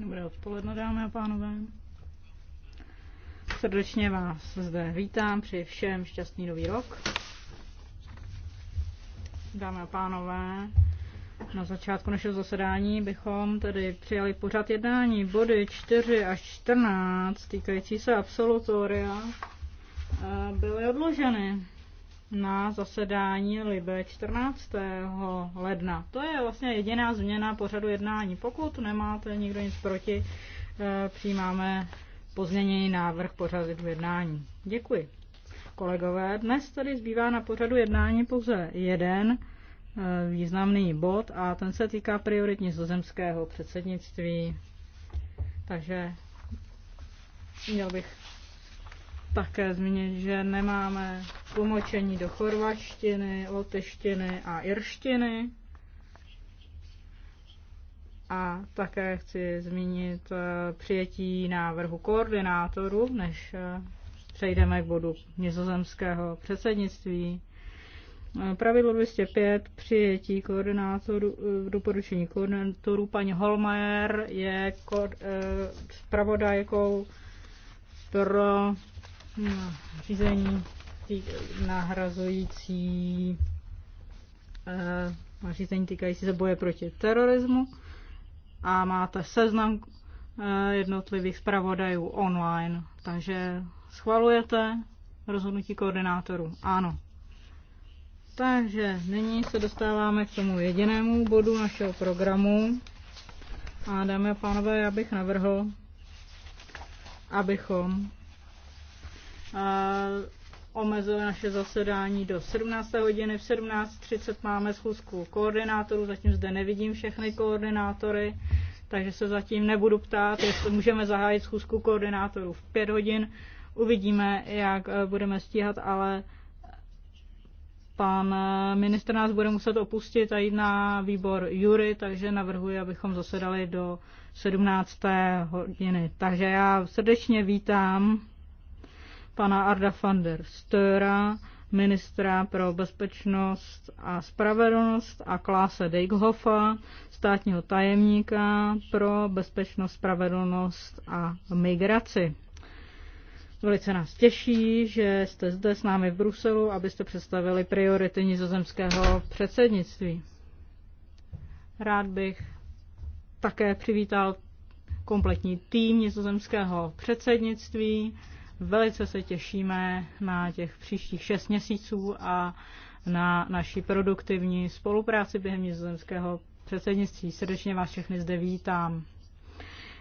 Dobré odpoledne, dámy a pánové. Srdečně vás zde vítám, přeji všem šťastný nový rok. Dámy a pánové, na začátku našeho zasedání bychom tedy přijali pořad jednání body 4 až 14 týkající se absolutoria eh, byly odloženy na zasedání Libe 14. ledna. To je vlastně jediná změna pořadu jednání. Pokud nemáte nikdo nic proti, eh, přijímáme pozměněný návrh pořadu jednání. Děkuji. Kolegové, dnes tady zbývá na pořadu jednání pouze jeden eh, významný bod a ten se týká priorit nizozemského předsednictví. Takže měl bych také zmínit, že nemáme tlumočení do chorvaštiny, lotyštiny a irštiny. A také chci zmínit eh, přijetí návrhu koordinátorů, než eh, přejdeme k bodu nizozemského předsednictví. Eh, pravidlo 205 přijetí koordinátorů, doporučení koordinátorů paní Holmajer je zpravodajkou pro No, řízení nahrazující má eh, řízení týkající se boje proti terorismu a máte seznam eh, jednotlivých zpravodajů online. Takže schvalujete rozhodnutí koordinátorů. Ano. Takže nyní se dostáváme k tomu jedinému bodu našeho programu. A dámy a pánové, já bych navrhl, abychom omezili naše zasedání do 17. hodiny. V 17.30 máme schůzku koordinátorů, zatím zde nevidím všechny koordinátory, takže se zatím nebudu ptát, jestli můžeme zahájit schůzku koordinátorů v 5 hodin. Uvidíme, jak eh, budeme stíhat, ale pan eh, ministr nás bude muset opustit a jít na výbor Jury, takže navrhuji, abychom zasedali do 17. hodiny. Takže já srdečně vítám pana Arda van der Störa, ministra pro bezpečnost a spravedlnost a Kláse Deighoffa, státního tajemníka pro bezpečnost, spravedlnost a migraci. Velice nás těší, že jste zde s námi v Bruselu, abyste představili priority nizozemského předsednictví. Rád bych také přivítal kompletní tým nizozemského předsednictví, Velice se těšíme na těch příštích šest měsíců a na naší produktivní spolupráci během nizozemského předsednictví. Srdečně vás všechny zde vítám.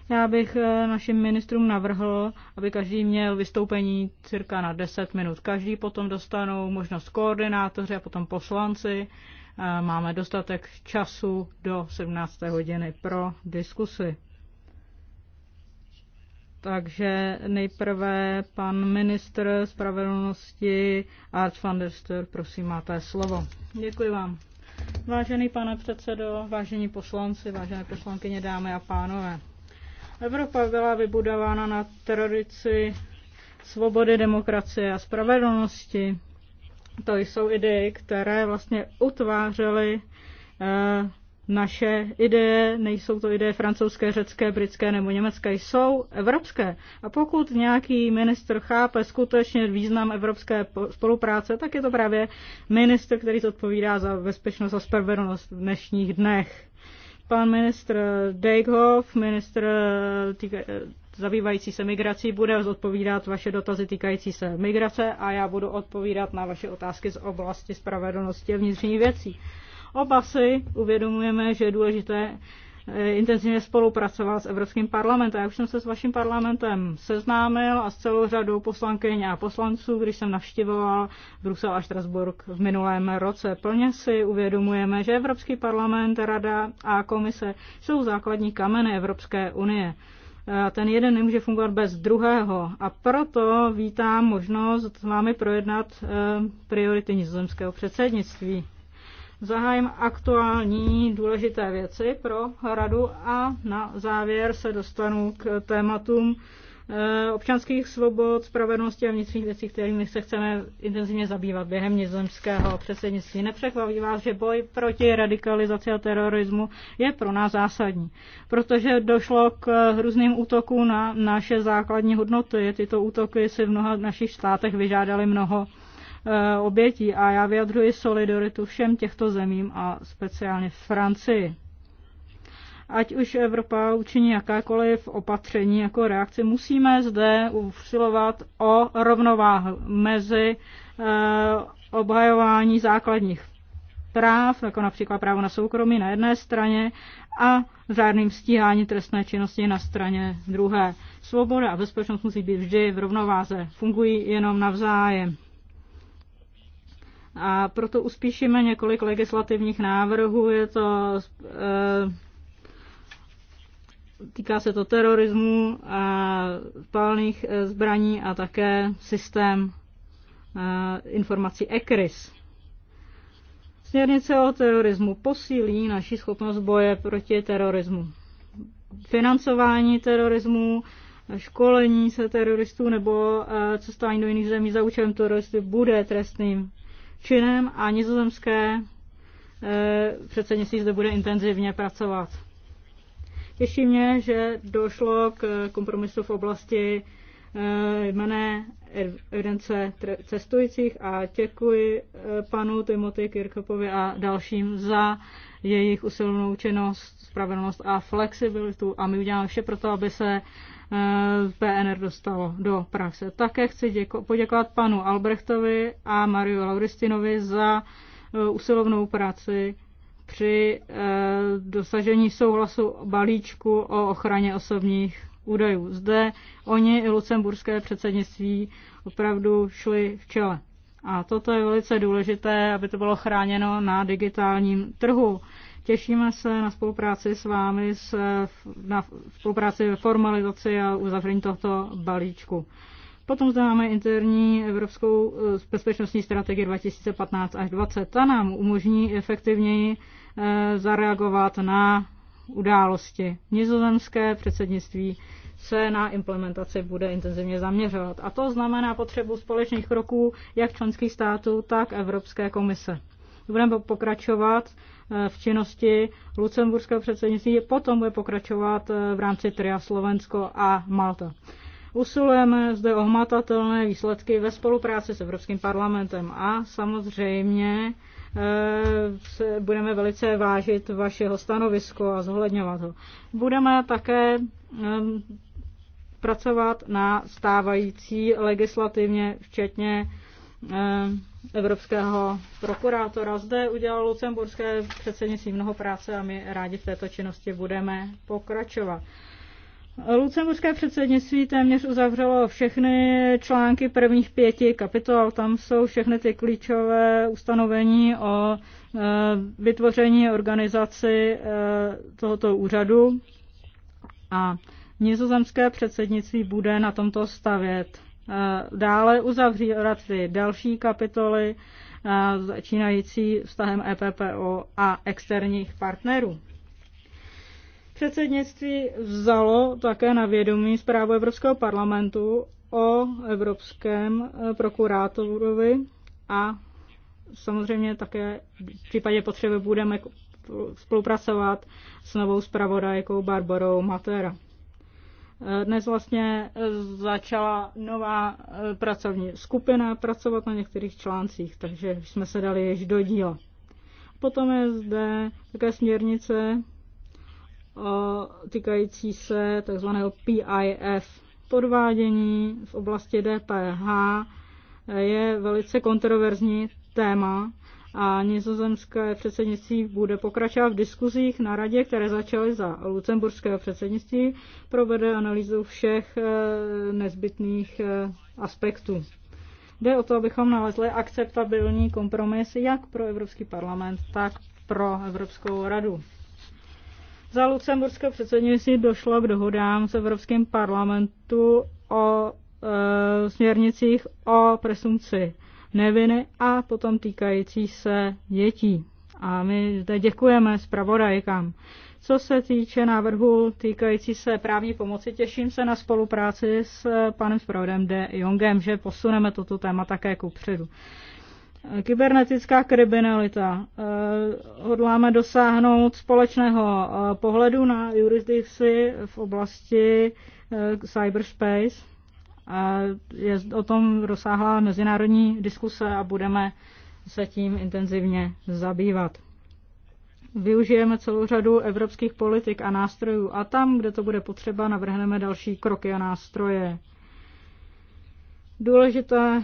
Já bych eh, našim ministrům navrhl, aby každý měl vystoupení cirka na 10 minut. Každý potom dostanou možnost koordinátoři a potom poslanci. Eh, máme dostatek času do 17. hodiny pro diskusy. Takže nejprve pan ministr spravedlnosti Art van der Stur, prosím, máte slovo. Děkuji vám. Vážený pane předsedo, vážení poslanci, vážené poslankyně, dámy a pánové. Evropa byla vybudována na tradici svobody, demokracie a spravedlnosti. To jsou ideje, které vlastně utvářely eh, naše ideje, nejsou to ideje francouzské, řecké, britské nebo německé, jsou evropské. A pokud nějaký minister chápe skutečně význam evropské spolupráce, tak je to právě minister, který zodpovídá za bezpečnost a spravedlnost v dnešních dnech. Pan ministr Dejkhoff, ministr eh, týka, eh, zabývající se migrací, bude zodpovídat vaše dotazy týkající se migrace a já budu odpovídat na vaše otázky z oblasti spravedlnosti a vnitřní věcí. Oba si uvědomujeme, že je důležité eh, intenzivně spolupracoval s Evropským parlamentem. Já už jsem se s vaším parlamentem seznámil a s celou řadou poslankyň a poslanců, když jsem navštivoval Brusel a Štrasburg v minulém roce. Plně si uvědomujeme, že Evropský parlament, Rada a Komise jsou základní kameny Evropské unie. Ten jeden nemůže fungovat bez druhého a proto vítám možnost s vámi projednat eh, priority nizozemského předsednictví. Zahájím aktuální důležité věci pro radu a na závěr se dostanu k tématům eh, občanských svobod, spravedlnosti a vnitřních věcí, kterými se chceme intenzivně zabývat během nizozemského předsednictví. Nepřekvapí vás, že boj proti radikalizaci a terorismu je pro nás zásadní, protože došlo k různým útokům na naše základní hodnoty. Tyto útoky si v mnoha našich státech vyžádaly mnoho Eh, obětí a já vyjadřuji solidaritu všem těchto zemím a speciálně v Francii. Ať už Evropa učiní jakákoliv opatření jako reakci, musíme zde usilovat o rovnováhu mezi eh, obhajování základních práv, jako například právo na soukromí na jedné straně a řádným stíhání trestné činnosti na straně druhé. Svoboda a bezpečnost musí být vždy v rovnováze, fungují jenom navzájem a proto uspíšíme několik legislativních návrhů. Je to, eh, týká se to terorismu, a palných eh, zbraní a také systém eh, informací ECRIS. Směrnice o terorismu posílí naši schopnost boje proti terorismu. Financování terorismu, školení se teroristů nebo cestování do jiných zemí za účelem teroristů bude trestným činem a nizozemské eh, předsednictví zde bude intenzivně pracovat. Těší mě, že došlo k kompromisu v oblasti eh, jmené evidence cestujících a děkuji eh, panu Timothy Kirkopovi a dalším za jejich usilovnou činnost, spravedlnost a flexibilitu a my uděláme vše pro to, aby se Eh, PNR dostalo do praxe. Také chci děko- poděkovat panu Albrechtovi a Mariu Lauristinovi za eh, usilovnou práci při eh, dosažení souhlasu balíčku o ochraně osobních údajů. Zde oni i lucemburské předsednictví opravdu šli v čele. A toto je velice důležité, aby to bylo chráněno na digitálním trhu. Těšíme se na spolupráci s vámi, s, na spolupráci ve formalizaci a uzavření tohoto balíčku. Potom zde máme interní evropskou eh, bezpečnostní strategii 2015 až 2020, Ta nám umožní efektivněji eh, zareagovat na události. Nizozemské předsednictví se na implementaci bude intenzivně zaměřovat. A to znamená potřebu společných kroků jak členských států, tak Evropské komise. Budeme pokračovat Eh, v činnosti lucemburského předsednictví potom bude pokračovat eh, v rámci TRIA Slovensko a Malta. Usilujeme zde ohmatatelné výsledky ve spolupráci s Evropským parlamentem a samozřejmě eh, se budeme velice vážit vašeho stanovisko a zohledňovat ho. Budeme také ehm, pracovat na stávající legislativně, včetně Eh, evropského prokurátora. Zde udělal lucemburské předsednictví mnoho práce a my rádi v této činnosti budeme pokračovat. Lucemburské předsednictví téměř uzavřelo všechny články prvních pěti kapitol. Tam jsou všechny ty klíčové ustanovení o eh, vytvoření organizaci eh, tohoto úřadu a nizozemské předsednictví bude na tomto stavět Eh, dále uzavřírat ty další kapitoly eh, začínající vztahem EPPO a externích partnerů. Předsednictví vzalo také na vědomí zprávu Evropského parlamentu o evropském eh, prokurátorovi a samozřejmě také v případě potřeby budeme spolupracovat s novou zpravodajkou Barbarou Matera. Dnes vlastně eh, začala nová eh, pracovní skupina pracovat na některých článcích, takže jsme se dali již do díla. Potom je zde také směrnice týkající se tzv. PIF. Podvádění v oblasti DPH eh, je velice kontroverzní téma a nizozemské předsednictví bude pokračovat v diskuzích na radě, které začaly za lucemburského předsednictví, provede analýzu všech eh, nezbytných eh, aspektů. Jde o to, abychom nalezli akceptabilní kompromis jak pro Evropský parlament, tak pro Evropskou radu. Za lucemburské předsednictví došlo k dohodám s Evropským parlamentu o e, směrnicích o presumci neviny a potom týkající se dětí. A my zde děkujeme zpravodajkám. Co se týče návrhu týkající se právní pomoci, těším se na spolupráci s panem zpravodem De Jongem, že posuneme toto téma také ku předu. Kybernetická kriminalita. Eh, hodláme dosáhnout společného eh, pohledu na jurisdikci v oblasti eh, cyberspace je o tom rozsáhlá mezinárodní diskuse a budeme se tím intenzivně zabývat. Využijeme celou řadu evropských politik a nástrojů a tam, kde to bude potřeba, navrhneme další kroky a nástroje. Důležité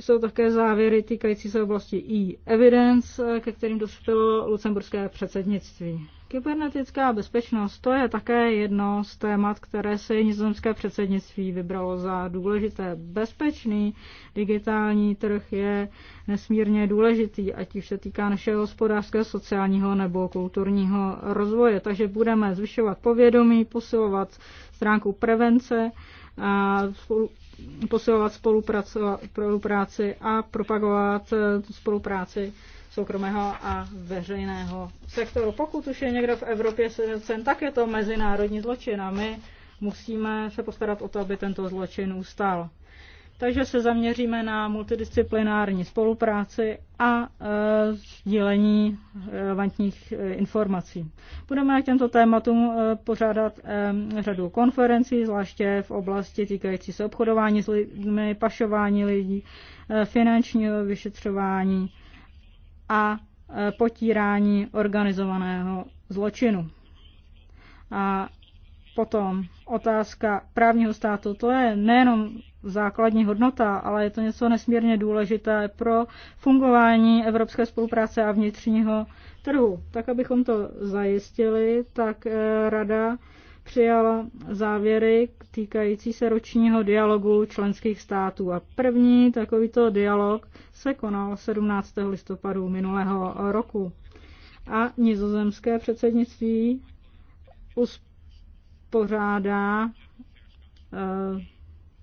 jsou také závěry týkající se oblasti e-evidence, ke kterým dospělo lucemburské předsednictví. Kybernetická bezpečnost to je také jedno z témat, které se nizozemské předsednictví vybralo za důležité. Bezpečný digitální trh je nesmírně důležitý, ať už se týká našeho hospodářského, sociálního nebo kulturního rozvoje. Takže budeme zvyšovat povědomí, posilovat stránku prevence a posilovat spolupráci a propagovat spolupráci soukromého a veřejného sektoru. Pokud už je někdo v Evropě svědcem, tak je to mezinárodní zločin a my musíme se postarat o to, aby tento zločin ustal. Takže se zaměříme na multidisciplinární spolupráci a e, sdílení e, relevantních e, informací. Budeme k těmto tématům e, pořádat e, řadu konferencí, zvláště v oblasti týkající se obchodování s lidmi, pašování lidí, e, finančního vyšetřování, a e, potírání organizovaného zločinu. A potom otázka právního státu, to je nejenom základní hodnota, ale je to něco nesmírně důležité pro fungování evropské spolupráce a vnitřního trhu. Tak, abychom to zajistili, tak e, Rada přijala závěry týkající se ročního dialogu členských států. A první takovýto dialog se konal 17. listopadu minulého roku. A nizozemské předsednictví uspořádá eh,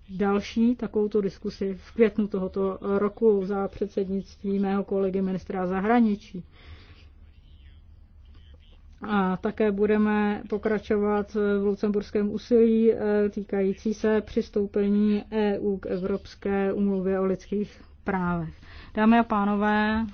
další takovouto diskusi v květnu tohoto roku za předsednictví mého kolegy ministra zahraničí. A také budeme pokračovat v lucemburském úsilí eh, týkající se přistoupení EU k Evropské umluvě o lidských právech. Dámy a pánové,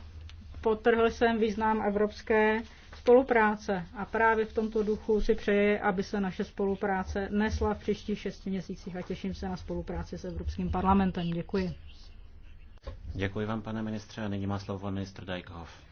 potrhl jsem význam evropské spolupráce a právě v tomto duchu si přeji, aby se naše spolupráce nesla v příštích šesti měsících a těším se na spolupráci s Evropským parlamentem. Děkuji. Děkuji vám, pane ministře, a nyní má slovo ministr Dajkov.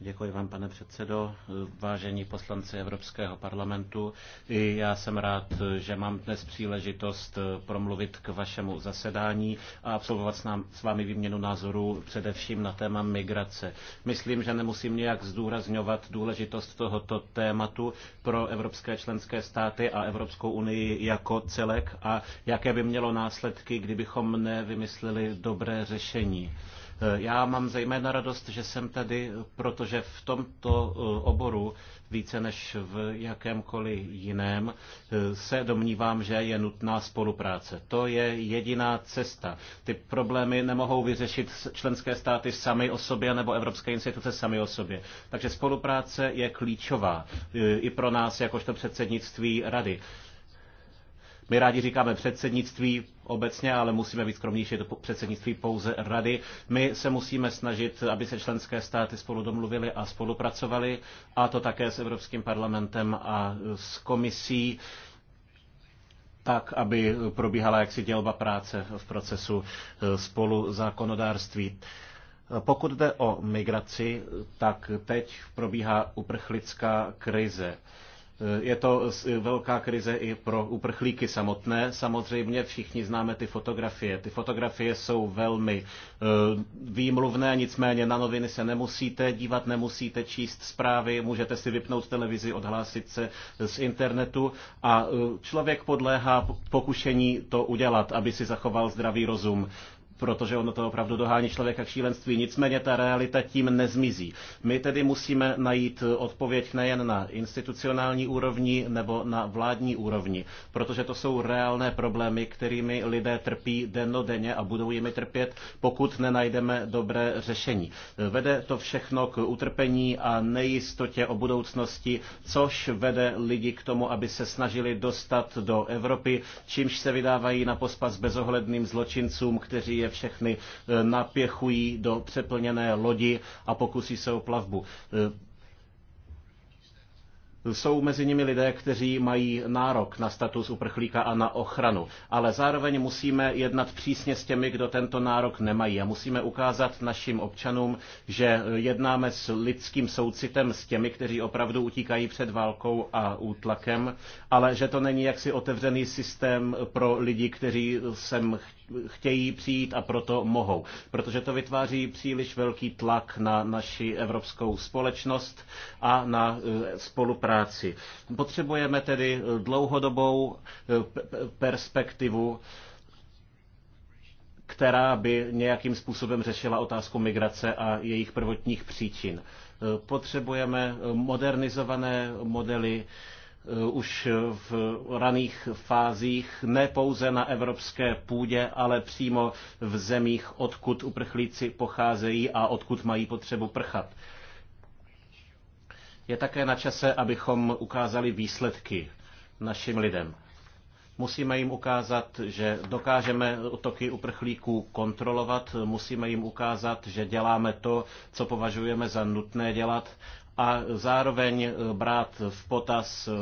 Děkuji vám, pane předsedo. Vážení poslanci Evropského parlamentu, i já jsem rád, že mám dnes příležitost promluvit k vašemu zasedání a absolvovat s, nám, s vámi výměnu názorů především na téma migrace. Myslím, že nemusím nějak zdůrazňovat důležitost tohoto tématu pro evropské členské státy a Evropskou unii jako celek a jaké by mělo následky, kdybychom nevymysleli dobré řešení. Já mám zejména radost, že jsem tady, protože v tomto eh, oboru více než v jakémkoliv jiném eh, se domnívám, že je nutná spolupráce. To je jediná cesta. Ty problémy nemohou vyřešit členské státy sami o sobě nebo evropské instituce sami o sobě. Takže spolupráce je klíčová eh, i pro nás jakožto předsednictví rady. My rádi říkáme předsednictví obecně, ale musíme být skromnější, je to předsednictví pouze rady. My se musíme snažit, aby se členské státy spolu domluvili a spolupracovali, a to také s Evropským parlamentem a s komisí tak, aby probíhala jaksi dělba práce v procesu e, spolu zákonodárství. Pokud jde o migraci, tak teď probíhá uprchlická krize. Eh, je to velká krize i pro uprchlíky samotné. Samozřejmě všichni známe ty fotografie. Ty fotografie jsou velmi eh, výmluvné, nicméně na noviny se nemusíte dívat, nemusíte číst zprávy, můžete si vypnout televizi, odhlásit se z internetu a eh, člověk podléhá pokušení to udělat, aby si zachoval zdravý rozum protože ono to opravdu dohání člověka k šílenství. Nicméně ta realita tím nezmizí. My tedy musíme najít odpověď nejen na institucionální úrovni nebo na vládní úrovni, protože to jsou reálné problémy, kterými lidé trpí dennodenně a budou jimi trpět, pokud nenajdeme dobré řešení. Vede to všechno k utrpení a nejistotě o budoucnosti, což vede lidi k tomu, aby se snažili dostat do Evropy, čímž se vydávají na pospas bezohledným zločincům, kteří je všechny eh, napěchují do přeplněné lodi a pokusí se o plavbu. Eh, jsou mezi nimi lidé, kteří mají nárok na status uprchlíka a na ochranu, ale zároveň musíme jednat přísně s těmi, kdo tento nárok nemají a musíme ukázat našim občanům, že jednáme s lidským soucitem s těmi, kteří opravdu utíkají před válkou a útlakem, ale že to není jaksi otevřený systém pro lidi, kteří sem chtějí chtějí přijít a proto mohou. Protože to vytváří příliš velký tlak na naši evropskou společnost a na e, spolupráci. Potřebujeme tedy e, dlouhodobou e, perspektivu, která by nějakým způsobem řešila otázku migrace a jejich prvotních příčin. Potřebujeme modernizované modely Eh, už v raných fázích, ne pouze na evropské půdě, ale přímo v zemích, odkud uprchlíci pocházejí a odkud mají potřebu prchat. Je také na čase, abychom ukázali výsledky našim lidem. Musíme jim ukázat, že dokážeme toky uprchlíků kontrolovat, musíme jim ukázat, že děláme to, co považujeme za nutné dělat a zároveň eh, brát v potaz eh,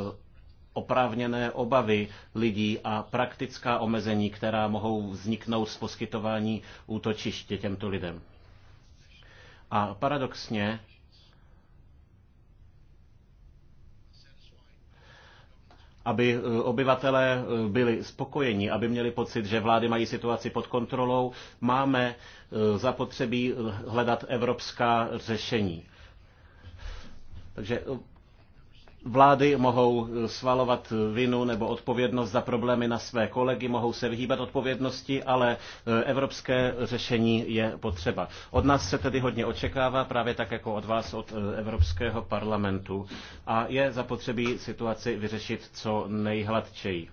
oprávněné obavy lidí a praktická omezení, která mohou vzniknout z poskytování útočiště těmto lidem. A paradoxně aby eh, obyvatelé byli spokojeni, aby měli pocit, že vlády mají situaci pod kontrolou, máme zapotřebí hledat evropská řešení. Takže eh, vlády mohou eh, svalovat vinu nebo odpovědnost za problémy na své kolegy, mohou se vyhýbat odpovědnosti, ale eh, evropské řešení je potřeba. Od nás se tedy hodně očekává, právě tak jako od vás, od Evropského parlamentu. A je zapotřebí situaci vyřešit co nejhladčeji.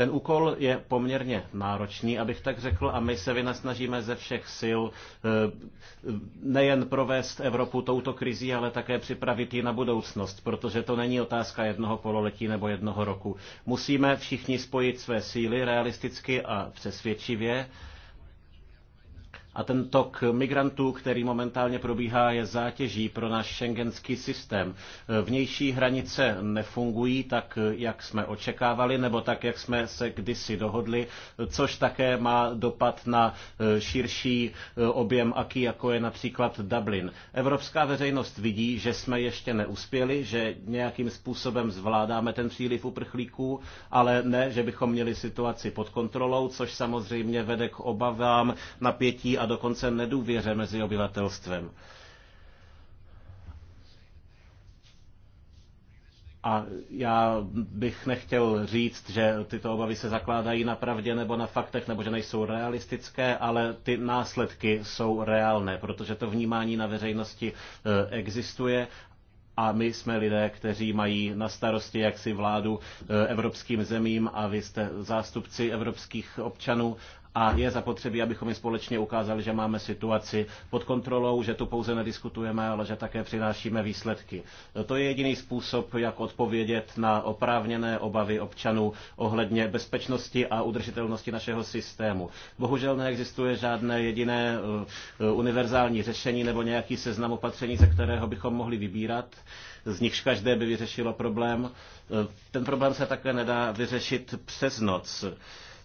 Ten úkol je poměrně náročný, abych tak řekl, a my se vynasnažíme ze všech sil eh, nejen provést Evropu touto krizí, ale také připravit ji na budoucnost, protože to není otázka jednoho pololetí nebo jednoho roku. Musíme všichni spojit své síly realisticky a přesvědčivě a ten tok migrantů, který momentálně probíhá, je zátěží pro náš šengenský systém. Vnější hranice nefungují tak, jak jsme očekávali, nebo tak, jak jsme se kdysi dohodli, což také má dopad na eh, širší eh, objem aký jako je například Dublin. Evropská veřejnost vidí, že jsme ještě neuspěli, že nějakým způsobem zvládáme ten příliv uprchlíků, ale ne, že bychom měli situaci pod kontrolou, což samozřejmě vede k obavám, napětí a dokonce nedůvěře mezi obyvatelstvem. A já bych nechtěl říct, že tyto obavy se zakládají na pravdě nebo na faktech, nebo že nejsou realistické, ale ty následky jsou reálné, protože to vnímání na veřejnosti e, existuje a my jsme lidé, kteří mají na starosti jaksi vládu e, evropským zemím a vy jste zástupci evropských občanů a je zapotřebí, abychom i společně ukázali, že máme situaci pod kontrolou, že tu pouze nediskutujeme, ale že také přinášíme výsledky. To je jediný způsob, jak odpovědět na oprávněné obavy občanů ohledně bezpečnosti a udržitelnosti našeho systému. Bohužel neexistuje žádné jediné eh, univerzální řešení nebo nějaký seznam opatření, ze kterého bychom mohli vybírat z nichž každé by vyřešilo problém. Eh, ten problém se také nedá vyřešit přes noc.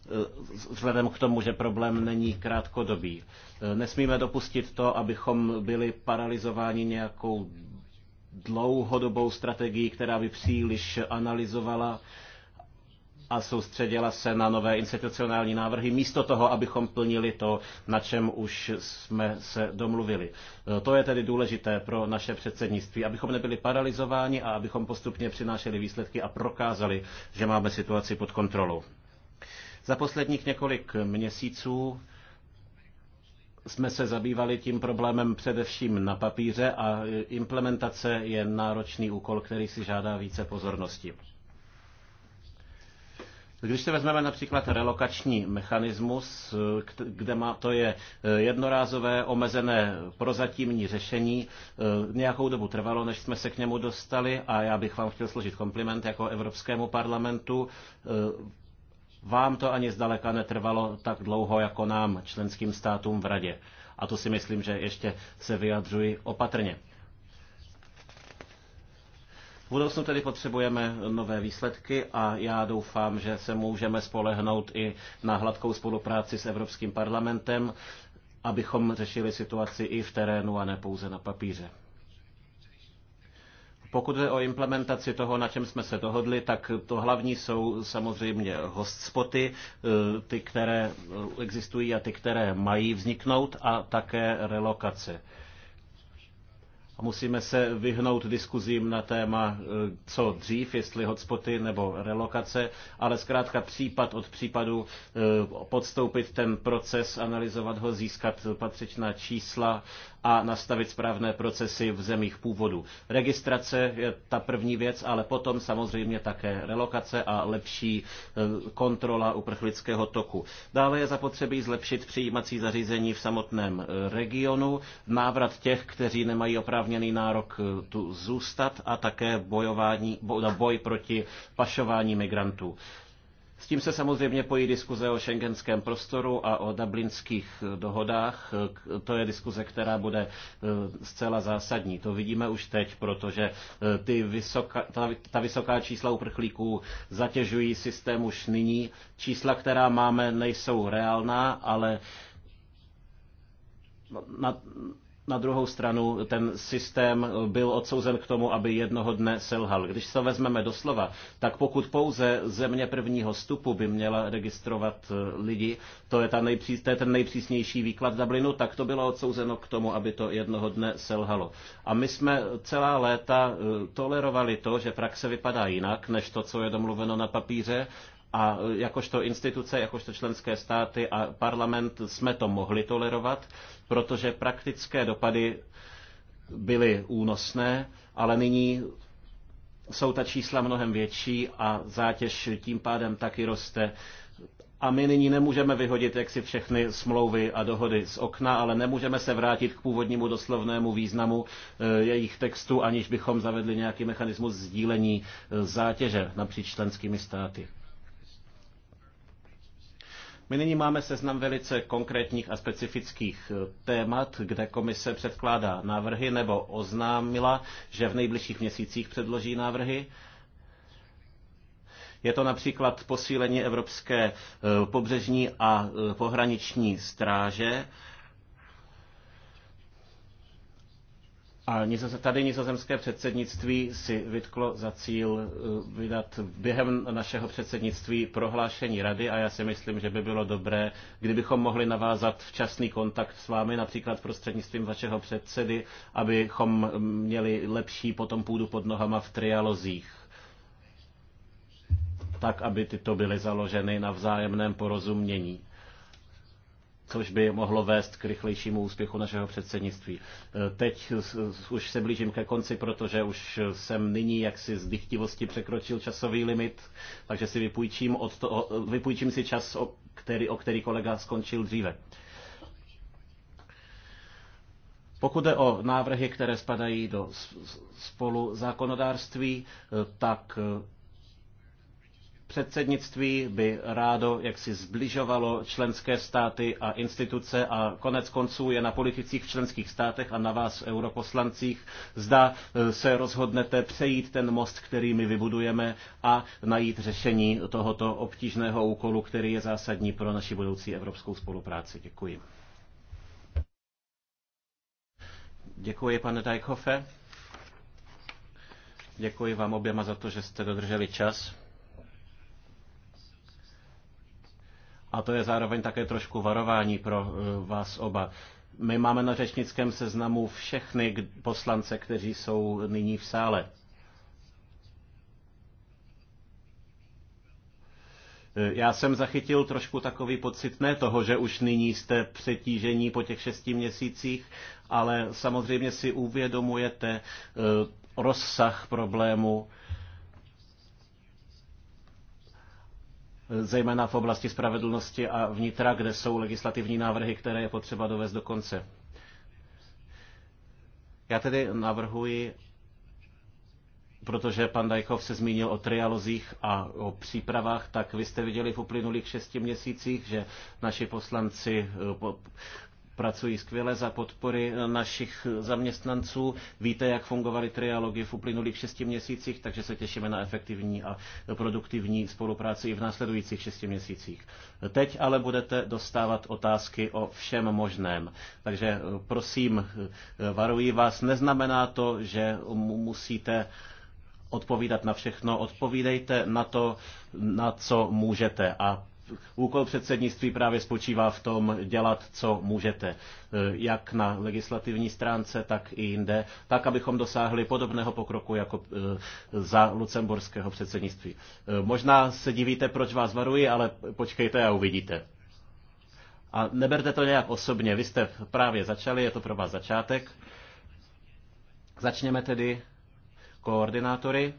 Eh, vzhledem k tomu, že problém není krátkodobý. Eh, nesmíme dopustit to, abychom byli paralizováni nějakou dlouhodobou strategií, která by příliš analyzovala a soustředila se na nové institucionální návrhy, místo toho, abychom plnili to, na čem už jsme se domluvili. Eh, to je tedy důležité pro naše předsednictví, abychom nebyli paralizováni a abychom postupně přinášeli výsledky a prokázali, že máme situaci pod kontrolou. Za posledních několik měsíců jsme se zabývali tím problémem především na papíře a implementace je náročný úkol, který si žádá více pozornosti. Když se vezmeme například relokační mechanismus, kde má, to je eh, jednorázové omezené prozatímní řešení, eh, nějakou dobu trvalo, než jsme se k němu dostali a já bych vám chtěl složit kompliment jako Evropskému parlamentu. Eh, vám to ani zdaleka netrvalo tak dlouho jako nám, členským státům v Radě. A to si myslím, že ještě se vyjadřuji opatrně. V budoucnu tedy potřebujeme nové výsledky a já doufám, že se můžeme spolehnout i na hladkou spolupráci s Evropským parlamentem, abychom řešili situaci i v terénu a ne pouze na papíře. Pokud jde o implementaci toho, na čem jsme se dohodli, tak to hlavní jsou samozřejmě hostspoty, e, ty, které e, existují a ty, které mají vzniknout a také relokace. A musíme se vyhnout diskuzím na téma, e, co dřív, jestli hotspoty nebo relokace, ale zkrátka případ od případu podstoupit ten proces, analyzovat ho, získat patřičná čísla a nastavit správné procesy v zemích původu. Registrace je ta první věc, ale potom samozřejmě také relokace a lepší e, kontrola uprchlického toku. Dále je zapotřebí zlepšit přijímací zařízení v samotném e, regionu, návrat těch, kteří nemají oprávněný nárok e, tu zůstat a také bojování, boj proti pašování migrantů. S tím se samozřejmě pojí diskuze o šengenském prostoru a o dublinských dohodách. To je diskuze, která bude e, zcela zásadní. To vidíme už teď, protože e, ty vysoka, ta, ta vysoká čísla uprchlíků zatěžují systém už nyní. Čísla, která máme, nejsou reálná, ale na, na druhou stranu ten systém byl odsouzen k tomu, aby jednoho dne selhal. Když se vezmeme doslova, tak pokud pouze země prvního stupu by měla registrovat eh, lidi, to je, ta nejpří, to je ten nejpřísnější výklad Dublinu, tak to bylo odsouzeno k tomu, aby to jednoho dne selhalo. A my jsme celá léta eh, tolerovali to, že praxe vypadá jinak, než to, co je domluveno na papíře a jakožto instituce, jakožto členské státy a parlament jsme to mohli tolerovat, protože praktické dopady byly únosné, ale nyní jsou ta čísla mnohem větší a zátěž tím pádem taky roste. A my nyní nemůžeme vyhodit jaksi všechny smlouvy a dohody z okna, ale nemůžeme se vrátit k původnímu doslovnému významu eh, jejich textu, aniž bychom zavedli nějaký mechanismus sdílení eh, zátěže napříč členskými státy. My nyní máme seznam velice konkrétních a specifických eh, témat, kde komise předkládá návrhy nebo oznámila, že v nejbližších měsících předloží návrhy. Je to například posílení Evropské eh, pobřežní a eh, pohraniční stráže, A tady nizozemské předsednictví si vytklo za cíl eh, vydat během našeho předsednictví prohlášení rady a já si myslím, že by bylo dobré, kdybychom mohli navázat včasný kontakt s vámi, například prostřednictvím vašeho předsedy, abychom měli lepší potom půdu pod nohama v trialozích tak, aby tyto byly založeny na vzájemném porozumění což by mohlo vést k rychlejšímu úspěchu našeho předsednictví. E, teď už se blížím ke konci, protože už jsem nyní jaksi z dychtivosti překročil časový limit, takže si vypůjčím, od to, vypůjčím si čas, o který, o který kolega skončil dříve. Pokud jde o návrhy, které spadají do spolu zákonodárství, e, tak e, Předsednictví by rádo jak si zbližovalo členské státy a instituce a konec konců je na politicích v členských státech a na vás europoslancích. Zda e, se rozhodnete přejít ten most, který my vybudujeme a najít řešení tohoto obtížného úkolu, který je zásadní pro naši budoucí evropskou spolupráci. Děkuji. Děkuji, pane Dajkhofe. Děkuji vám oběma za to, že jste dodrželi čas. A to je zároveň také trošku varování pro eh, vás oba. My máme na řečnickém seznamu všechny poslance, kteří jsou nyní v sále. Eh, já jsem zachytil trošku takový pocit ne toho, že už nyní jste přetížení po těch šesti měsících, ale samozřejmě si uvědomujete eh, rozsah problému, zejména v oblasti spravedlnosti a vnitra, kde jsou legislativní návrhy, které je potřeba dovést do konce. Já tedy navrhuji, protože pan Dajkov se zmínil o trialozích a o přípravách, tak vy jste viděli v uplynulých šesti měsících, že naši poslanci eh, pracují skvěle za podpory eh, našich zaměstnanců. Víte, jak fungovaly trialogy v uplynulých šesti měsících, takže se těšíme na efektivní a produktivní spolupráci i v následujících šesti měsících. Teď ale budete dostávat otázky o všem možném. Takže eh, prosím, eh, varuji vás, neznamená to, že musíte odpovídat na všechno, odpovídejte na to, na co můžete. A úkol předsednictví právě spočívá v tom dělat, co můžete, eh, jak na legislativní stránce, tak i jinde, tak, abychom dosáhli podobného pokroku jako eh, za lucemburského předsednictví. Eh, možná se divíte, proč vás varuji, ale počkejte a uvidíte. A neberte to nějak osobně, vy jste právě začali, je to pro vás začátek. Začněme tedy koordinátory.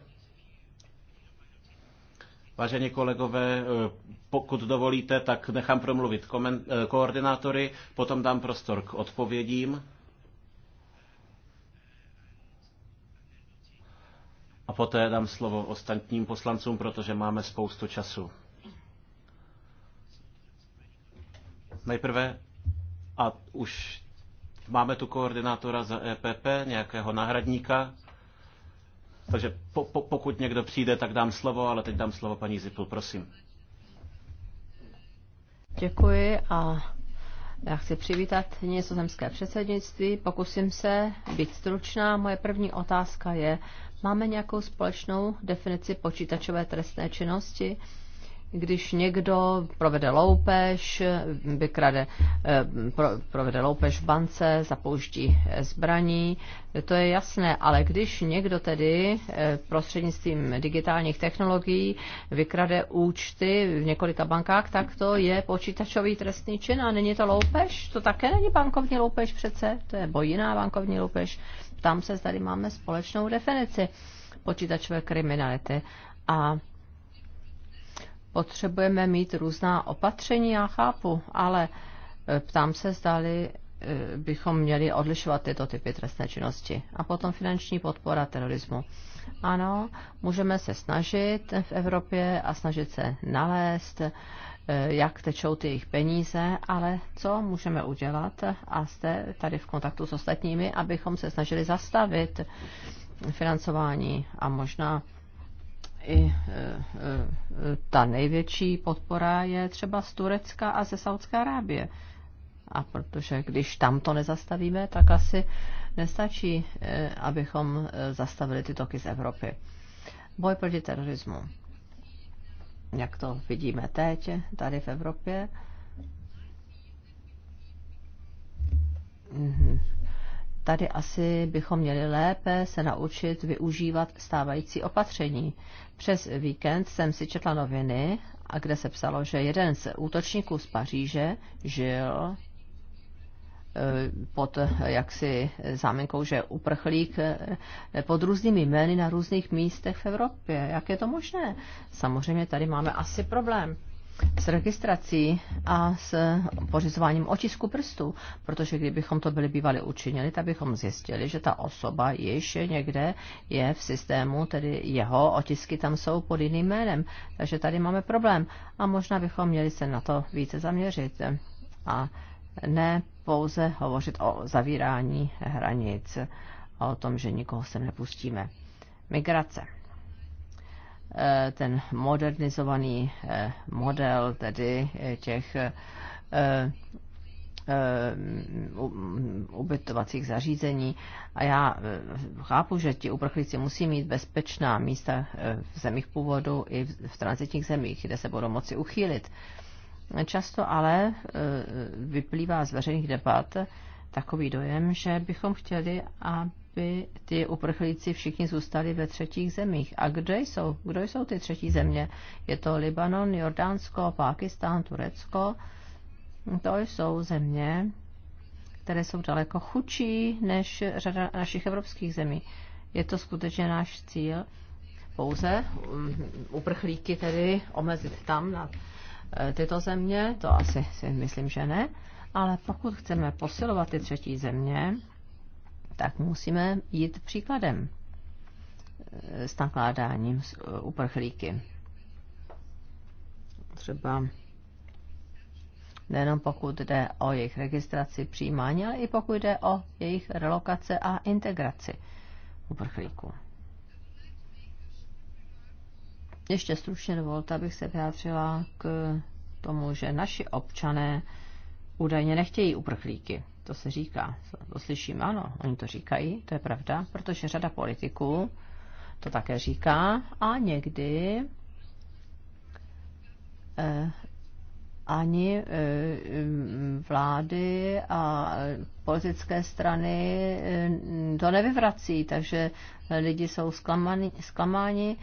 Vážení kolegové, eh, pokud dovolíte, tak nechám promluvit eh, koordinátory, potom dám prostor k odpovědím. A poté dám slovo ostatním poslancům, protože máme spoustu času. Nejprve, a už máme tu koordinátora za EPP, nějakého náhradníka. Takže po, po, pokud někdo přijde, tak dám slovo, ale teď dám slovo paní Zipl, prosím. Děkuji a já chci přivítat nizozemské předsednictví. Pokusím se být stručná. Moje první otázka je, máme nějakou společnou definici počítačové trestné činnosti? když někdo provede loupež, vykrade, eh, provede loupež v bance, zapouští eh, zbraní, to je jasné, ale když někdo tedy eh, prostřednictvím digitálních technologií vykrade účty v několika bankách, tak to je počítačový trestný čin a není to loupež, to také není bankovní loupež přece, to je bojiná bankovní loupež. Tam se tady máme společnou definici počítačové kriminality. A potřebujeme mít různá opatření, já chápu, ale e, ptám se, zdali e, bychom měli odlišovat tyto typy trestné činnosti. A potom finanční podpora terorismu. Ano, můžeme se snažit v Evropě a snažit se nalézt, e, jak tečou ty jejich peníze, ale co můžeme udělat a jste tady v kontaktu s ostatními, abychom se snažili zastavit financování a možná i e, e, ta největší podpora je třeba z Turecka a ze Saudské Arábie. A protože když tam to nezastavíme, tak asi nestačí, e, abychom zastavili ty toky z Evropy. Boj proti terorismu. Jak to vidíme teď tady v Evropě, mhm tady asi bychom měli lépe se naučit využívat stávající opatření. Přes víkend jsem si četla noviny, a kde se psalo, že jeden z útočníků z Paříže žil e, pod e, jaksi záminkou, že uprchlík e, pod různými jmény na různých místech v Evropě. Jak je to možné? Samozřejmě tady máme asi problém s registrací a s pořizováním otisku prstů, protože kdybychom to byli bývali učinili, tak bychom zjistili, že ta osoba již někde je v systému, tedy jeho otisky tam jsou pod jiným jménem. Takže tady máme problém a možná bychom měli se na to více zaměřit a ne pouze hovořit o zavírání hranic a o tom, že nikoho se nepustíme. Migrace. Eh, ten modernizovaný eh, model tedy eh, těch ubytovacích zařízení. A já chápu, že ti uprchlíci musí mít bezpečná místa v zemích původu i v transitních zemích, kde se budou moci uchýlit. Často ale vyplývá z veřejných debat takový dojem, že bychom chtěli, aby aby ty uprchlíci všichni zůstali ve třetích zemích. A kde jsou? Kdo jsou ty třetí země? Je to Libanon, Jordánsko, Pákistán, Turecko. To jsou země, které jsou daleko chudší než řada našich evropských zemí. Je to skutečně náš cíl pouze um, uprchlíky tedy omezit tam na eh, tyto země, to asi si myslím, že ne, ale pokud chceme posilovat ty třetí země, tak musíme jít příkladem eh, s nakládáním s eh, uprchlíky. Třeba nejenom pokud jde o jejich registraci, přijímání, ale i pokud jde o jejich relokace a integraci uprchlíků. Ještě stručně dovolte, abych se vyjádřila k tomu, že naši občané údajně nechtějí uprchlíky to se říká, to slyším, ano, oni to říkají, to je pravda, protože řada politiků to také říká a někdy eh, ani eh, vlády a politické strany eh, to nevyvrací, takže lidi jsou zklamaní, zklamáni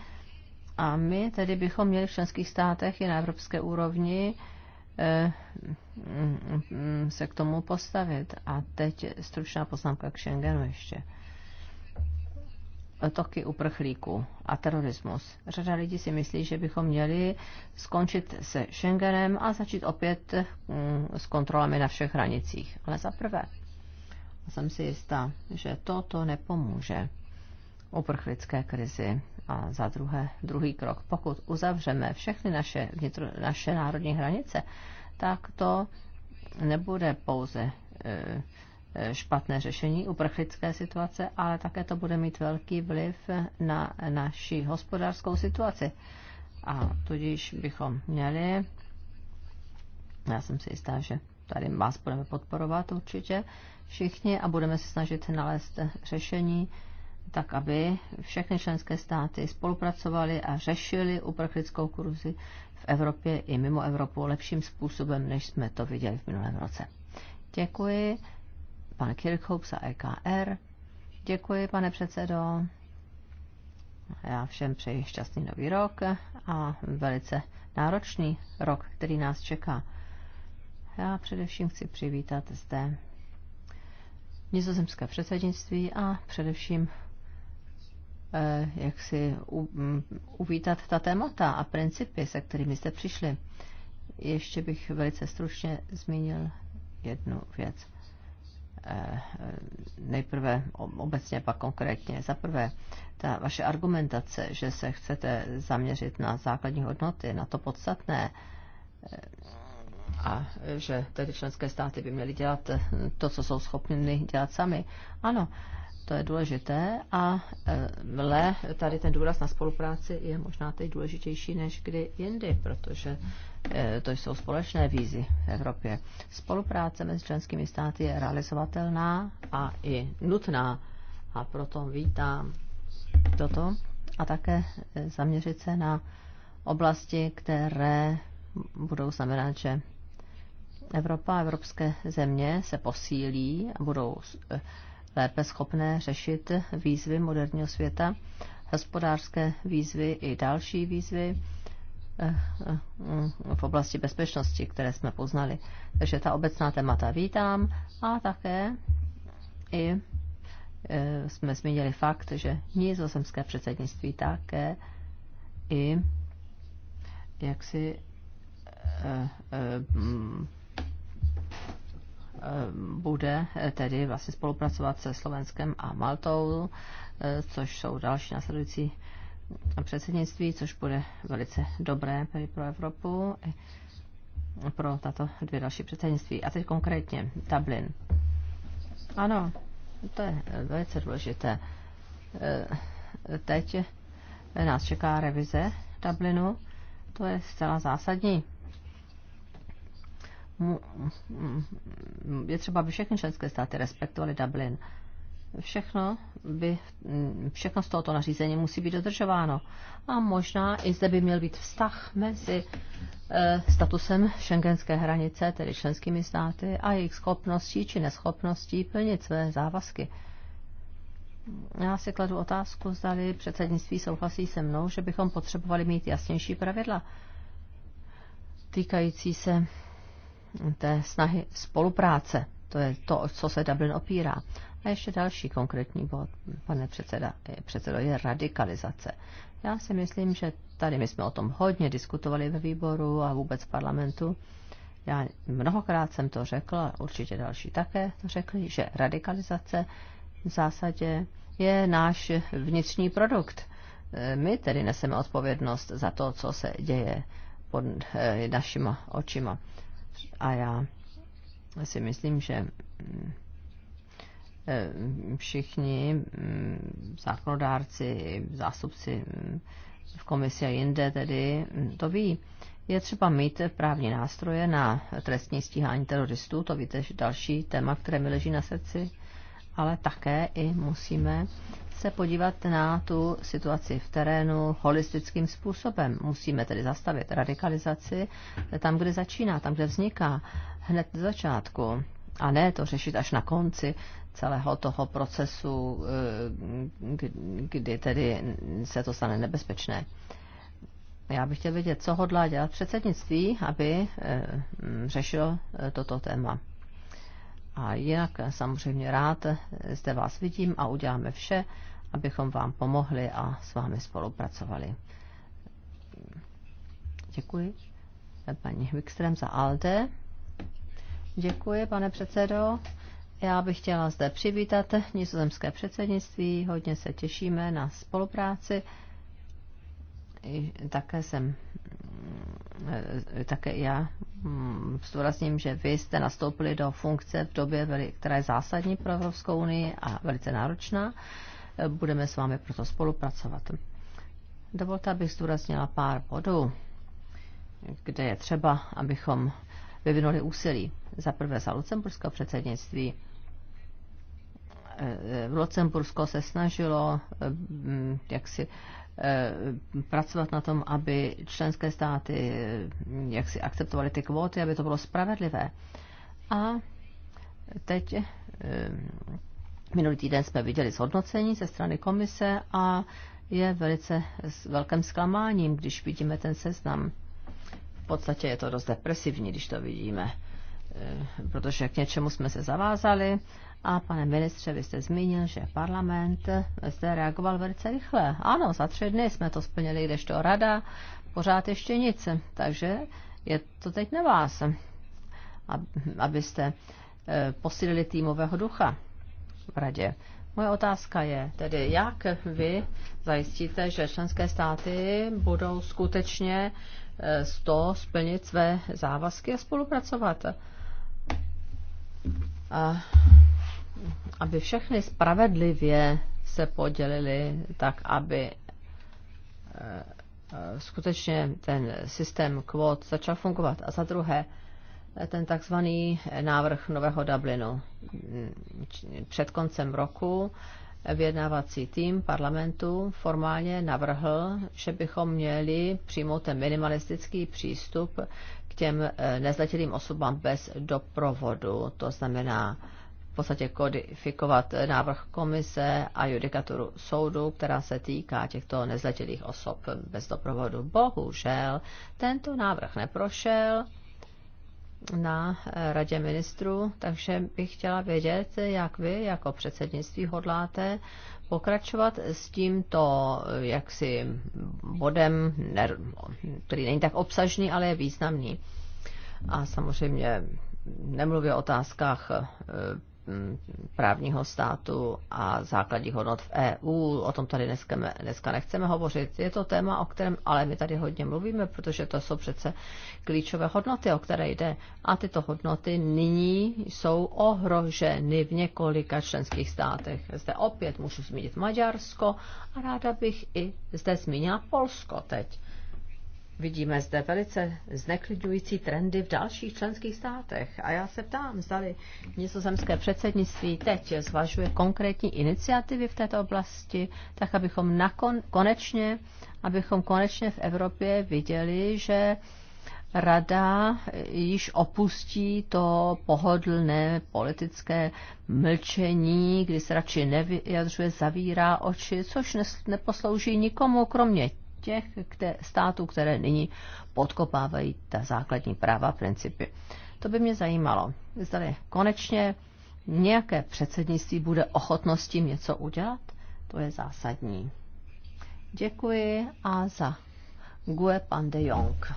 a my tedy bychom měli v členských státech i na evropské úrovni Eh, mm, se k tomu postavit. A teď stručná poznámka k Schengenu ještě. Toky uprchlíků a terorismus. Řada lidí si myslí, že bychom měli skončit se Schengenem a začít opět mm, s kontrolami na všech hranicích. Ale za prvé, jsem si jistá, že toto nepomůže uprchlické krizi a za druhé, druhý krok, pokud uzavřeme všechny naše, vnitru, naše národní hranice, tak to nebude pouze e, e, špatné řešení uprchlické situace, ale také to bude mít velký vliv na naši hospodářskou situaci. A tudíž bychom měli, já jsem si jistá, že tady vás budeme podporovat určitě všichni a budeme se snažit nalézt řešení, tak aby všechny členské státy spolupracovaly a řešily uprchlickou kruzi v Evropě i mimo Evropu lepším způsobem, než jsme to viděli v minulém roce. Děkuji, pan Kirchhoff za EKR. Děkuji, pane předsedo. Já všem přeji šťastný nový rok a velice náročný rok, který nás čeká. Já především chci přivítat zde nizozemské předsednictví a především Eh, jak si mm, uvítat ta témata a principy, se kterými jste přišli. Ještě bych velice stručně zmínil jednu věc. Eh, nejprve obecně, pak konkrétně. Za prvé, ta vaše argumentace, že se chcete zaměřit na základní hodnoty, na to podstatné, eh, a že tedy členské státy by měly dělat to, co jsou schopny dělat sami. Ano, to je důležité a eh, le, tady ten důraz na spolupráci je možná teď důležitější než kdy jindy, protože eh, to jsou společné vízy v Evropě. Spolupráce mezi členskými státy je realizovatelná a i nutná a proto vítám toto a také eh, zaměřit se na oblasti, které budou znamenat, že Evropa a evropské země se posílí a budou lépe schopné řešit výzvy moderního světa, hospodářské výzvy i další výzvy eh, eh, v oblasti bezpečnosti, které jsme poznali. Takže ta obecná témata vítám a také i eh, jsme zmínili fakt, že nizozemské předsednictví také i jaksi bude tedy vlastně spolupracovat se Slovenskem a Maltou, eh, což jsou další následující předsednictví, což bude velice dobré pro Evropu, pro tato dvě další předsednictví. A teď konkrétně Dublin. Ano, to je velice důležité. Eh, teď nás čeká revize Dublinu, to je zcela zásadní Mm, mm, je třeba, aby všechny členské státy respektovaly Dublin. Všechno, by, mm, všechno z tohoto nařízení musí být dodržováno. A možná i zde by měl být vztah mezi eh, statusem šengenské hranice, tedy členskými státy, a jejich schopností či neschopností plnit své závazky. Já si kladu otázku, zdali předsednictví souhlasí se mnou, že bychom potřebovali mít jasnější pravidla týkající se té snahy spolupráce. To je to, co se Dublin opírá. A ještě další konkrétní bod, pane předseda, předsedo, je radikalizace. Já si myslím, že tady my jsme o tom hodně diskutovali ve výboru a vůbec v parlamentu. Já mnohokrát jsem to řekla, určitě další také to řekli, že radikalizace v zásadě je náš vnitřní produkt. My tedy neseme odpovědnost za to, co se děje pod eh, našima očima. A já si myslím, že mm, e, všichni mm, zákonodárci, zástupci mm, v komisi a jinde tedy to ví. Je třeba mít právní nástroje na trestní stíhání teroristů, to víte, že další téma, které mi leží na srdci, ale také i musíme se podívat na tu situaci v terénu holistickým způsobem. Musíme tedy zastavit radikalizaci tam, kde začíná, tam, kde vzniká, hned z začátku. A ne to řešit až na konci celého toho procesu, eh, kdy tedy se to stane nebezpečné. Já bych chtěl vědět, co hodlá dělat předsednictví, aby eh, řešilo eh, toto téma. A jinak eh, samozřejmě rád eh, zde vás vidím a uděláme vše, abychom vám pomohli a s vámi spolupracovali. Děkuji eh, paní Wikström za ALDE. Děkuji, pane předsedo. Já bych chtěla zde přivítat nizozemské předsednictví. Hodně se těšíme na spolupráci. Také jsem Eh, také já mm, zdůrazním, že vy jste nastoupili do funkce v době, která je zásadní pro Evropskou unii a velice náročná. Eh, budeme s vámi proto spolupracovat. Dovolte, abych zdůraznila pár bodů, kde je třeba, abychom vyvinuli úsilí. Za prvé za lucemburského předsednictví. Eh, Lucembursko se snažilo jak si Eh, pracovat na tom, aby členské státy eh, jak si akceptovaly ty kvóty, aby to bylo spravedlivé. A teď eh, minulý týden jsme viděli zhodnocení ze strany komise a je velice s velkým zklamáním, když vidíme ten seznam. V podstatě je to dost depresivní, když to vidíme, protože k něčemu jsme se zavázali a pane ministře, vy jste zmínil, že parlament zde reagoval velice rychle. Ano, za tři dny jsme to splnili, kdežto rada, pořád ještě nic. Takže je to teď na vás, abyste eh, posílili týmového ducha v radě. Moje otázka je tedy, jak vy zajistíte, že členské státy budou skutečně eh, z toho splnit své závazky a spolupracovat? A aby všechny spravedlivě se podělili tak, aby eh, eh, skutečně ten systém kvót začal fungovat. A za druhé, eh, ten takzvaný návrh nového Dublinu. Mm, před koncem roku vyjednávací tým parlamentu formálně navrhl, že bychom měli přijmout ten minimalistický přístup k těm nezletilým osobám bez doprovodu. To znamená, v podstatě kodifikovat návrh komise a judikaturu soudu, která se týká těchto nezletilých osob bez doprovodu. Bohužel tento návrh neprošel na radě ministrů, takže bych chtěla vědět, jak vy jako předsednictví hodláte pokračovat s tímto jaksi bodem, který není tak obsažný, ale je významný. A samozřejmě nemluvě o otázkách eh, Mm, právního státu a základních hodnot v EU. O tom tady dneska, dneska nechceme hovořit. Je to téma, o kterém ale my tady hodně mluvíme, protože to jsou přece klíčové hodnoty, o které jde. A tyto hodnoty nyní jsou ohroženy v několika členských státech. Zde opět můžu zmínit Maďarsko a ráda bych i zde zmínila Polsko teď. Vidíme zde velice zneklidňující trendy v dalších členských státech. A já se ptám, zdali nizozemské předsednictví teď zvažuje konkrétní iniciativy v této oblasti, tak abychom nakon, konečně, abychom konečně v Evropě viděli, že Rada již opustí to pohodlné politické mlčení, kdy se radši nevyjadřuje, zavírá oči, což neposlouží nikomu, kromě těch kde, států, které nyní podkopávají ta základní práva a principy. To by mě zajímalo. Zdali konečně nějaké předsednictví bude ochotno s tím něco udělat? To je zásadní. Děkuji a za Gue pan de Jong.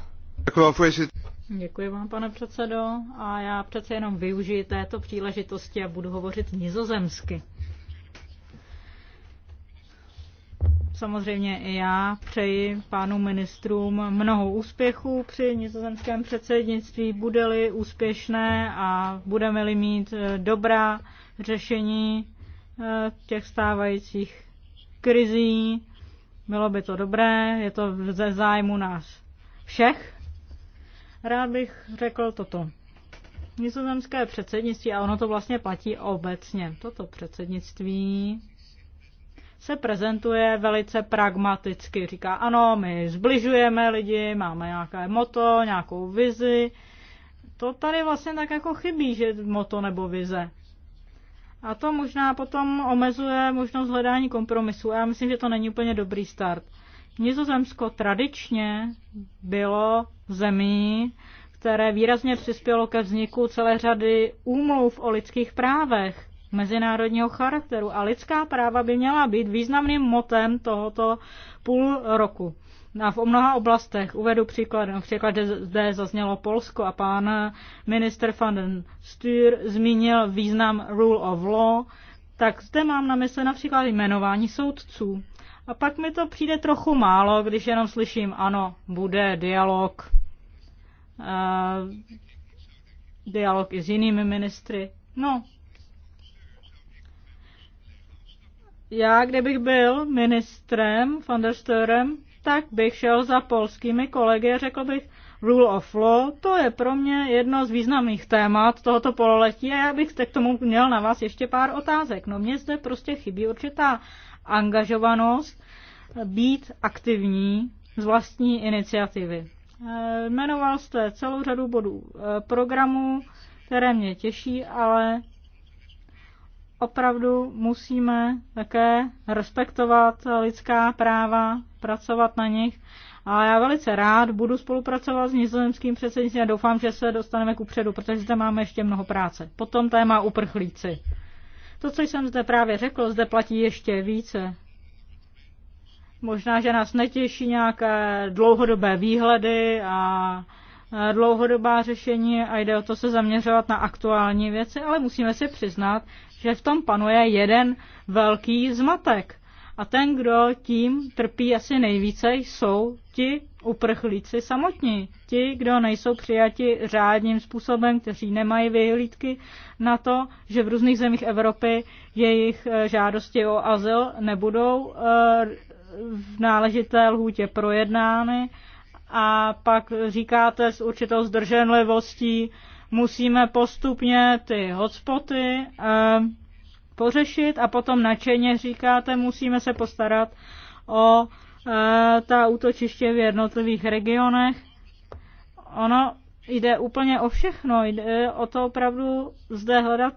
Děkuji vám, pane předsedo, a já přece jenom využiji této příležitosti a budu hovořit nizozemsky. Samozřejmě i já přeji pánům ministrům mnoho úspěchů při nizozemském předsednictví. Bude-li úspěšné a budeme-li mít eh, dobrá řešení eh, těch stávajících krizí, bylo by to dobré, je to ze zájmu nás všech. Rád bych řekl toto. Nizozemské předsednictví, a ono to vlastně platí obecně, toto předsednictví se prezentuje velice pragmaticky. Říká, ano, my zbližujeme lidi, máme nějaké moto, nějakou vizi. To tady vlastně tak jako chybí, že moto nebo vize. A to možná potom omezuje možnost hledání kompromisu. Já myslím, že to není úplně dobrý start. Nizozemsko tradičně bylo zemí, které výrazně přispělo ke vzniku celé řady úmluv o lidských právech mezinárodního charakteru a lidská práva by měla být významným motem tohoto půl roku. A v mnoha oblastech uvedu příklad, například zde zaznělo Polsko a pán minister van den Stür zmínil význam rule of law, tak zde mám na mysli například jmenování soudců. A pak mi to přijde trochu málo, když jenom slyším, ano, bude dialog, uh, dialog i s jinými ministry. No, já, kdybych byl ministrem, van der Sturem, tak bych šel za polskými kolegy a řekl bych, rule of law, to je pro mě jedno z významných témat tohoto pololetí a já bych k tomu měl na vás ještě pár otázek. No mně zde prostě chybí určitá angažovanost, být aktivní z vlastní iniciativy. E, jmenoval jste celou řadu bodů e, programu, které mě těší, ale opravdu musíme také respektovat lidská práva, pracovat na nich. A já velice rád budu spolupracovat s nizozemským předsednictvím a doufám, že se dostaneme k upředu, protože zde máme ještě mnoho práce. Potom téma uprchlíci. To, co jsem zde právě řekl, zde platí ještě více. Možná, že nás netěší nějaké dlouhodobé výhledy a e, dlouhodobá řešení a jde o to se zaměřovat na aktuální věci, ale musíme si přiznat, že v tom panuje jeden velký zmatek. A ten, kdo tím trpí asi nejvíce, jsou ti uprchlíci samotní. Ti, kdo nejsou přijati řádním způsobem, kteří nemají vyhlídky na to, že v různých zemích Evropy jejich eh, žádosti o azyl nebudou eh, v náležité lhůtě projednány. A pak říkáte s určitou zdrženlivostí, musíme postupně ty hotspoty eh, pořešit a potom načeně říkáte, musíme se postarat o eh, ta útočiště v jednotlivých regionech. Ono jde úplně o všechno, jde o to opravdu zde hledat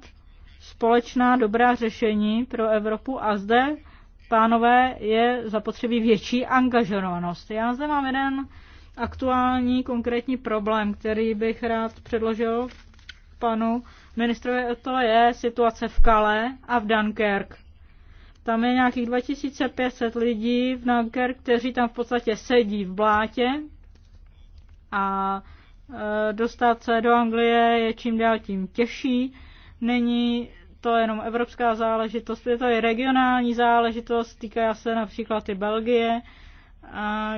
společná dobrá řešení pro Evropu a zde, pánové, je zapotřebí větší angažovanost. Já zde mám jeden aktuální konkrétní problém, který bych rád předložil panu ministrovi, to je situace v Kale a v Dunkirk. Tam je nějakých 2500 lidí v Dunkirk, kteří tam v podstatě sedí v blátě a e, dostat se do Anglie je čím dál tím těžší. Není to jenom evropská záležitost, je to i regionální záležitost, týká se například i Belgie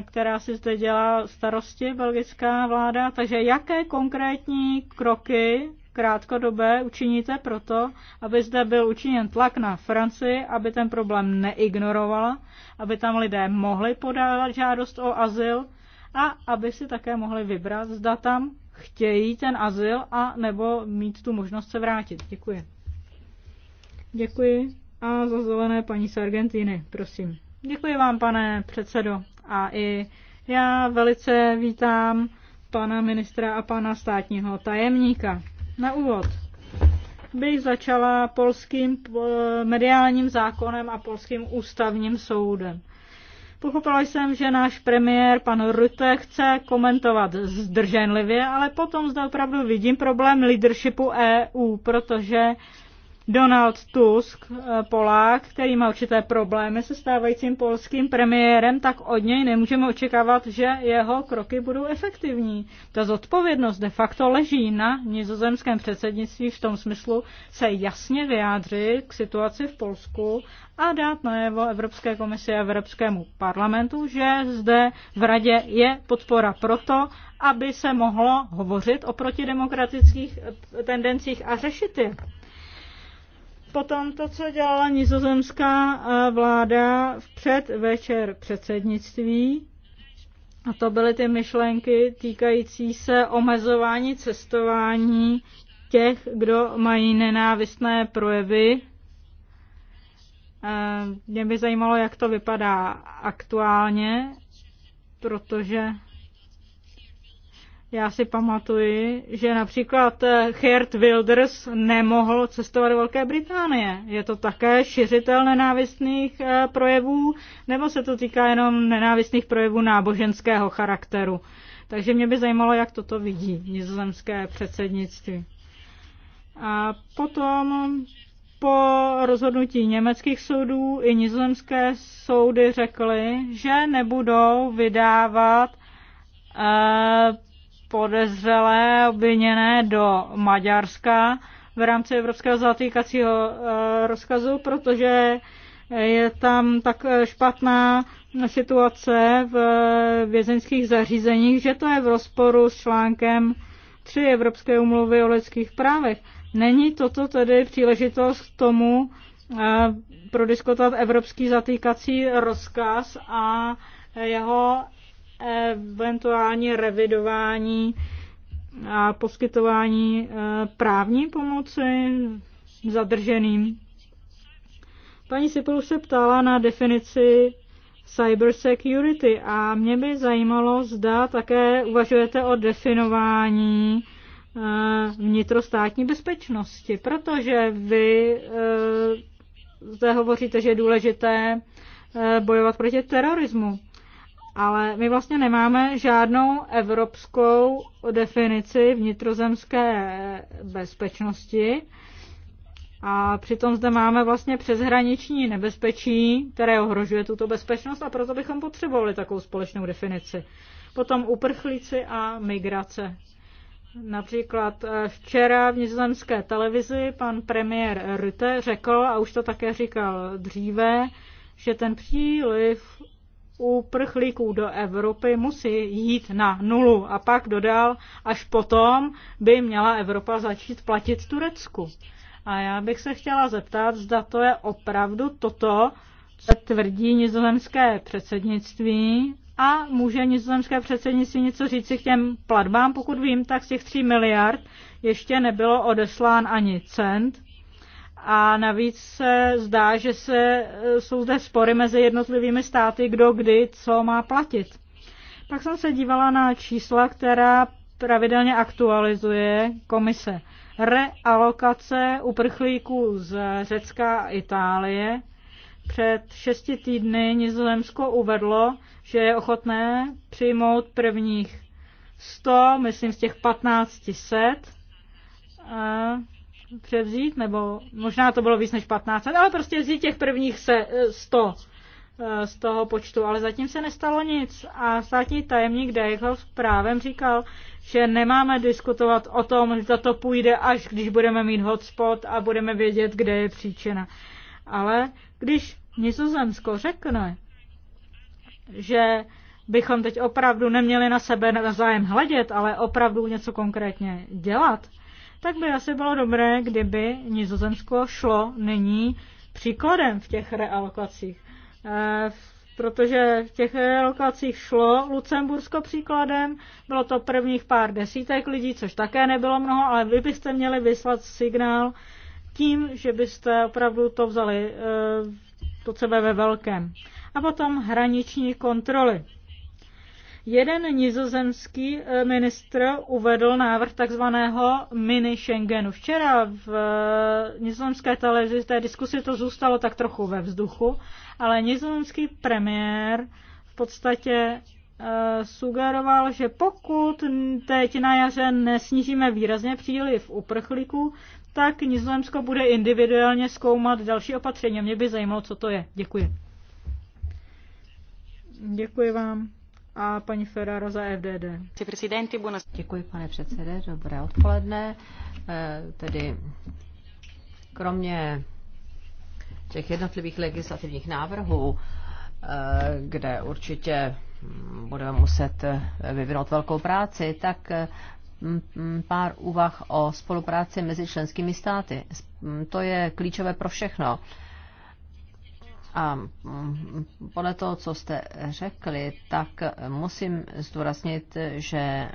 která si zde dělá starosti belgická vláda. Takže jaké konkrétní kroky krátkodobé učiníte proto, aby zde byl učiněn tlak na Francii, aby ten problém neignorovala, aby tam lidé mohli podávat žádost o azyl a aby si také mohli vybrat, zda tam chtějí ten azyl a nebo mít tu možnost se vrátit. Děkuji. Děkuji. A za zelené paní z Argentiny, prosím. Děkuji vám, pane předsedo. A i já velice vítám pana ministra a pana státního tajemníka. Na úvod bych začala polským eh, mediálním zákonem a polským ústavním soudem. Pochopila jsem, že náš premiér pan Rutte chce komentovat zdrženlivě, ale potom zde opravdu vidím problém leadershipu EU, protože Donald Tusk, eh, Polák, který má určité problémy se stávajícím polským premiérem, tak od něj nemůžeme očekávat, že jeho kroky budou efektivní. Ta zodpovědnost de facto leží na nizozemském předsednictví v tom smyslu se jasně vyjádřit k situaci v Polsku a dát najevo Evropské komisi a Evropskému parlamentu, že zde v radě je podpora proto, aby se mohlo hovořit o protidemokratických tendencích a řešit je. Potom to, co dělala nizozemská eh, vláda v předvečer předsednictví, a to byly ty myšlenky týkající se omezování cestování těch, kdo mají nenávistné projevy. Eh, mě by zajímalo, jak to vypadá aktuálně, protože já si pamatuji, že například eh, Geert Wilders nemohl cestovat do Velké Británie. Je to také šiřitel nenávistných eh, projevů, nebo se to týká jenom nenávistných projevů náboženského charakteru? Takže mě by zajímalo, jak toto vidí nizozemské předsednictví. A potom po rozhodnutí německých soudů i nizozemské soudy řekly, že nebudou vydávat eh, podezřelé obviněné do Maďarska v rámci evropského zatýkacího eh, rozkazu, protože je tam tak eh, špatná situace v eh, vězeňských zařízeních, že to je v rozporu s článkem 3 Evropské umluvy o lidských právech. Není toto tedy příležitost k tomu prodiskutovat evropský zatýkací rozkaz a jeho eventuálně revidování a poskytování e, právní pomoci zadrženým. Paní Sipolu se ptala na definici cybersecurity a mě by zajímalo, zda také uvažujete o definování e, vnitrostátní bezpečnosti, protože vy e, zde hovoříte, že je důležité bojovat proti terorismu ale my vlastně nemáme žádnou evropskou definici vnitrozemské bezpečnosti a přitom zde máme vlastně přeshraniční nebezpečí, které ohrožuje tuto bezpečnost a proto bychom potřebovali takovou společnou definici. Potom uprchlíci a migrace. Například eh, včera v nizozemské televizi pan premiér Rutte řekl, a už to také říkal dříve, že ten příliv uprchlíků do Evropy musí jít na nulu. A pak dodal, až potom by měla Evropa začít platit Turecku. A já bych se chtěla zeptat, zda to je opravdu toto, co tvrdí nizozemské předsednictví a může nizozemské předsednictví něco říci k těm platbám. Pokud vím, tak z těch 3 miliard ještě nebylo odeslán ani cent a navíc se zdá, že se, e, jsou zde spory mezi jednotlivými státy, kdo kdy co má platit. Pak jsem se dívala na čísla, která pravidelně aktualizuje komise. Realokace uprchlíků z Řecka a Itálie. Před šesti týdny Nizozemsko uvedlo, že je ochotné přijmout prvních 100, myslím z těch 1500 převzít, nebo možná to bylo víc než 15, ale prostě vzít těch prvních se 100 eh, eh, z toho počtu, ale zatím se nestalo nic. A státní tajemník s právem říkal, že nemáme diskutovat o tom, zda to půjde, až když budeme mít hotspot a budeme vědět, kde je příčina. Ale když Nizozemsko řekne, že bychom teď opravdu neměli na sebe zájem hledět, ale opravdu něco konkrétně dělat, tak by asi bylo dobré, kdyby Nizozemsko šlo nyní příkladem v těch realokacích. Eh, protože v těch realokacích šlo Lucembursko příkladem, bylo to prvních pár desítek lidí, což také nebylo mnoho, ale vy byste měli vyslat signál tím, že byste opravdu to vzali eh, to sebe ve velkém. A potom hraniční kontroly. Jeden nizozemský eh, ministr uvedl návrh takzvaného mini Schengenu. Včera v eh, nizozemské televizi té diskusi to zůstalo tak trochu ve vzduchu, ale nizozemský premiér v podstatě eh, sugeroval, že pokud teď na jaře nesnížíme výrazně příliv uprchlíků, tak Nizozemsko bude individuálně zkoumat další opatření. Mě by zajímalo, co to je. Děkuji. Děkuji vám a paní Ferrara za FDD. Děkuji, pane předsede, dobré odpoledne. Eh, tedy kromě těch jednotlivých legislativních návrhů, eh, kde určitě budeme muset vyvinout velkou práci, tak mm, mm, pár úvah o spolupráci mezi členskými státy. Mm, to je klíčové pro všechno. A mm, podle toho, co jste řekli, tak musím zdůraznit, že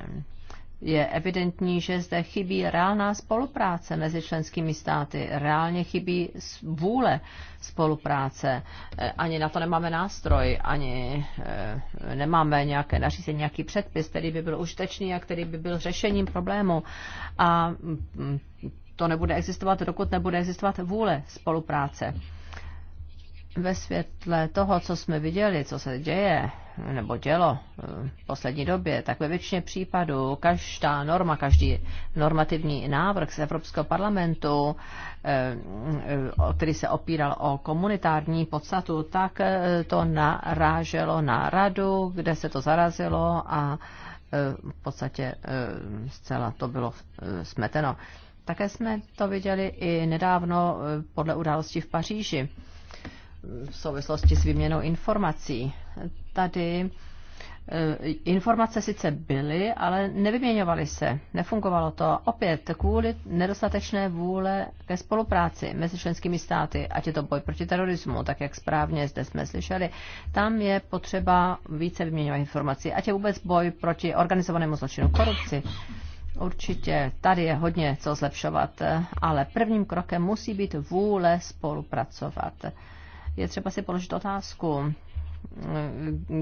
je evidentní, že zde chybí reálná spolupráce mezi členskými státy. Reálně chybí vůle spolupráce. E, ani na to nemáme nástroj, ani e, nemáme nějaké nařízení, nějaký předpis, který by byl užitečný a který by byl řešením problému. A mm, to nebude existovat, dokud nebude existovat vůle spolupráce ve světle toho, co jsme viděli, co se děje, nebo dělo eh, v poslední době, tak ve většině případů každá norma, každý normativní návrh z Evropského parlamentu, eh, eh, který se opíral o komunitární podstatu, tak to naráželo na radu, kde se to zarazilo a v podstatě zcela to bylo smeteno. Také jsme to viděli i nedávno podle událostí v Paříži v souvislosti s výměnou informací. Tady eh, informace sice byly, ale nevyměňovaly se. Nefungovalo to opět kvůli nedostatečné vůle ke spolupráci mezi členskými státy, ať je to boj proti terorismu, tak jak správně zde jsme slyšeli. Tam je potřeba více vyměňovat informací, ať je vůbec boj proti organizovanému zločinu korupci. Určitě tady je hodně co zlepšovat, eh, ale prvním krokem musí být vůle spolupracovat je třeba si položit otázku,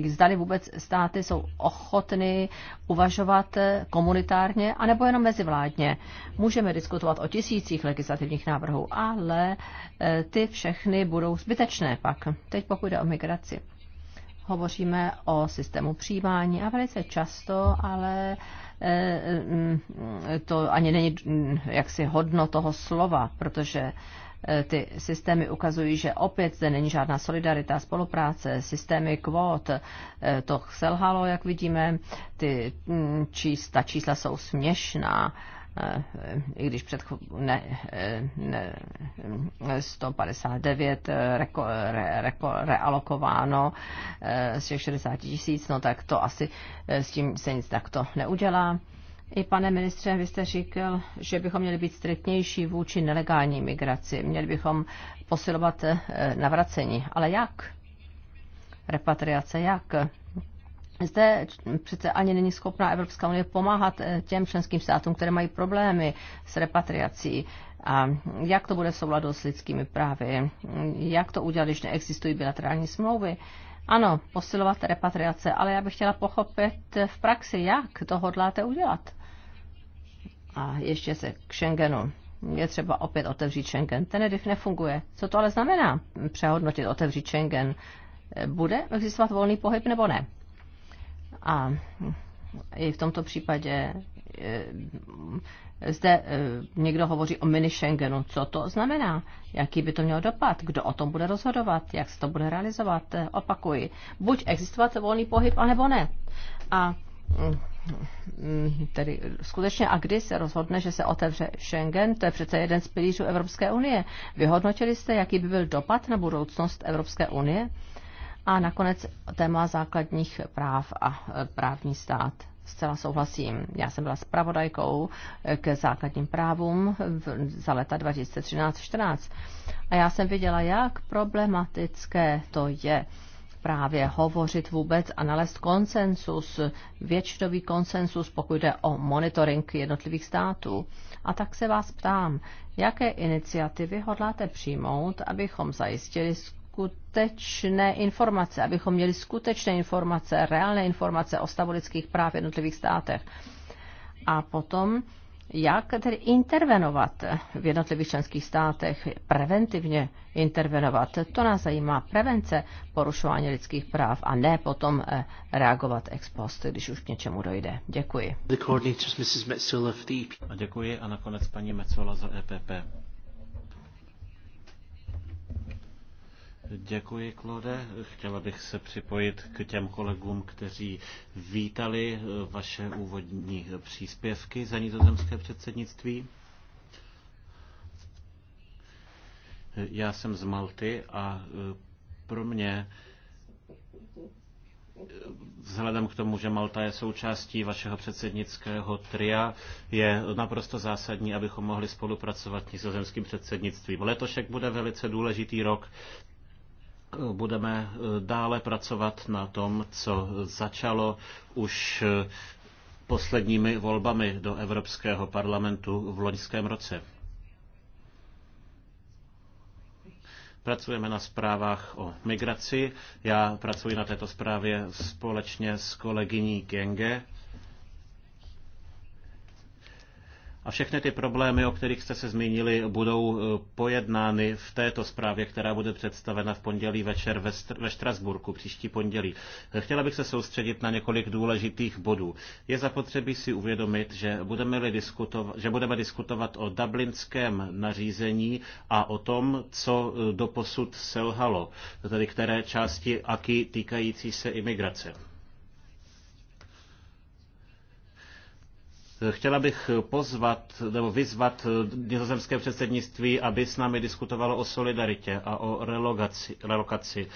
zdali vůbec státy jsou ochotny uvažovat komunitárně, anebo jenom mezivládně. Můžeme diskutovat o tisících legislativních návrhů, ale eh, ty všechny budou zbytečné pak. Teď pokud jde o migraci. Hovoříme o systému přijímání a velice často, ale eh, mm, to ani není mm, jaksi hodno toho slova, protože Eh, ty systémy ukazují, že opět zde není žádná solidarita, spolupráce, systémy kvót, eh, to selhalo, jak vidíme, ty mm, čísla, čísla jsou směšná, eh, i když před ne, ne, 159 mm, reko, re, reko, realokováno z těch 60 tisíc, no tak to asi s tím se nic takto neudělá. I pane ministře, vy jste říkal, že bychom měli být striktnější vůči nelegální migraci. Měli bychom posilovat eh, navracení. Ale jak? Repatriace jak? Zde přece ani není schopná Evropská unie pomáhat eh, těm členským státům, které mají problémy s repatriací. A jak to bude v souladu s lidskými právy? Jak to udělat, když neexistují bilaterální smlouvy? Ano, posilovat repatriace, ale já bych chtěla pochopit v praxi, jak to hodláte udělat. A ještě se k Schengenu. Je třeba opět otevřít Schengen. Ten ediv nefunguje. Co to ale znamená? Přehodnotit otevřít Schengen. Bude existovat volný pohyb nebo ne? A i v tomto případě eh, zde eh, někdo hovoří o mini Schengenu. Co to znamená? Jaký by to mělo dopad? Kdo o tom bude rozhodovat? Jak se to bude realizovat? Eh, opakuji. Buď existovat volný pohyb, anebo ne. A mm, tedy skutečně a kdy se rozhodne, že se otevře Schengen, to je přece jeden z pilířů Evropské unie. Vyhodnotili jste, jaký by byl dopad na budoucnost Evropské unie? A nakonec téma základních práv a e, právní stát. Zcela souhlasím. Já jsem byla zpravodajkou e, k základním právům za leta 2013-14 a já jsem viděla, jak problematické to je právě hovořit vůbec a nalézt konsensus, většinový konsensus, pokud jde o monitoring jednotlivých států. A tak se vás ptám, jaké iniciativy hodláte přijmout, abychom zajistili skutečné informace, abychom měli skutečné informace, reálné informace o stavu lidských práv v jednotlivých státech. A potom, jak tedy intervenovat v jednotlivých členských státech, preventivně intervenovat. To nás zajímá prevence porušování lidských práv a ne potom eh, reagovat ex post, když už k něčemu dojde. Děkuji. A děkuji a nakonec paní Metzola za EPP. Děkuji, Klode. Chtěla bych se připojit k těm kolegům, kteří vítali eh, vaše úvodní příspěvky za nizozemské předsednictví. Já jsem z Malty a eh, pro mě eh, vzhledem k tomu, že Malta je součástí vašeho předsednického tria, je naprosto zásadní, abychom mohli spolupracovat s nizozemským předsednictvím. Letošek bude velice důležitý rok budeme eh, dále pracovat na tom, co začalo už eh, posledními volbami do Evropského parlamentu v loňském roce. Pracujeme na zprávách o migraci. Já pracuji na této zprávě společně s kolegyní Kenge A všechny ty problémy, o kterých jste se zmínili, budou eh, pojednány v této zprávě, která bude představena v pondělí večer ve, Str- ve Štrasburku, příští pondělí. Eh, chtěla bych se soustředit na několik důležitých bodů. Je zapotřebí si uvědomit, že, budeme diskutovat, že budeme diskutovat o dublinském nařízení a o tom, co eh, doposud selhalo, tedy které části aky týkající se imigrace. Chtěla bych pozvat nebo vyzvat nizozemské předsednictví, aby s námi diskutovalo o solidaritě a o relokaci. relokaci.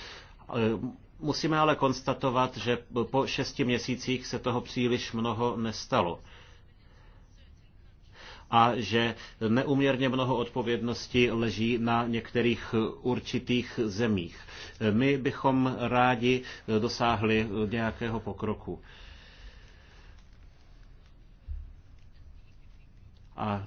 Musíme ale konstatovat, že po šesti měsících se toho příliš mnoho nestalo a že neuměrně mnoho odpovědnosti leží na některých určitých zemích. My bychom rádi dosáhli nějakého pokroku. A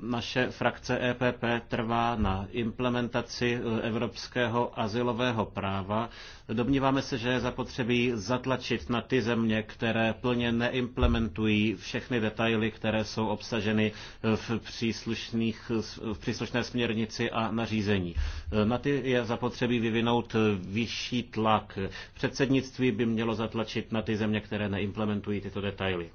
naše frakce EPP trvá na implementaci e, evropského asilového práva. Domníváme se, že je zapotřebí zatlačit na ty země, které plně neimplementují všechny detaily, které jsou obsaženy e, v, příslušných, v příslušné směrnici a nařízení. E, na ty je zapotřebí vyvinout vyšší tlak. Předsednictví by mělo zatlačit na ty země, které neimplementují tyto detaily.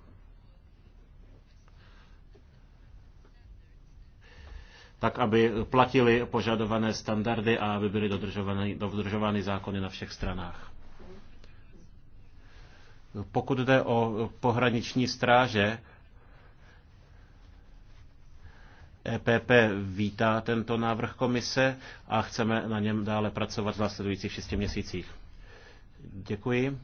tak aby platili požadované standardy a aby byly dodržovány, dodržovány zákony na všech stranách. Pokud jde o pohraniční stráže, EPP vítá tento návrh komise a chceme na něm dále pracovat v následujících šesti měsících. Děkuji.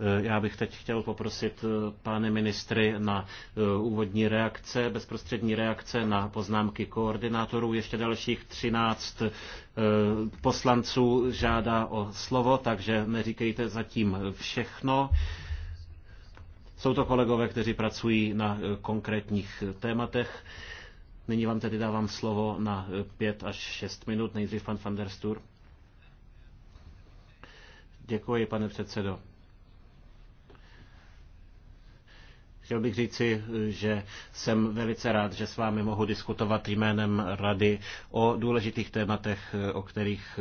Eh, já bych teď chtěl poprosit eh, pány ministry na eh, úvodní reakce, bezprostřední reakce na poznámky koordinátorů. Ještě dalších 13 poslanců žádá o slovo, takže neříkejte zatím všechno. Jsou to kolegové, kteří pracují na konkrétních tématech. Nyní vám tedy dávám slovo na 5 až 6 minut. Nejdřív pan van der Stur. Děkuji, pane předsedo. Chtěl bych říci, že jsem velice rád, že s vámi mohu diskutovat jménem Rady o důležitých tématech, o kterých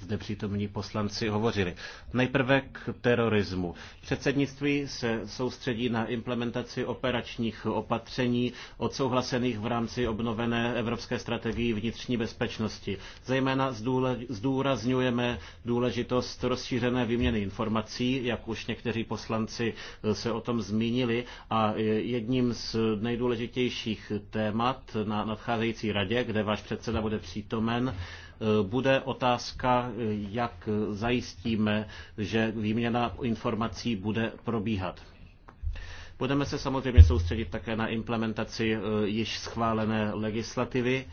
zde přítomní poslanci hovořili. Nejprve k terorismu. Předsednictví se soustředí na implementaci operačních opatření odsouhlasených v rámci obnovené evropské strategii vnitřní bezpečnosti. Zejména zdůrazňujeme důležitost rozšířené výměny informací, jak už někteří poslanci eh, se o tom zmínili. A jedním z nejdůležitějších témat na nadcházející radě, kde váš předseda bude přítomen, bude otázka, jak zajistíme, že výměna informací bude probíhat. Budeme se samozřejmě soustředit také na implementaci eh, již schválené legislativy.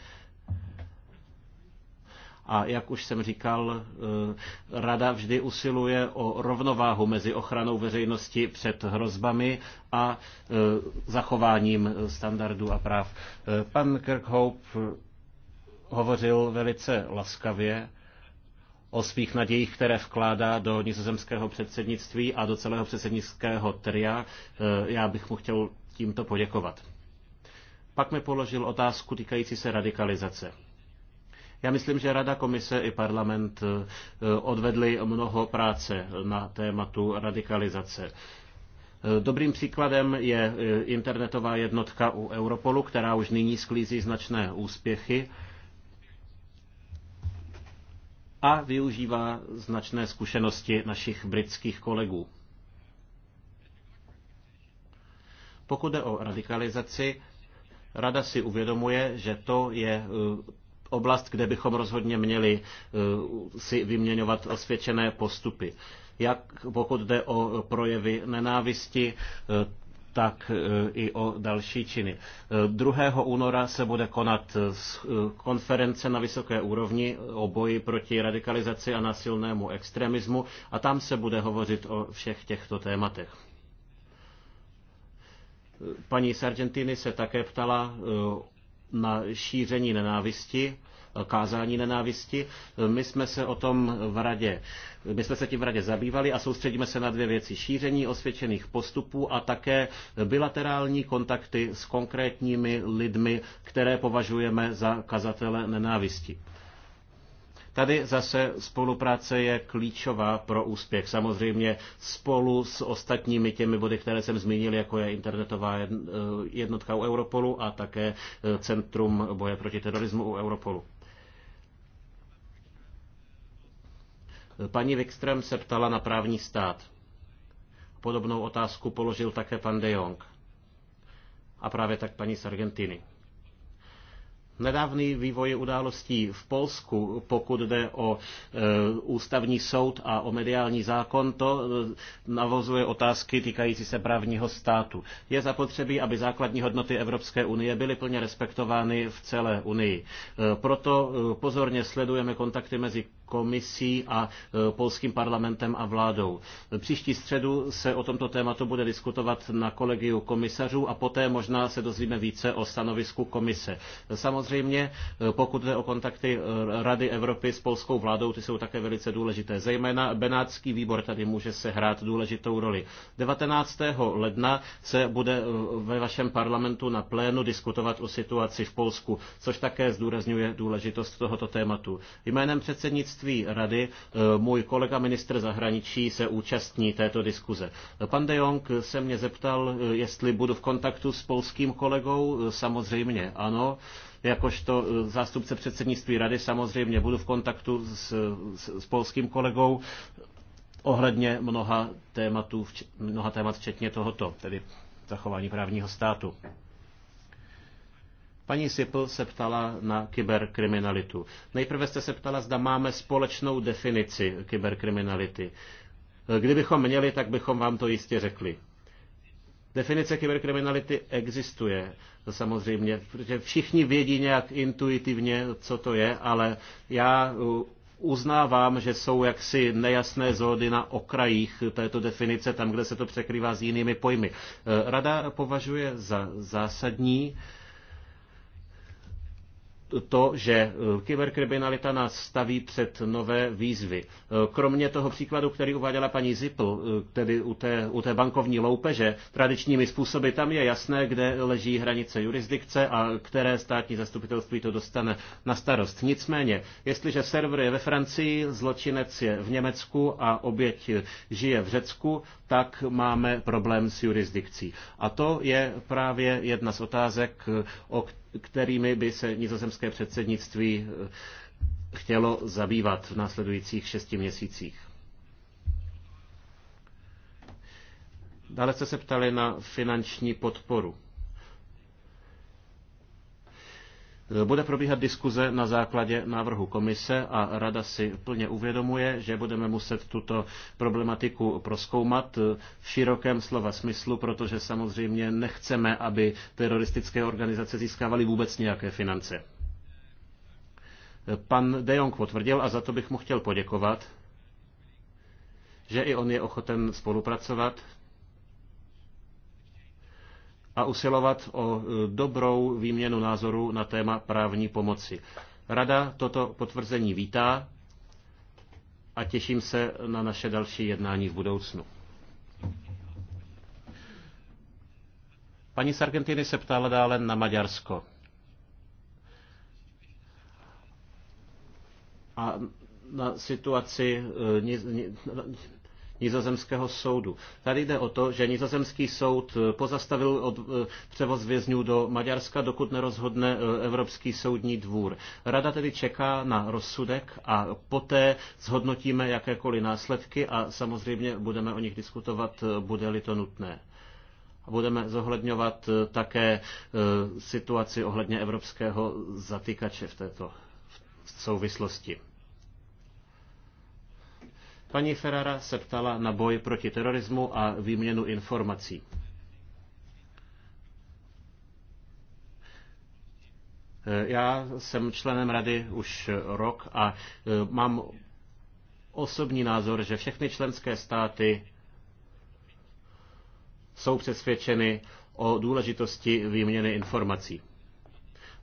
A jak už jsem říkal, eh, Rada vždy usiluje o rovnováhu mezi ochranou veřejnosti před hrozbami a eh, zachováním standardů a práv. Pan Kirkhope hovořil velice laskavě o svých nadějích, které vkládá do nizozemského předsednictví a do celého předsednického tria. Eh, já bych mu chtěl tímto poděkovat. Pak mi položil otázku týkající se radikalizace. Já myslím, že Rada komise i parlament eh, odvedli mnoho práce na tématu radikalizace. Eh, dobrým příkladem je internetová jednotka u Europolu, která už nyní sklízí značné úspěchy a využívá značné zkušenosti našich britských kolegů. Pokud jde o radikalizaci, Rada si uvědomuje, že to je eh, oblast, kde bychom rozhodně měli eh, si vyměňovat osvědčené postupy. Jak pokud jde o projevy nenávisti, eh, tak e, i o další činy. 2. E, února se bude konat e, konference na vysoké úrovni o boji proti radikalizaci a násilnému extremismu a tam se bude hovořit o všech těchto tématech. Paní Sargentini se také ptala na šíření nenávisti kázání nenávisti. My jsme se o tom v radě, my jsme se tím v radě zabývali a soustředíme se na dvě věci. Šíření osvědčených postupů a také bilaterální kontakty s konkrétními lidmi, které považujeme za kazatele nenávisti. Tady zase spolupráce je klíčová pro úspěch. Samozřejmě spolu s ostatními těmi body, které jsem zmínil, jako je internetová jednotka u Europolu a také Centrum boje proti terorismu u Europolu. Paní Wikström se ptala na právní stát. Podobnou otázku položil také pan De Jong. A právě tak paní z Argentiny. Nedávný vývoj událostí v Polsku, pokud jde o e, ústavní soud a o mediální zákon, to e, navozuje otázky týkající se právního státu. Je zapotřebí, aby základní hodnoty Evropské unie byly plně respektovány v celé unii. E, proto e, pozorně sledujeme kontakty mezi komisí a e, polským parlamentem a vládou. Příští středu se o tomto tématu bude diskutovat na kolegiu komisařů a poté možná se dozvíme více o stanovisku komise. Samozřejmě, e, pokud jde o kontakty e, Rady Evropy s polskou vládou, ty jsou také velice důležité. Zejména Benátský výbor tady může se hrát důležitou roli. 19. ledna se bude ve vašem parlamentu na plénu diskutovat o situaci v Polsku, což také zdůrazňuje důležitost tohoto tématu. Jménem předsednictví předsednictví rady eh, můj kolega ministr zahraničí se účastní této diskuze. Pan De Jong se mě zeptal, eh, jestli budu v kontaktu s polským kolegou. Eh, samozřejmě ano jakožto zástupce předsednictví rady samozřejmě budu v kontaktu s, s, s polským kolegou ohledně mnoha, tématů, mnoha témat, včetně tohoto, tedy zachování právního státu. Paní Sipl se ptala na kyberkriminalitu. Nejprve jste se ptala, zda máme společnou definici kyberkriminality. Kdybychom měli, tak bychom vám to jistě řekli. Definice kyberkriminality existuje samozřejmě, protože všichni vědí nějak intuitivně, co to je, ale já uznávám, že jsou jaksi nejasné zóny na okrajích této definice, tam, kde se to překrývá s jinými pojmy. Rada považuje za zásadní, to, že eh, kyberkriminalita nás staví před nové výzvy. Eh, kromě toho příkladu, který uváděla paní Zipl, eh, tedy u té, u té bankovní loupeže, tradičními způsoby tam je jasné, kde leží hranice jurisdikce a které státní zastupitelství to dostane na starost. Nicméně, jestliže server je ve Francii, zločinec je v Německu a oběť žije v Řecku, tak máme problém s jurisdikcí. A to je právě jedna z otázek, o které kterými by se nizozemské předsednictví eh, chtělo zabývat v následujících šesti měsících. Dále jste se ptali na finanční podporu. Eh, bude probíhat diskuze na základě návrhu komise a rada si plně uvědomuje, že budeme muset tuto problematiku proskoumat eh, v širokém slova smyslu, protože samozřejmě nechceme, aby teroristické organizace získávaly vůbec nějaké finance. Eh, pan De Jong potvrdil, a za to bych mu chtěl poděkovat, že i on je ochoten spolupracovat a usilovat o e, dobrou výměnu názorů na téma právní pomoci. Rada toto potvrzení vítá a těším se na naše další jednání v budoucnu. Paní z Argentiny se ptala dále na Maďarsko. A na situaci e, nizozemského soudu. Tady jde o to, že nizozemský soud eh, pozastavil od, eh, převoz vězňů do Maďarska, dokud nerozhodne eh, Evropský soudní dvůr. Rada tedy čeká na rozsudek a poté zhodnotíme jakékoliv následky a samozřejmě budeme o nich diskutovat, bude-li to nutné a budeme zohledňovat také situaci ohledně evropského zatýkače v této souvislosti. Paní Ferrara se ptala na boj proti terorismu a výměnu informací. Já jsem členem rady už rok a e, mám osobní názor, že všechny členské státy jsou přesvědčeny o důležitosti výměny informací.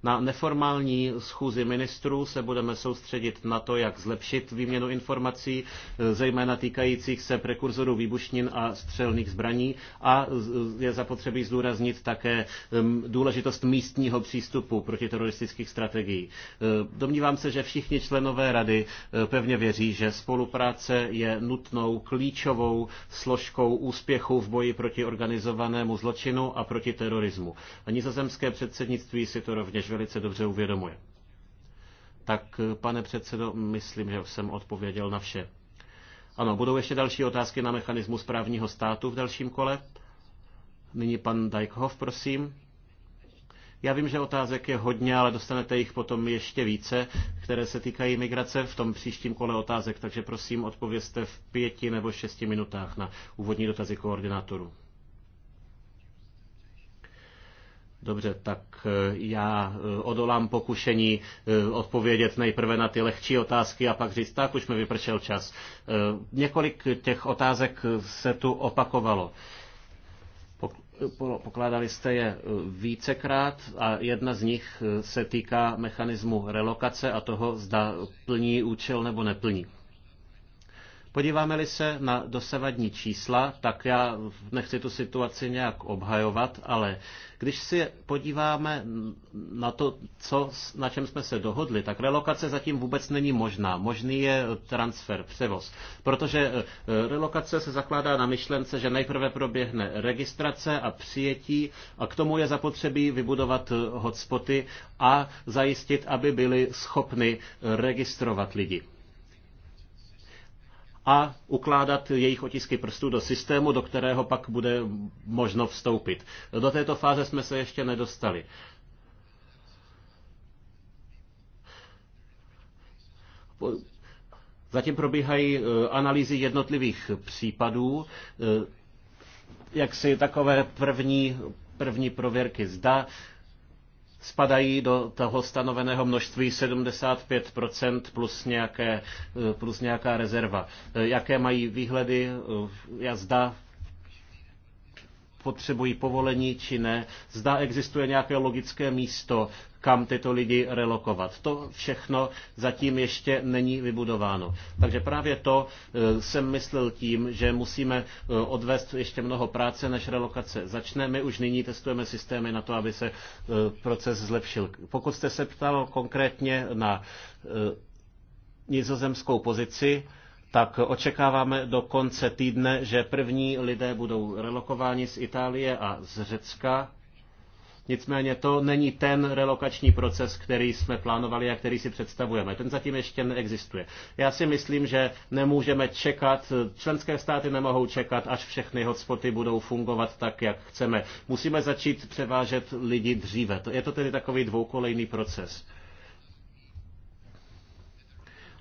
Na neformální schůzi ministrů se budeme soustředit na to, jak zlepšit výměnu informací, eh, zejména týkajících se prekurzorů výbušnin a střelných zbraní a je zapotřebí zdůraznit také důležitost místního přístupu protiteroristických strategií. Eh, domnívám se, že všichni členové rady eh, pevně věří, že spolupráce je nutnou klíčovou složkou úspěchu v boji proti organizovanému zločinu a proti terorismu. A nizozemské předsednictví si to rovněž velice dobře uvědomuje. Tak, pane předsedo, myslím, že jsem odpověděl na vše. Ano, budou ještě další otázky na mechanismus právního státu v dalším kole. Nyní pan Dijkhoff, prosím. Já vím, že otázek je hodně, ale dostanete jich potom ještě více, které se týkají migrace v tom příštím kole otázek, takže prosím odpovězte v pěti nebo šesti minutách na úvodní dotazy koordinátorů. Dobře, tak e, já e, odolám pokušení e, odpovědět nejprve na ty lehčí otázky a pak říct, tak už mi vypršel čas. Několik těch otázek se tu opakovalo. Pokládali jste je vícekrát a jedna z nich se týká mechanismu relokace a toho, zda plní účel nebo neplní. Podíváme-li se na dosavadní čísla, tak já nechci tu situaci nějak obhajovat, ale když si podíváme na to, co, na čem jsme se dohodli, tak relokace zatím vůbec není možná. Možný je transfer, převoz. Protože eh, relokace se zakládá na myšlence, že nejprve proběhne registrace a přijetí a k tomu je zapotřebí vybudovat eh, hotspoty a zajistit, aby byli schopni eh, registrovat lidi a ukládat jejich otisky prstů do systému, do kterého pak bude možno vstoupit. Do této fáze jsme se ještě nedostali. Zatím probíhají e, analýzy jednotlivých případů, e, jak si takové první, první prověrky zda spadají do toho stanoveného množství 75% plus, nějaké, eh, plus nějaká rezerva. Eh, jaké mají výhledy jazda eh, potřebují povolení či ne, zda existuje nějaké logické místo kam tyto lidi relokovat. To všechno zatím ještě není vybudováno. Takže právě to e, jsem myslel tím, že musíme e, odvést ještě mnoho práce, než relokace začne. My už nyní testujeme systémy na to, aby se e, proces zlepšil. Pokud jste se ptal konkrétně na nizozemskou pozici, tak očekáváme do konce týdne, že první lidé budou relokováni z Itálie a z Řecka Nicméně to není ten relokační proces, který jsme plánovali a který si představujeme. Ten zatím ještě neexistuje. Já si myslím, že nemůžeme čekat, členské státy nemohou čekat, až všechny hotspoty budou fungovat tak, jak chceme. Musíme začít převážet lidi dříve. Je to tedy takový dvoukolejný proces.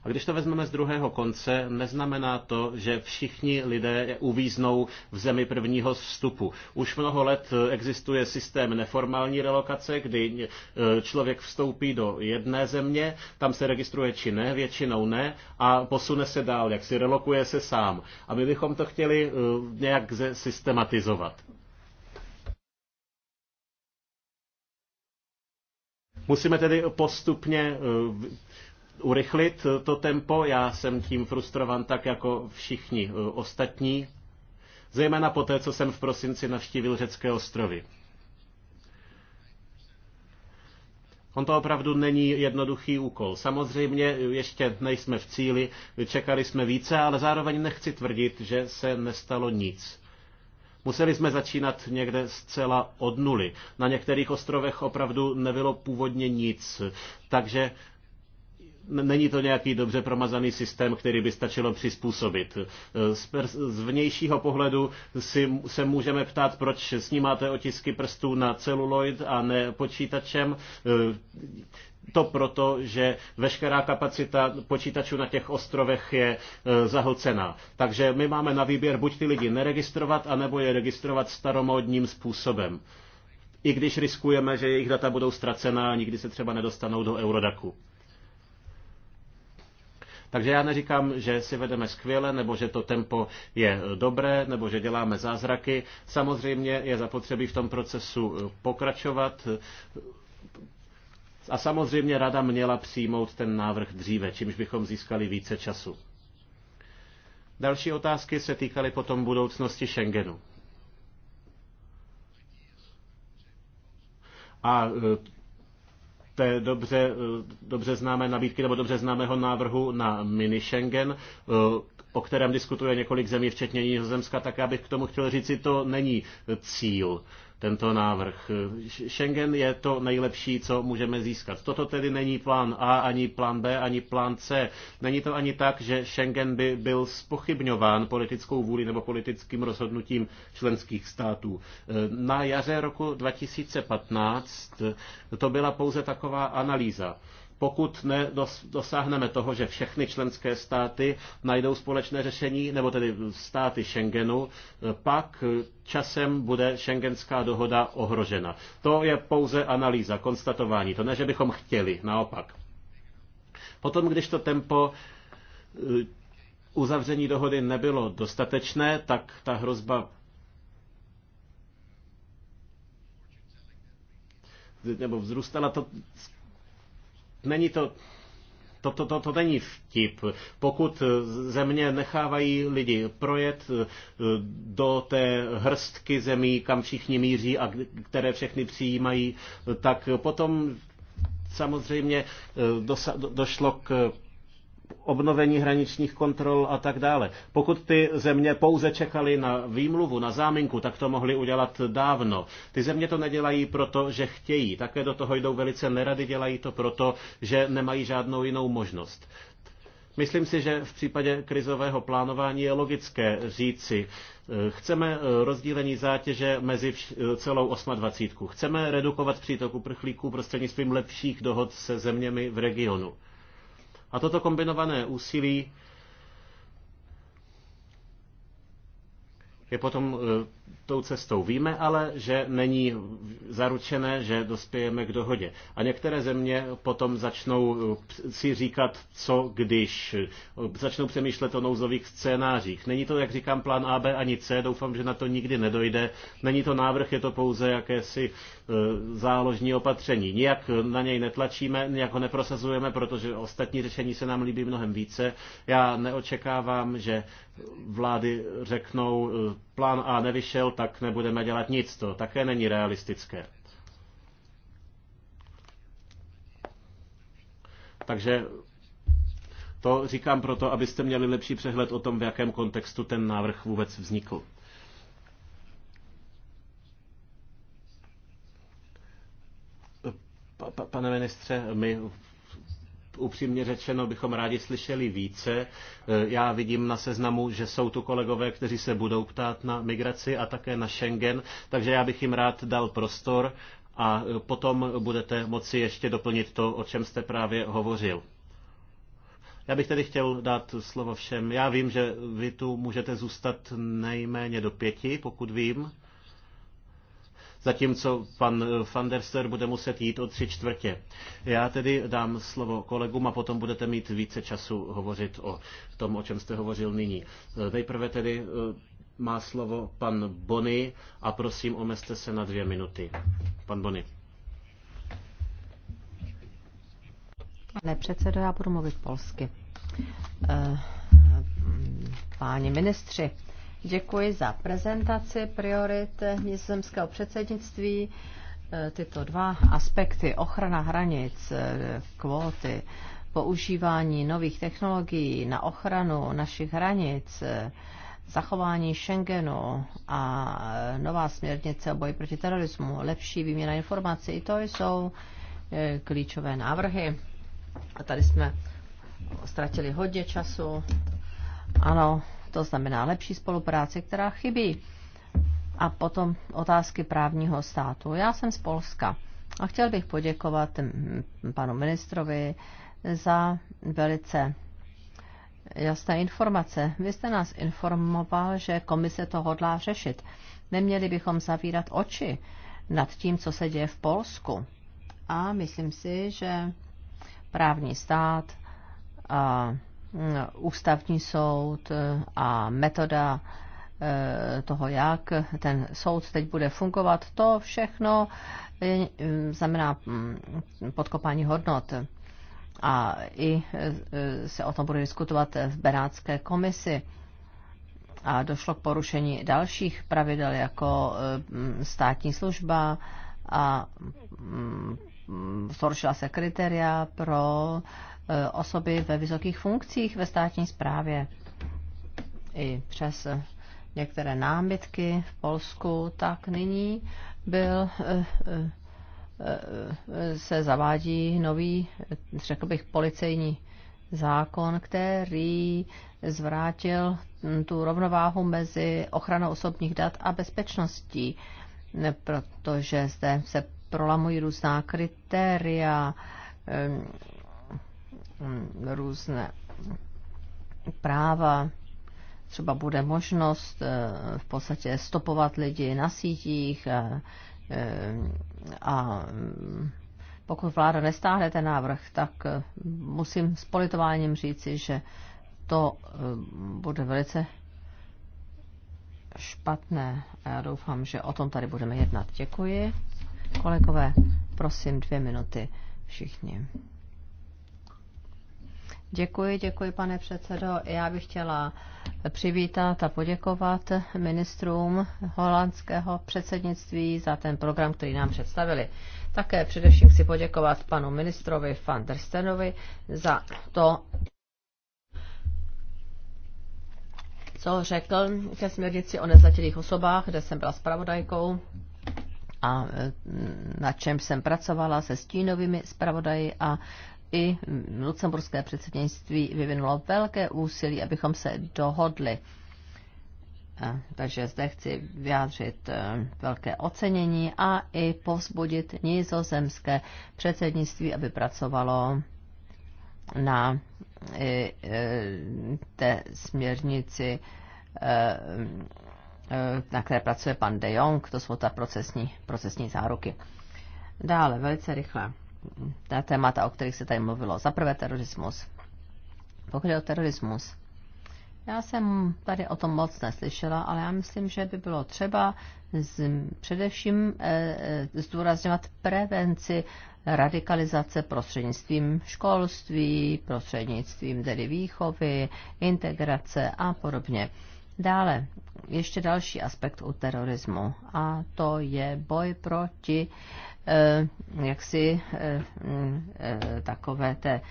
A když to vezmeme z druhého konce, neznamená to, že všichni lidé uvíznou v zemi prvního vstupu. Už mnoho let existuje systém neformální relokace, kdy e, člověk vstoupí do jedné země, tam se registruje či ne, většinou ne, a posune se dál, jak si relokuje se sám. A my bychom to chtěli e, nějak systematizovat. Musíme tedy postupně e, urychlit to tempo. Já jsem tím frustrovan tak jako všichni eh, ostatní, zejména po té, co jsem v prosinci navštívil řecké ostrovy. On to opravdu není jednoduchý úkol. Samozřejmě eh, ještě nejsme v cíli, čekali jsme více, ale zároveň nechci tvrdit, že se nestalo nic. Museli jsme začínat někde zcela od nuly. Na některých ostrovech opravdu nebylo původně nic. Takže není to nějaký dobře promazaný systém, který by stačilo přizpůsobit. E, z, z vnějšího pohledu si, se můžeme ptát, proč snímáte otisky prstů na celuloid a ne počítačem. E, to proto, že veškerá kapacita počítačů na těch ostrovech je e, zahlcená. Takže my máme na výběr buď ty lidi neregistrovat, anebo je registrovat staromódním způsobem. I když riskujeme, že jejich data budou ztracená a nikdy se třeba nedostanou do Eurodaku. Takže já neříkám, že si vedeme skvěle, nebo že to tempo je eh, dobré, nebo že děláme zázraky. Samozřejmě je zapotřebí v tom procesu eh, pokračovat. A samozřejmě rada měla přijmout ten návrh dříve, čímž bychom získali více času. Další otázky se týkaly potom budoucnosti Schengenu. A eh, té dobře, eh, dobře známé nabídky nebo dobře známého návrhu na mini Schengen eh, o kterém diskutuje několik zemí, včetně Nizozemska, tak já bych k tomu chtěl říci, to není cíl, tento návrh. Schengen je to nejlepší, co můžeme získat. Toto tedy není plán A, ani plán B, ani plán C. Není to ani tak, že Schengen by byl spochybňován politickou vůli nebo politickým rozhodnutím členských států. Na jaře roku 2015 to byla pouze taková analýza pokud nedosáhneme toho, že všechny členské státy najdou společné řešení, nebo tedy státy Schengenu, pak časem bude šengenská dohoda ohrožena. To je pouze analýza, konstatování. To ne, že bychom chtěli, naopak. Potom, když to tempo e, uzavření dohody nebylo dostatečné, tak ta hrozba nebo vzrůstala to není to, to, to, to, to není vtip. Pokud země nechávají lidi projet eh, do té hrstky zemí, kam všichni míří a které všechny přijímají, eh, tak potom samozřejmě eh, dosa, do, došlo k obnovení hraničních kontrol a tak dále. Pokud ty země pouze čekali na výmluvu, na záminku, tak to mohli udělat dávno. Ty země to nedělají proto, že chtějí. Také do toho jdou velice nerady, dělají to proto, že nemají žádnou jinou možnost. Myslím si, že v případě krizového plánování je logické říci, eh, chceme eh, rozdílení zátěže mezi eh, celou 28. Chceme redukovat přítok uprchlíků prostřednictvím lepších dohod se zeměmi v regionu. A toto kombinované úsilí je potom eh, tou cestou. Víme ale, že není zaručené, že dospějeme k dohodě. A některé země potom začnou eh, si říkat, co když. Eh, začnou přemýšlet o nouzových scénářích. Není to, jak říkám, plán A, B ani C. Doufám, že na to nikdy nedojde. Není to návrh, je to pouze jakési eh, záložní opatření. Nijak na něj netlačíme, nijak ho neprosazujeme, protože ostatní řešení se nám líbí mnohem více. Já neočekávám, že vlády řeknou, plán A nevyšel, tak nebudeme dělat nic. To také není realistické. Takže to říkám proto, abyste měli lepší přehled o tom, v jakém kontextu ten návrh vůbec vznikl. Pane ministře, my upřímně řečeno bychom rádi slyšeli více. E, já vidím na seznamu, že jsou tu kolegové, kteří se budou ptát na migraci a také na Schengen, takže já bych jim rád dal prostor a potom budete moci ještě doplnit to, o čem jste právě hovořil. Já bych tedy chtěl dát slovo všem. Já vím, že vy tu můžete zůstat nejméně do pěti, pokud vím zatímco pan eh, van der Ster bude muset jít o tři čtvrtě. Já tedy dám slovo kolegům a potom budete mít více času hovořit o tom, o čem jste hovořil nyní. Eh, nejprve tedy eh, má slovo pan Bony a prosím, omezte se na dvě minuty. Pan Bony. Pane předsedo, já budu mluvit polsky. Páni ministři, Děkuji za prezentaci priorit nizozemského předsednictví. E, tyto dva aspekty, ochrana hranic, e, kvóty, používání nových technologií na ochranu našich hranic, e, zachování Schengenu a nová směrnice o boji proti terorismu, lepší výměna informací, to jsou klíčové návrhy. A tady jsme ztratili hodně času. Ano, to znamená lepší spolupráce, která chybí. A potom otázky právního státu. Já jsem z Polska a chtěl bych poděkovat mm, panu ministrovi za velice jasné informace. Vy jste nás informoval, že komise to hodlá řešit. Neměli bychom zavírat oči nad tím, co se děje v Polsku. A myslím si, že právní stát a Eh, ústavní soud eh, a metoda eh, toho, jak ten soud teď bude fungovat, to všechno znamená mm, podkopání hodnot. A i se o tom bude diskutovat v Benátské komisi. A došlo k porušení dalších pravidel, jako státní služba a mm, mm, zhoršila se kritéria pro uh, E, osoby ve vysokých funkcích ve státní správě. I přes některé námitky v Polsku, tak nyní byl e, e, se zavádí nový, řekl bych, policejní zákon, který zvrátil tu rovnováhu mezi ochranou osobních dat a bezpečností, protože zde se prolamují různá kritéria, Mm, různé práva, třeba bude možnost eh, v podstatě stopovat lidi na sítích eh, eh, a, a mm, pokud vláda nestáhne ten návrh, tak musím s politováním říci, že to bude velice špatné a já doufám, že o tom tady budeme jednat. Děkuji. Kolegové, prosím dvě minuty všichni. Děkuji, děkuji, pane předsedo. Já bych chtěla přivítat a poděkovat ministrům holandského předsednictví za ten program, který nám představili. Také především chci poděkovat panu ministrovi van der Stenovi za to, co řekl ke směrnici o nezletilých osobách, kde jsem byla spravodajkou a mm, na čem jsem pracovala se stínovými zpravodaji a i lucemburské předsednictví vyvinulo velké úsilí, abychom se dohodli. Takže zde chci vyjádřit e, velké ocenění a i povzbudit nizozemské předsednictví, aby pracovalo na e, e, té směrnici, na které pracuje pan De Jong, to jsou ta procesní, procesní záruky. Dále, velice rychle na témata, o kterých se tady mluvilo. Za prvé terorismus. Pokud je o terorismus, já jsem tady o tom moc neslyšela, ale já myslím, že by bylo třeba z, především e, zdůrazňovat prevenci radikalizace prostřednictvím školství, prostřednictvím tedy výchovy, integrace a podobně. Dále, ještě další aspekt u terorismu a to je boj proti e, Eh, jaksi eh, eh, takové té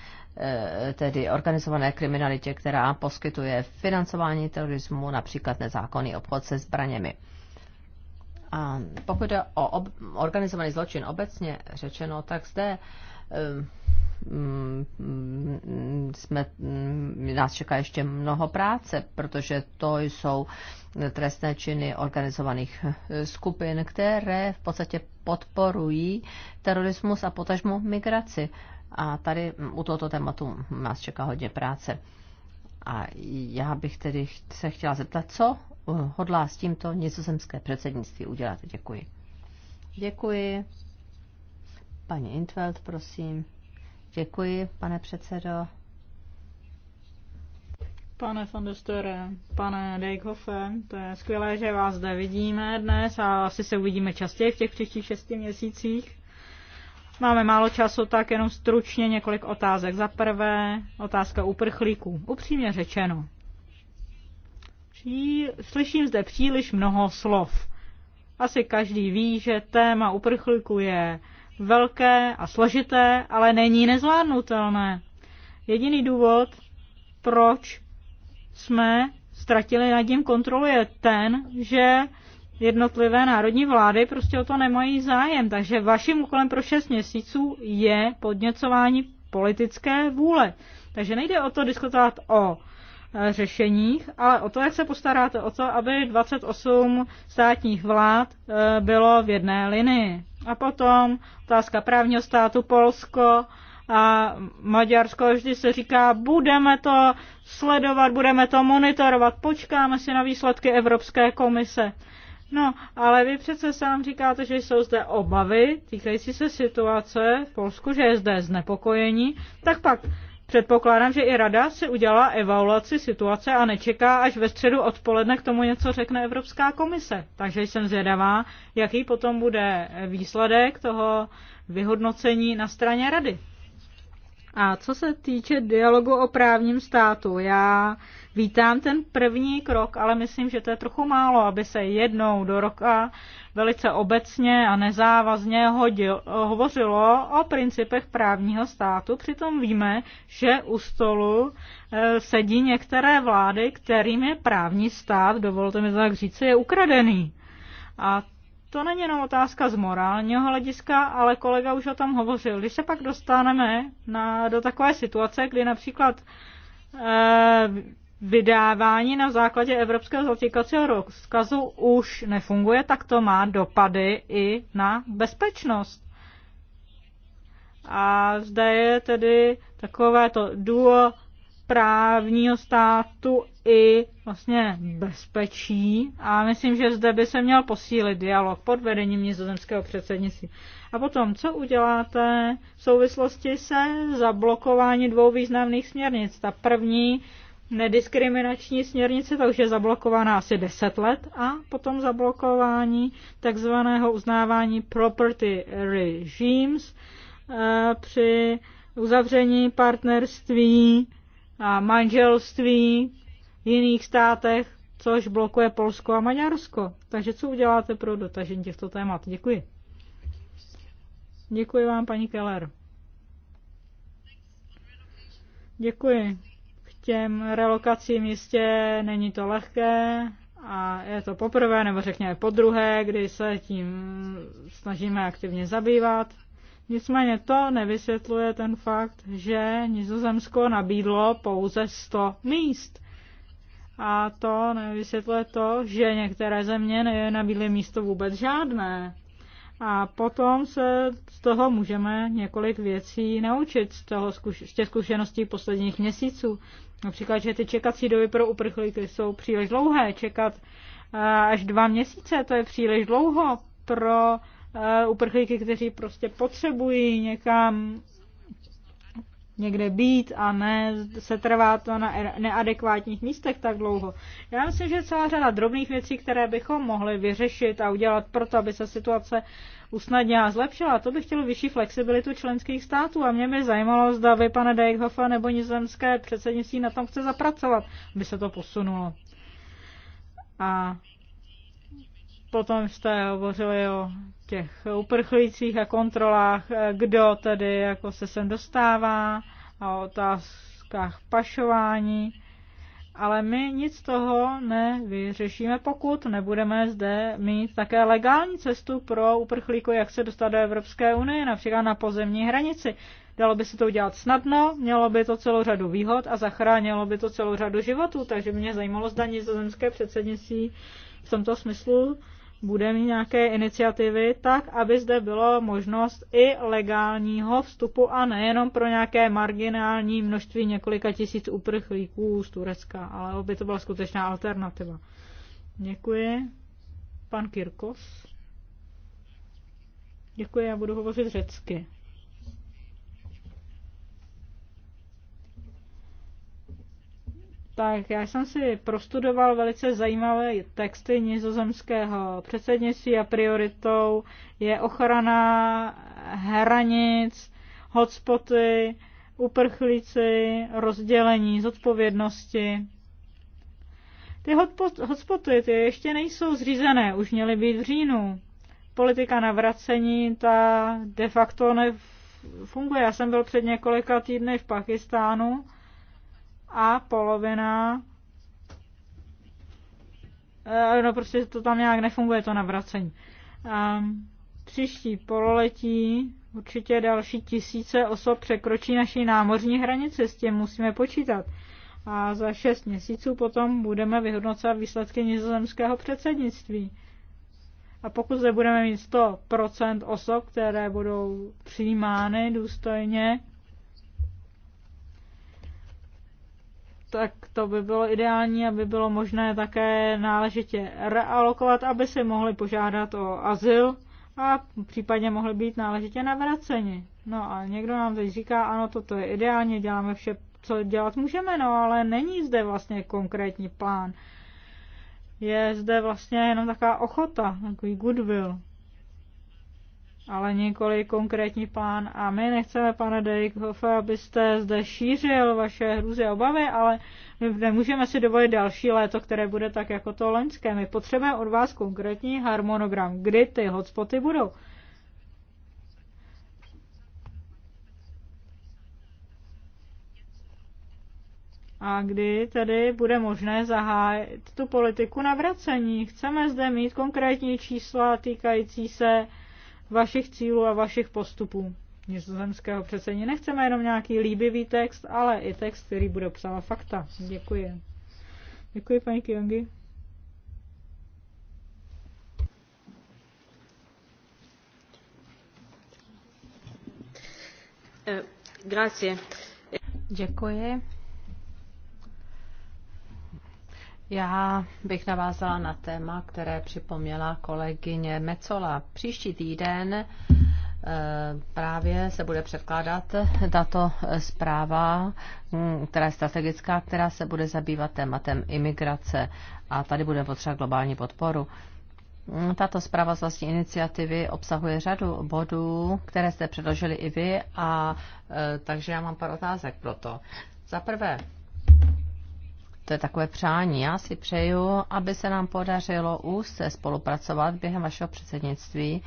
tedy organizované kriminalitě, která poskytuje financování terorismu, například nezákonný obchod se zbraněmi. A pokud jde o ob- organizovaný zločin obecně řečeno, tak zde Mm, jsme, mm, nás čeká ještě mnoho práce, protože to jsou trestné činy organizovaných eh, skupin, které v podstatě podporují terorismus a potažmo migraci. A tady mm, u tohoto tématu nás čeká hodně práce. A já bych tedy se chtěla zeptat, co eh, hodlá s tímto nizozemské předsednictví udělat. Děkuji. Děkuji. Paní Intveld, prosím. Děkuji, pane předsedo. Pane van der Störe, pane Dejkhofe, to je skvělé, že vás zde vidíme dnes a asi se uvidíme častěji v těch příštích šesti měsících. Máme málo času, tak jenom stručně několik otázek. Za prvé, otázka uprchlíků. Upřímně řečeno, slyším zde příliš mnoho slov. Asi každý ví, že téma uprchlíků je velké a složité, ale není nezvládnutelné. Jediný důvod, proč jsme ztratili nad tím kontrolu, je ten, že jednotlivé národní vlády prostě o to nemají zájem. Takže vaším úkolem pro 6 měsíců je podněcování politické vůle. Takže nejde o to diskutovat o Eh, řešeních, ale o to, jak se postaráte o to, aby 28 státních vlád eh, bylo v jedné linii. A potom otázka právního státu Polsko a Maďarsko vždy se říká, budeme to sledovat, budeme to monitorovat, počkáme si na výsledky Evropské komise. No, ale vy přece sám říkáte, že jsou zde obavy týkající se situace v Polsku, že je zde znepokojení. Tak pak Předpokládám, že i rada si udělá evaluaci situace a nečeká, až ve středu odpoledne k tomu něco řekne Evropská komise. Takže jsem zvědavá, jaký potom bude výsledek toho vyhodnocení na straně rady. A co se týče dialogu o právním státu, já vítám ten první krok, ale myslím, že to je trochu málo, aby se jednou do roka velice obecně a nezávazně hodil, hovořilo o principech právního státu. Přitom víme, že u stolu eh, sedí některé vlády, kterým je právní stát, dovolte mi tak říct, je ukradený. A to není jenom otázka z morálního hlediska, ale kolega už o tom hovořil. Když se pak dostaneme na, do takové situace, kdy například e, vydávání na základě evropského zatýkacího rozkazu už nefunguje, tak to má dopady i na bezpečnost. A zde je tedy takové to duo právního státu i vlastně bezpečí a myslím, že zde by se měl posílit dialog pod vedením nizozemského předsednictví. A potom, co uděláte v souvislosti se zablokování dvou významných směrnic? Ta první nediskriminační směrnice, ta už je zablokovaná asi 10 let a potom zablokování takzvaného uznávání property regimes eh, při uzavření partnerství a manželství v jiných státech, což blokuje Polsko a Maďarsko. Takže co uděláte pro dotažení těchto témat? Děkuji. Děkuji vám, paní Keller. Děkuji. K těm relokacím jistě není to lehké a je to poprvé, nebo řekněme podruhé, kdy se tím snažíme aktivně zabývat. Nicméně to nevysvětluje ten fakt, že Nizozemsko nabídlo pouze 100 míst. A to nevysvětluje to, že některé země nabídly místo vůbec žádné. A potom se z toho můžeme několik věcí naučit z, toho zkuš- z těch zkušeností posledních měsíců. Například, že ty čekací doby pro uprchlíky jsou příliš dlouhé. Čekat eh, až dva měsíce, to je příliš dlouho pro uprchlíky, kteří prostě potřebují někam někde být a ne se trvá to na er- neadekvátních místech tak dlouho. Já myslím, že celá řada drobných věcí, které bychom mohli vyřešit a udělat proto, aby se situace usnadnila a zlepšila, to bych chtělo vyšší flexibilitu členských států a mě by zajímalo, zda vy, pane Dejkhofa nebo nizemské předsednictví na tom chce zapracovat, aby se to posunulo. A potom jste hovořili o těch uprchlících a kontrolách, eh, kdo tedy jako se sem dostává a o otázkách pašování. Ale my nic toho nevyřešíme, pokud nebudeme zde mít také legální cestu pro uprchlíku, jak se dostat do Evropské unie, například na pozemní hranici. Dalo by se to udělat snadno, mělo by to celou řadu výhod a zachránilo by to celou řadu životů, takže mě zajímalo, zda nizozemské předsednictví v tomto smyslu bude mít nějaké iniciativy, tak aby zde bylo možnost i legálního vstupu a nejenom pro nějaké marginální množství několika tisíc uprchlíků z Turecka, ale aby to byla skutečná alternativa. Děkuji. Pan Kirkos. Děkuji, já budu hovořit řecky. tak já jsem si prostudoval velice zajímavé texty nizozemského předsednictví a prioritou je ochrana hranic, hotspoty, uprchlíci, rozdělení, zodpovědnosti. Ty hotspoty ty ještě nejsou zřízené, už měly být v říjnu. Politika navracení ta de facto nefunguje. Já jsem byl před několika týdny v Pakistánu a polovina eh, no prostě to tam nějak nefunguje, to navracení. Um, příští pololetí určitě další tisíce osob překročí naši námořní hranici, s tím musíme počítat. A za šest měsíců potom budeme vyhodnocovat výsledky nizozemského předsednictví. A pokud zde budeme mít 100% osob, které budou přijímány důstojně, tak to by bylo ideální, aby bylo možné také náležitě realokovat, aby si mohli požádat o azyl a případně mohli být náležitě navraceni. No a někdo nám teď říká, ano, toto je ideálně, děláme vše, co dělat můžeme, no ale není zde vlastně konkrétní plán. Je zde vlastně jenom taková ochota, takový goodwill ale nikoli konkrétní plán. A my nechceme, pane Dejkhofe, abyste zde šířil vaše hrůzy a obavy, ale my nemůžeme si dovolit další léto, které bude tak jako to loňské. My potřebujeme od vás konkrétní harmonogram, kdy ty hotspoty budou. a kdy tedy bude možné zahájit tu politiku navracení. Chceme zde mít konkrétní čísla týkající se vašich cílů a vašich postupů nizozemského předsední. Nechceme jenom nějaký líbivý text, ale i text, který bude psala fakta. Děkuji. Děkuji, paní Kiongi. Eh, grazie. Děkuji. Já bych navázala na téma, které připomněla kolegyně Mecola. Příští týden eh, právě se bude předkládat tato zpráva, mm, která je strategická, která se bude zabývat tématem imigrace a tady bude potřeba globální podporu. Mm, tato zpráva z vlastní iniciativy obsahuje řadu bodů, které jste předložili i vy, a eh, takže já mám pár otázek pro to. Za prvé, to je takové přání. Já si přeju, aby se nám podařilo úzce spolupracovat během vašeho předsednictví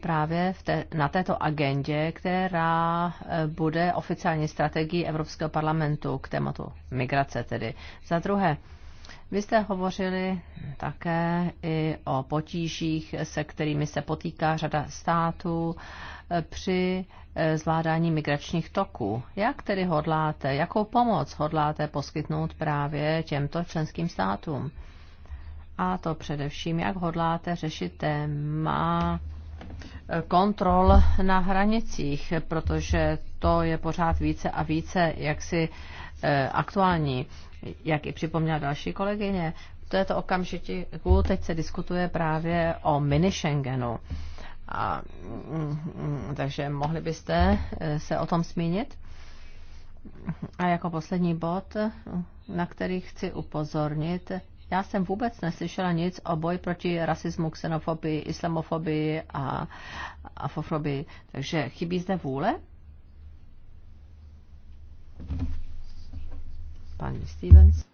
právě v té, na této agendě, která eh, bude oficiální strategií Evropského parlamentu k tématu migrace tedy. Za druhé, vy jste hovořili také i o potížích, se kterými se potýká řada států eh, při eh, zvládání migračních toků. Jak tedy hodláte, jakou pomoc hodláte poskytnout právě těmto členským státům? A to především, jak hodláte řešit téma eh, kontrol na hranicích, protože to je pořád více a více jaksi aktuální jak i připomněla další kolegyně, v této okamžiku teď se diskutuje právě o mini Schengenu. A, mm, takže mohli byste e, se o tom zmínit? A jako poslední bod, na který chci upozornit, já jsem vůbec neslyšela nic o boji proti rasismu, xenofobii, islamofobii a afofobii. Takže chybí zde vůle? paní Stevens.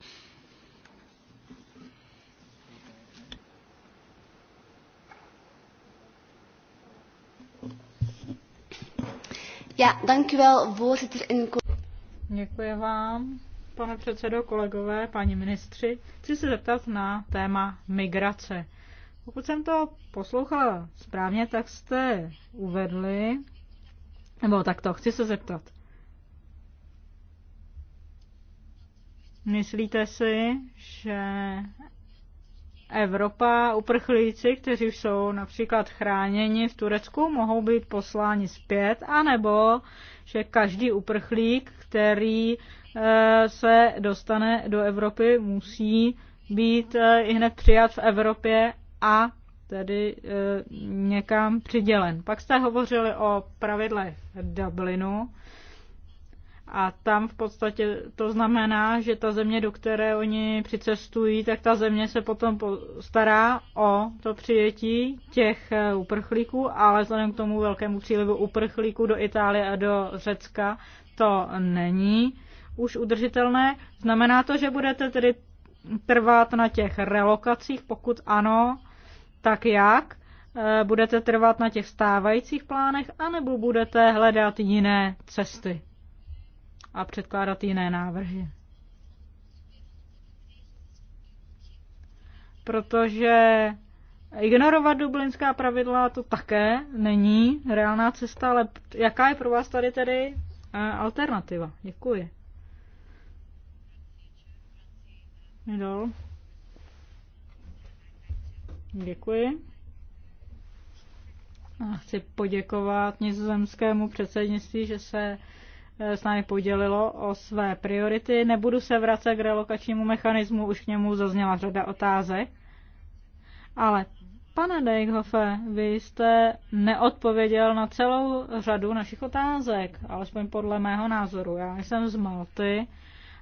Ja, dank u wel, voorzitter. Děkuji vám, pane předsedo, kolegové, paní ministři. Chci se zeptat na téma migrace. Pokud jsem to poslouchala správně, tak jste uvedli, nebo tak to chci se zeptat. Myslíte si, že Evropa, uprchlíci, kteří jsou například chráněni v Turecku, mohou být posláni zpět, anebo že každý uprchlík, který eh, se dostane do Evropy, musí být eh, i hned přijat v Evropě a tedy eh, někam přidělen. Pak jste hovořili o pravidlech Dublinu. A tam v podstatě to znamená, že ta země, do které oni přicestují, tak ta země se potom stará o to přijetí těch eh, uprchlíků, ale vzhledem k tomu velkému přílivu uprchlíků do Itálie a do Řecka to není už udržitelné. Znamená to, že budete tedy trvat na těch relokacích, pokud ano, tak jak? Eh, budete trvat na těch stávajících plánech, anebo budete hledat jiné cesty? a předkládat jiné návrhy. Protože ignorovat dublinská pravidla to také není reálná cesta, ale jaká je pro vás tady tedy eh, alternativa? Děkuji. Dol. Děkuji. A chci poděkovat nizozemskému předsednictví, že se Eh, s námi podělilo o své priority. Nebudu se vracet k relokačnímu mechanismu, už k němu zazněla řada otázek. Ale pane Dejkhofe, vy jste neodpověděl na celou řadu našich otázek, alespoň podle mého názoru. Já jsem z Malty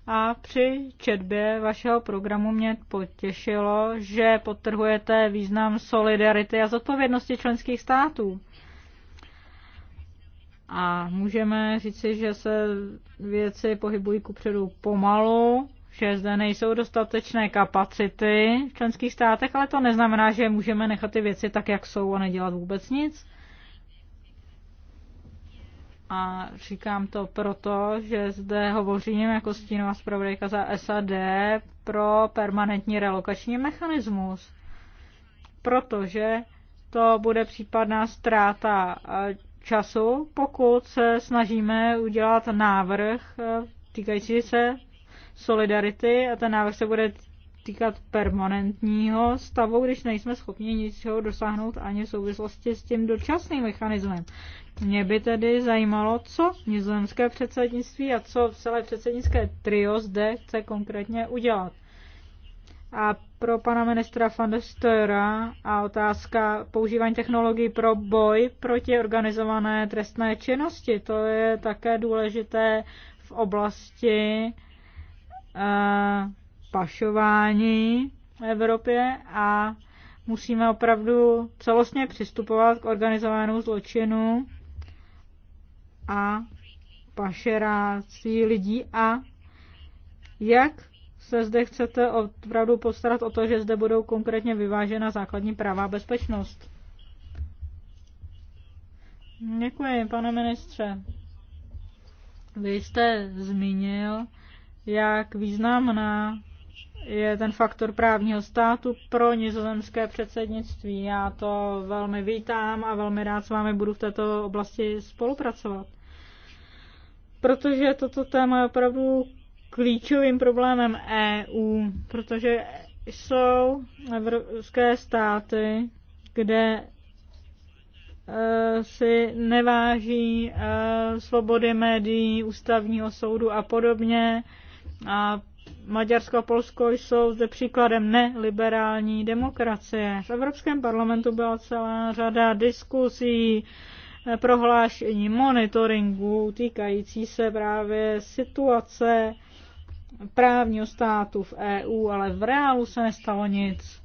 a při četbě vašeho programu mě potěšilo, že potrhujete význam solidarity a zodpovědnosti členských států. A můžeme říci, že se věci pohybují kupředu pomalu, že zde nejsou dostatečné kapacity v členských státech, ale to neznamená, že můžeme nechat ty věci tak, jak jsou a nedělat vůbec nic. A říkám to proto, že zde hovořím jako stínová zpravodajka za SAD pro permanentní relokační mechanismus. Protože to bude případná ztráta času, pokud se snažíme udělat návrh eh, týkající se solidarity a ten návrh se bude týkat permanentního stavu, když nejsme schopni ničeho dosáhnout ani v souvislosti s tím dočasným mechanismem. Mě by tedy zajímalo, co nizozemské předsednictví a co celé předsednické trio zde chce konkrétně udělat. A pro pana ministra van der Störa a otázka používání technologií pro boj proti organizované trestné činnosti. To je také důležité v oblasti uh, pašování v Evropě a musíme opravdu celostně přistupovat k organizovanému zločinu a pašerácí lidí a jak se zde chcete opravdu postarat o to, že zde budou konkrétně vyvážena základní práva a bezpečnost. Děkuji, pane ministře. Vy jste zmínil, jak významná je ten faktor právního státu pro nizozemské předsednictví. Já to velmi vítám a velmi rád s vámi budu v této oblasti spolupracovat. Protože toto téma je opravdu klíčovým problémem EU, protože jsou evropské státy, kde eh, si neváží eh, svobody médií, ústavního soudu a podobně. A Maďarsko a Polsko jsou zde příkladem neliberální demokracie. V Evropském parlamentu byla celá řada diskusí, eh, prohlášení, monitoringu týkající se právě situace právního státu v EU, ale v reálu se nestalo nic.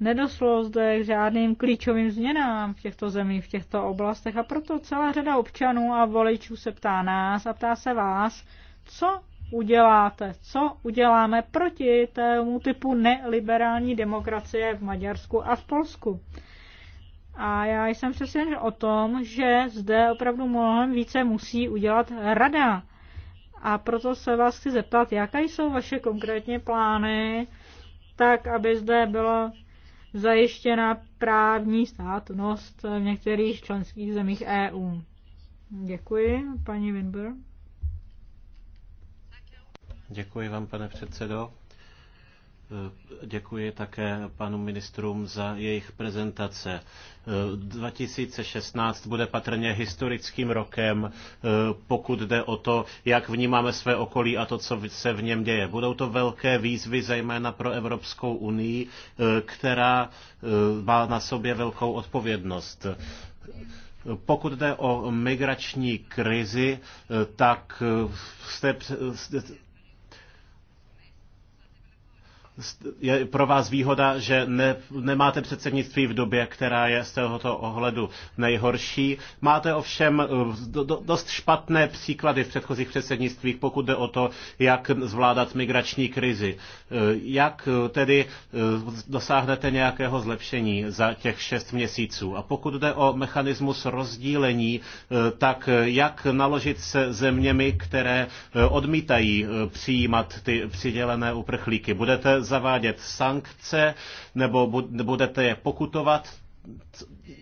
Nedoslo zde k žádným klíčovým změnám v těchto zemích, v těchto oblastech a proto celá řada občanů a voličů se ptá nás a ptá se vás, co uděláte, co uděláme proti tému typu neliberální demokracie v Maďarsku a v Polsku. A já jsem přesvědčen o tom, že zde opravdu mnohem více musí udělat rada a proto se vás chci zeptat, jaké jsou vaše konkrétně plány, tak aby zde byla zajištěna právní státnost v některých členských zemích EU. Děkuji, paní Winber. Děkuji vám, pane předsedo. Eh, děkuji také panu ministrům za jejich prezentace. 2016 eh, bude patrně historickým rokem, eh, pokud jde o to, jak vnímáme své okolí a to, co se v něm děje. Budou to velké výzvy, zejména pro Evropskou unii, která má na sobě velkou odpovědnost. Pokud jde o migrační krizi, tak jste je pro vás výhoda, že ne, nemáte předsednictví v době, která je z tohoto ohledu nejhorší. Máte ovšem eh, do, do, dost špatné příklady v předchozích předsednictvích, pokud jde o to, jak zvládat migrační krizi. Eh, jak eh, tedy dosáhnete nějakého zlepšení za těch šest měsíců? A pokud jde o mechanismus rozdílení, tak jak naložit se zeměmi, které odmítají přijímat ty přidělené uprchlíky? Budete zavádět sankce nebo budete je pokutovat?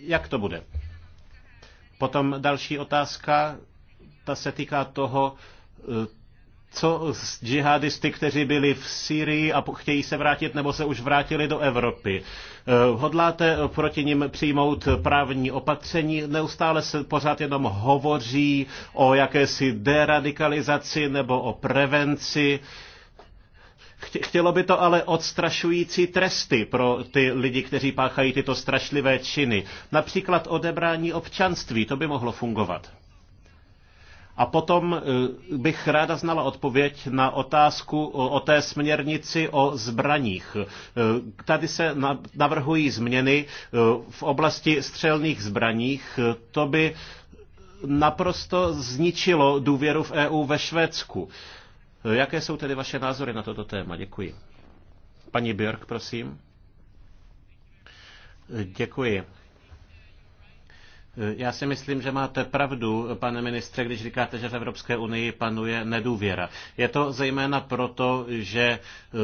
Jak to bude? Potom další otázka, ta se týká toho, e, co s džihadisty, kteří byli v Syrii a chtějí se vrátit nebo se už vrátili do Evropy. E, hodláte proti nim přijmout právní opatření? Neustále se pořád jenom hovoří o jakési deradikalizaci nebo o prevenci. Chtělo by to ale odstrašující tresty pro ty lidi, kteří páchají tyto strašlivé činy. Například odebrání občanství, to by mohlo fungovat. A potom eh, bych ráda znala odpověď na otázku o té směrnici o zbraních. Eh, tady se navrhují změny eh, v oblasti střelných zbraních. To by naprosto zničilo důvěru v EU ve Švédsku. Jaké jsou tedy vaše názory na toto téma? Děkuji. Paní Björk, prosím. Děkuji. Já si myslím, že máte pravdu, pane ministře, když říkáte, že v Evropské unii panuje nedůvěra. Je to zejména proto, že e,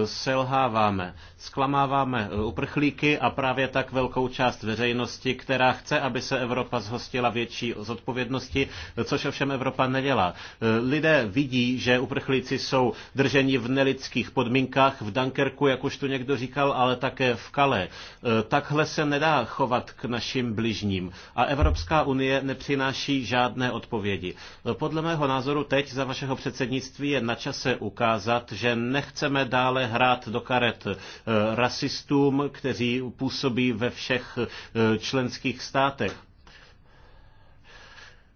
selháváme, zklamáváme e, uprchlíky a právě tak velkou část veřejnosti, která chce, aby se Evropa zhostila větší zodpovědnosti, což ovšem Evropa nedělá. E, lidé vidí, že uprchlíci jsou drženi v nelidských podmínkách, v Dunkerku, jak už tu někdo říkal, ale také v Kale. Takhle se nedá chovat k našim bližním. A Evropa Evropská unie nepřináší žádné odpovědi. Podle mého názoru teď za vašeho předsednictví je na čase ukázat, že nechceme dále hrát do karet eh, rasistům, kteří působí ve všech eh, členských státech.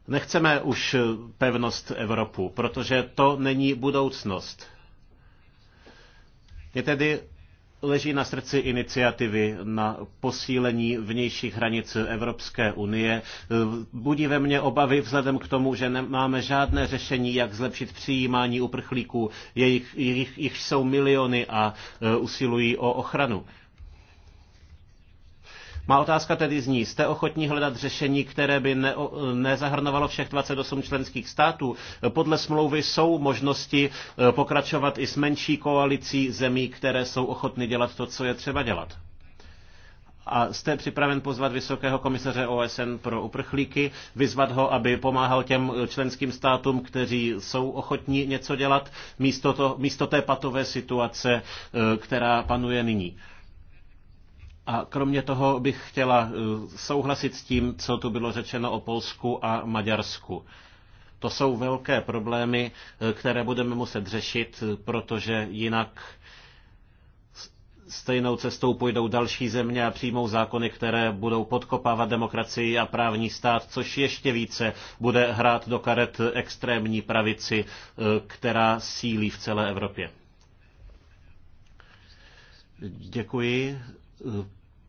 Nechceme už eh, pevnost Evropu, protože to není budoucnost. Je tedy leží na srdci iniciativy na posílení vnějších hranic Evropské unie. Budí ve mně obavy vzhledem k tomu, že nemáme žádné řešení, jak zlepšit přijímání uprchlíků, jejich, jejich, jich jsou miliony a e, usilují o ochranu. Má otázka tedy zní, jste ochotní hledat řešení, které by ne, nezahrnovalo všech 28 členských států? Podle smlouvy jsou možnosti eh, pokračovat i s menší koalicí zemí, které jsou ochotny dělat to, co je třeba dělat. A jste připraven pozvat vysokého komisaře OSN pro uprchlíky, vyzvat ho, aby pomáhal těm členským státům, kteří jsou ochotní něco dělat, místo, to, místo té patové situace, eh, která panuje nyní. A kromě toho bych chtěla eh, souhlasit s tím, co tu bylo řečeno o Polsku a Maďarsku. To jsou velké problémy, eh, které budeme muset řešit, eh, protože jinak stejnou cestou půjdou další země a přijmou zákony, které budou podkopávat demokracii a právní stát, což ještě více bude hrát do karet extrémní pravici, která sílí v celé Evropě. Děkuji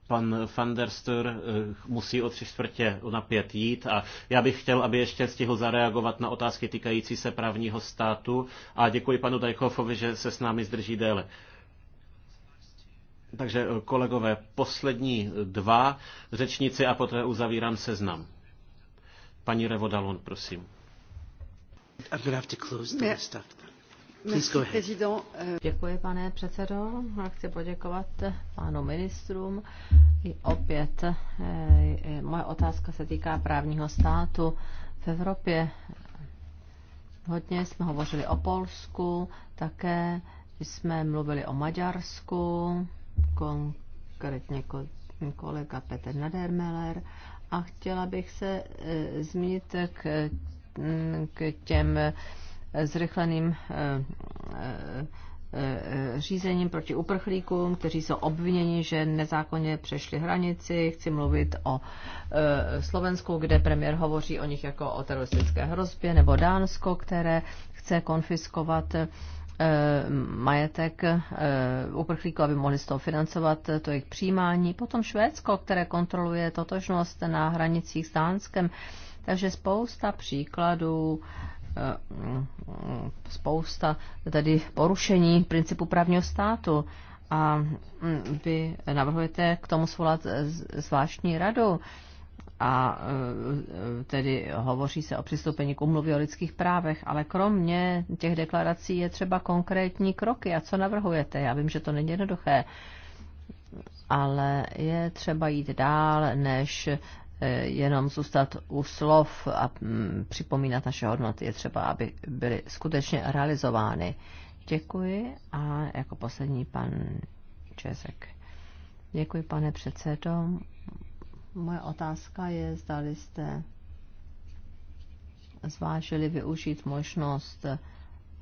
pan van der Stur eh, musí o tři čtvrtě na pět jít a já bych chtěl, aby ještě stihl zareagovat na otázky týkající se právního státu a děkuji panu Dajkovovi, že se s námi zdrží déle. Takže eh, kolegové, poslední eh, dva řečníci a poté uzavírám seznam. Paní Revodalon, prosím. I'm gonna have to close the yeah. stuff pane předsedo. Chci poděkovat pánu ministrům. I opět eh, moje otázka se týká právního státu v Evropě. Hodně jsme hovořili o Polsku, také jsme mluvili o Maďarsku, konkrétně kolega Petr Nadermeller. A chtěla bych se eh, zmínit k, mm, k těm zrychleným eh, eh, eh, řízením proti uprchlíkům, kteří jsou obviněni, že nezákonně přešli hranici. Chci mluvit o Slovensku, kde premiér hovoří o nich jako o teroristické hrozbě, nebo Dánsko, které chce konfiskovat majetek uprchlíků, aby mohli z toho financovat to jejich přijímání. Potom Švédsko, které kontroluje totožnost na hranicích s Dánskem. Takže spousta příkladů Eh, spousta tedy porušení principu právního státu a mm, vy navrhujete k tomu svolat zvláštní radu a eh, tedy hovoří se o přistoupení k umluvě o lidských právech, ale kromě těch deklarací je třeba konkrétní kroky. A co navrhujete? Já vím, že to není jednoduché, ale je třeba jít dál než Eh, jenom zůstat u slov a mm, připomínat naše hodnoty. Je třeba, aby byly skutečně realizovány. Děkuji a jako poslední pan Česek. Děkuji, pane předsedo. Moje otázka je, zdali jste zvážili využít možnost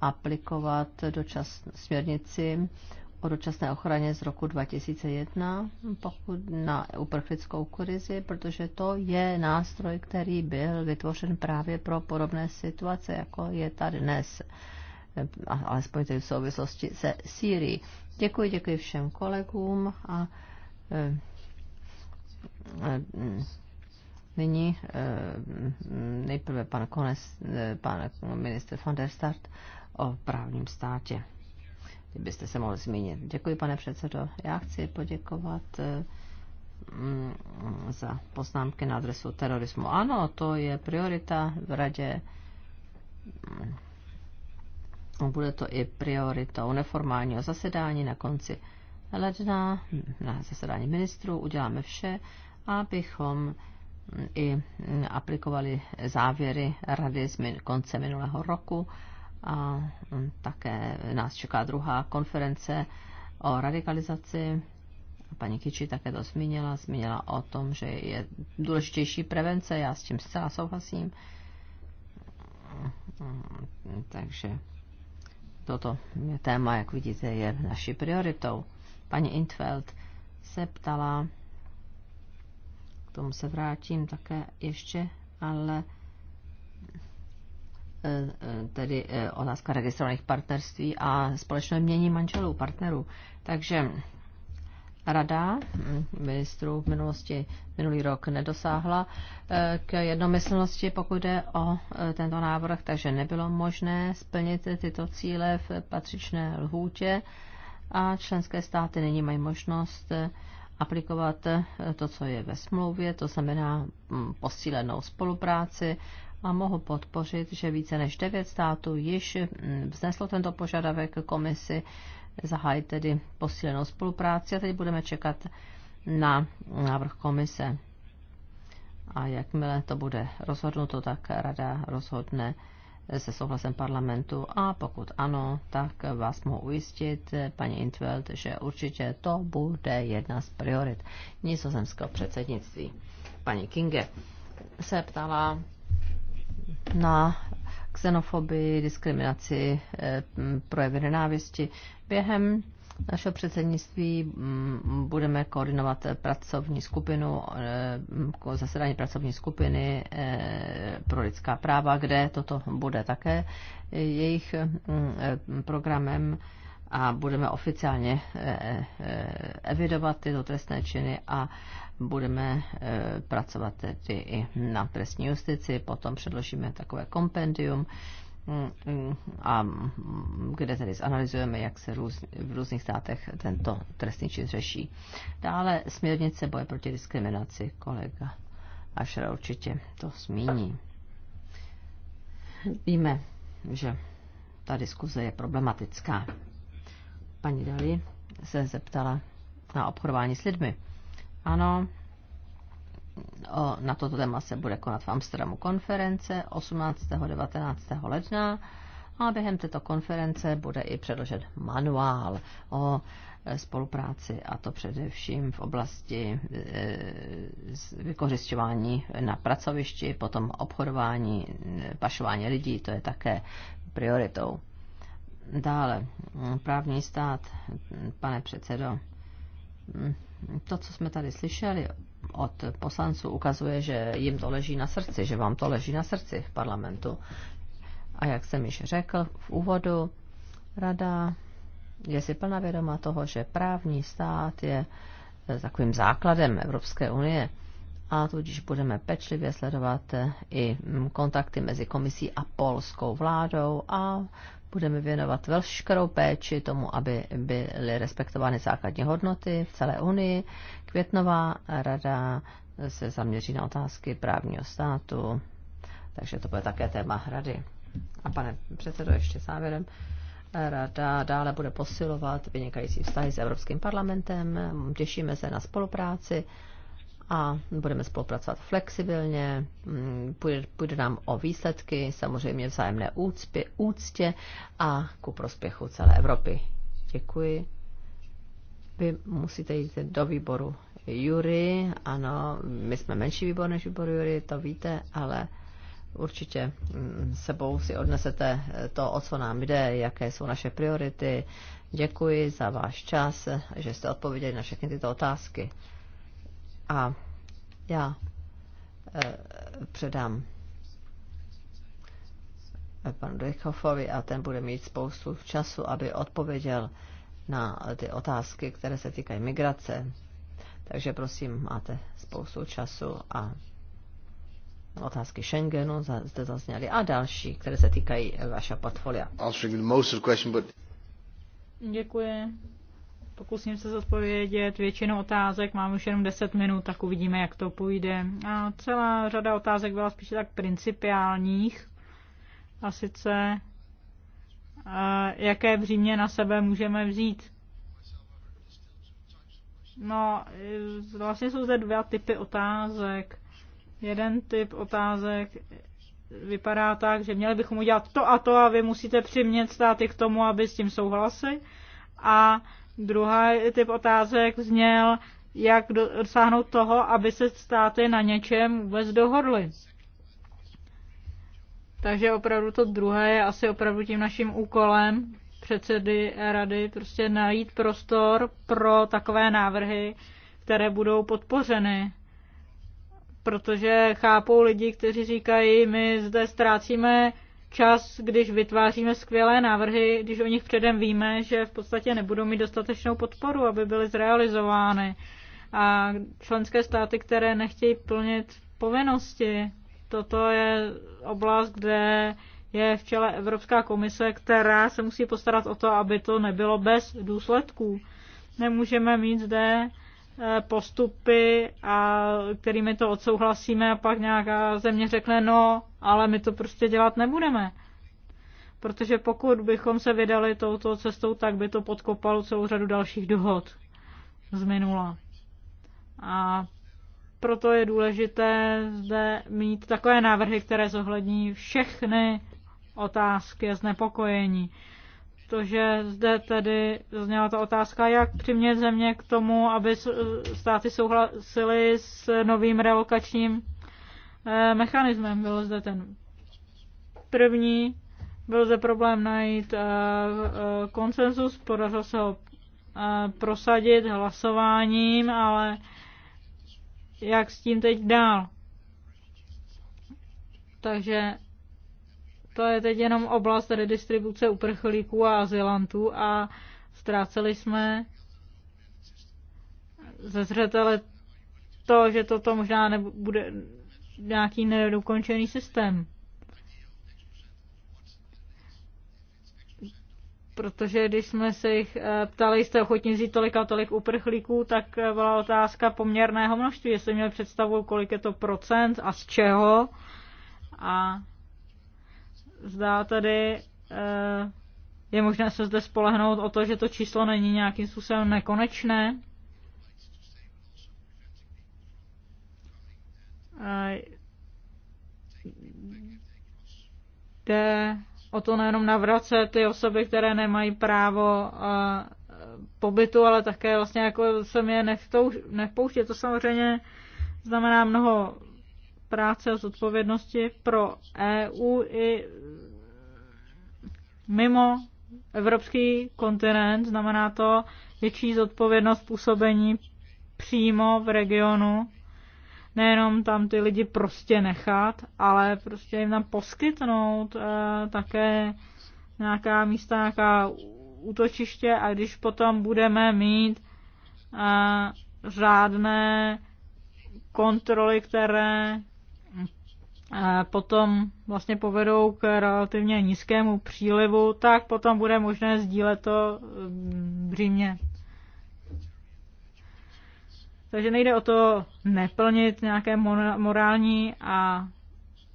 aplikovat dočas směrnici o dočasné ochraně z roku 2001 pokud na uprchlickou krizi, protože to je nástroj, který byl vytvořen právě pro podobné situace, jako je ta dnes, eh, alespoň tedy v souvislosti se Sýrií. Děkuji, děkuji všem kolegům a eh, eh, nyní nejprve pan, kones pan minister van der Start o právním státě byste se mohl zmínit. Děkuji, pane předsedo. Já chci poděkovat eh, mm, za poznámky na adresu terorismu. Ano, to je priorita v radě. Mm. Bude to i prioritou neformálního zasedání na konci ledna, na zasedání ministrů. Uděláme vše, abychom mm, i aplikovali závěry rady z konce minulého roku a mm, také nás čeká druhá konference o radikalizaci. Paní Kiči také to zmínila, zmínila o tom, že je důležitější prevence, já s tím zcela souhlasím. Mm, takže toto téma, jak vidíte, je naší prioritou. Paní Intfeld se ptala, k tomu se vrátím také ještě, ale Eh, eh, tedy eh, otázka registrovaných partnerství a společné mění manželů, partnerů. Takže rada ministrů v minulosti, minulý rok nedosáhla k jednomyslnosti, pokud jde o tento návrh, takže nebylo možné splnit tyto cíle v patřičné lhůtě a členské státy nyní mají možnost aplikovat to, co je ve smlouvě, to znamená mm, posílenou spolupráci a mohu podpořit, že více než devět států již mm, vzneslo tento požadavek komisi zahájit tedy posílenou spolupráci a teď budeme čekat na návrh komise. A jakmile to bude rozhodnuto, tak rada rozhodne se souhlasem parlamentu a pokud ano, tak vás mohu ujistit, paní Intveld, že určitě to bude jedna z priorit nizozemského předsednictví. Paní Kinge se ptala na xenofobii, diskriminaci, eh, projevy nenávisti. Během našeho předsednictví mm, budeme koordinovat pracovní skupinu, eh, zasedání pracovní skupiny eh, pro lidská práva, kde toto bude také jejich mm, programem a budeme oficiálně evidovat tyto trestné činy a budeme eh, pracovat tedy i na trestní justici, potom předložíme takové kompendium, mm, mm, a mm, kde tedy zanalizujeme, jak se růz, v různých státech tento trestný čin řeší. Dále směrnice boje proti diskriminaci, kolega Ašera určitě to zmíní. Víme, že ta diskuze je problematická. Paní Dali se zeptala na obchodování s lidmi. Ano, o, na toto téma se bude konat v Amsterdamu konference 18. a 19. ledna a během této konference bude i předložen manuál o e, spolupráci, a to především v oblasti e, vykořišťování na pracovišti, potom obchodování, e, pašování lidí, to je také prioritou. Dále, právní stát, pane předsedo, to, co jsme tady slyšeli od poslanců, ukazuje, že jim to leží na srdci, že vám to leží na srdci v parlamentu. A jak jsem již řekl v úvodu, rada je si plná vědoma toho, že právní stát je eh, takovým základem Evropské unie a tudíž budeme pečlivě sledovat eh, i mm, kontakty mezi komisí a polskou vládou a budeme věnovat veškerou péči tomu, aby byly respektovány základní hodnoty v celé Unii. Květnová rada se zaměří na otázky právního státu, takže to bude také téma rady. A pane předsedo, ještě závěrem. Rada dále bude posilovat vynikající vztahy s Evropským parlamentem. Těšíme se na spolupráci a budeme spolupracovat flexibilně, mm, půjde, půjde nám o výsledky, samozřejmě vzájemné úcpě, úctě a ku prospěchu celé Evropy. Děkuji. Vy musíte jít do výboru Jury, ano, my jsme menší výbor než výbor Jury, to víte, ale určitě mm, sebou si odnesete to, o co nám jde, jaké jsou naše priority. Děkuji za váš čas, že jste odpověděli na všechny tyto otázky. A já eh, předám eh, panu Dechoffovi a ten bude mít spoustu času, aby odpověděl na ty otázky, které se týkají migrace. Takže prosím, máte spoustu času a otázky Schengenu zde zazněly a další, které se týkají vaše portfolia. Děkuji. Pokusím se zodpovědět většinu otázek, mám už jenom 10 minut, tak uvidíme, jak to půjde. A celá řada otázek byla spíše tak principiálních, a sice jaké břímě na sebe můžeme vzít. No, e, vlastně jsou zde dva typy otázek. Jeden typ otázek vypadá tak, že měli bychom udělat to a to a vy musíte přimět státy k tomu, aby s tím souhlasili. A Druhý typ otázek zněl, jak dosáhnout toho, aby se státy na něčem vůbec dohodly. Takže opravdu to druhé je asi opravdu tím naším úkolem předsedy rady, prostě najít prostor pro takové návrhy, které budou podpořeny. Protože chápou lidi, kteří říkají, my zde ztrácíme čas, když vytváříme skvělé návrhy, když o nich předem víme, že v podstatě nebudou mít dostatečnou podporu, aby byly zrealizovány. A členské státy, které nechtějí plnit povinnosti, toto je oblast, kde je v čele Evropská komise, která se musí postarat o to, aby to nebylo bez důsledků. Nemůžeme mít zde postupy, a kterými to odsouhlasíme a pak nějaká země řekne, no, ale my to prostě dělat nebudeme. Protože pokud bychom se vydali touto cestou, tak by to podkopalo celou řadu dalších dohod z minula. A proto je důležité zde mít takové návrhy, které zohlední všechny otázky a znepokojení to, že zde tedy zazněla ta otázka, jak přimět země k tomu, aby státy souhlasily s novým relokačním eh, mechanismem. Byl zde ten první, byl zde problém najít eh, eh, konsenzus, podařilo se ho prosadit hlasováním, ale jak s tím teď dál? Takže to je teď jenom oblast redistribuce uprchlíků a azylantů a ztráceli jsme ze zřetele to, že toto možná nebude nějaký nedokončený systém. Protože když jsme se jich eh, ptali, jste ochotní vzít tolik a tolik uprchlíků, tak eh, byla otázka poměrného množství, jestli měli představu, kolik je to procent a z čeho. A Zdá tady eh, je možné se zde spolehnout o to, že to číslo není nějakým způsobem nekonečné. Eh, jde o to nejenom navracet ty osoby, které nemají právo eh, pobytu, ale také vlastně jako se mě nechtou, nepouštět. To samozřejmě znamená mnoho práce a zodpovědnosti pro EU i mimo evropský kontinent. Znamená to větší zodpovědnost působení přímo v regionu. Nejenom tam ty lidi prostě nechat, ale prostě jim tam poskytnout eh, také nějaká místa, nějaká útočiště a když potom budeme mít eh, řádné kontroly, které potom vlastně povedou k relativně nízkému přílivu, tak potom bude možné sdílet to mm, břímě. Takže nejde o to neplnit nějaké morální a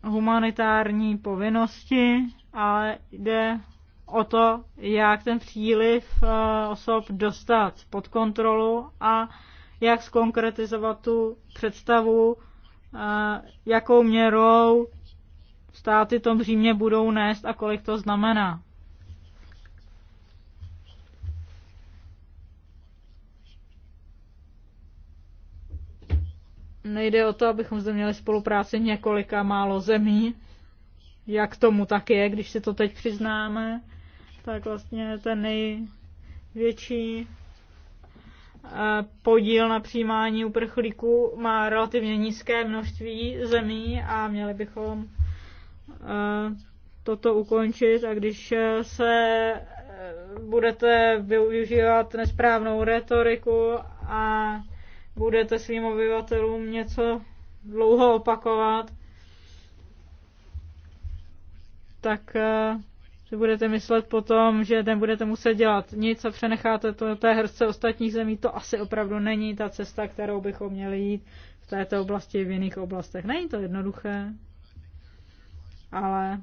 humanitární povinnosti, ale jde o to, jak ten příliv eh, osob dostat pod kontrolu a jak skonkretizovat tu představu jakou měrou státy to břímě budou nést a kolik to znamená. Nejde o to, abychom zde měli spolupráci několika málo zemí, jak tomu tak je, když si to teď přiznáme, tak vlastně ten největší podíl na přijímání uprchlíků má relativně nízké množství zemí a měli bychom e, toto ukončit a když se e, budete využívat nesprávnou retoriku a budete svým obyvatelům něco dlouho opakovat, tak e, si budete myslet potom, že ten budete muset dělat nic a přenecháte to té hrdce ostatních zemí, to asi opravdu není ta cesta, kterou bychom měli jít v této oblasti i v jiných oblastech. Není to jednoduché, ale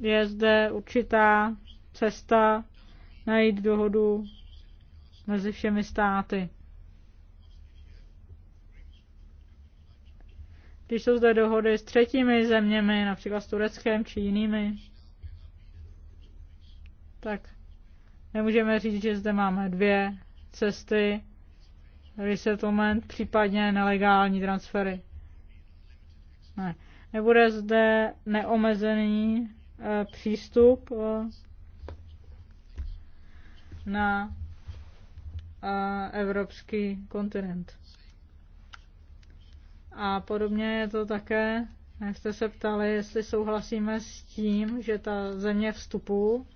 je zde určitá cesta najít dohodu mezi všemi státy. Když jsou zde dohody s třetími zeměmi, například s Tureckem či jinými, tak nemůžeme říct, že zde máme dvě cesty, resettlement, případně nelegální transfery. Ne. Nebude zde neomezený e, přístup e, na e, evropský kontinent. A podobně je to také, jak jste se ptali, jestli souhlasíme s tím, že ta země vstupu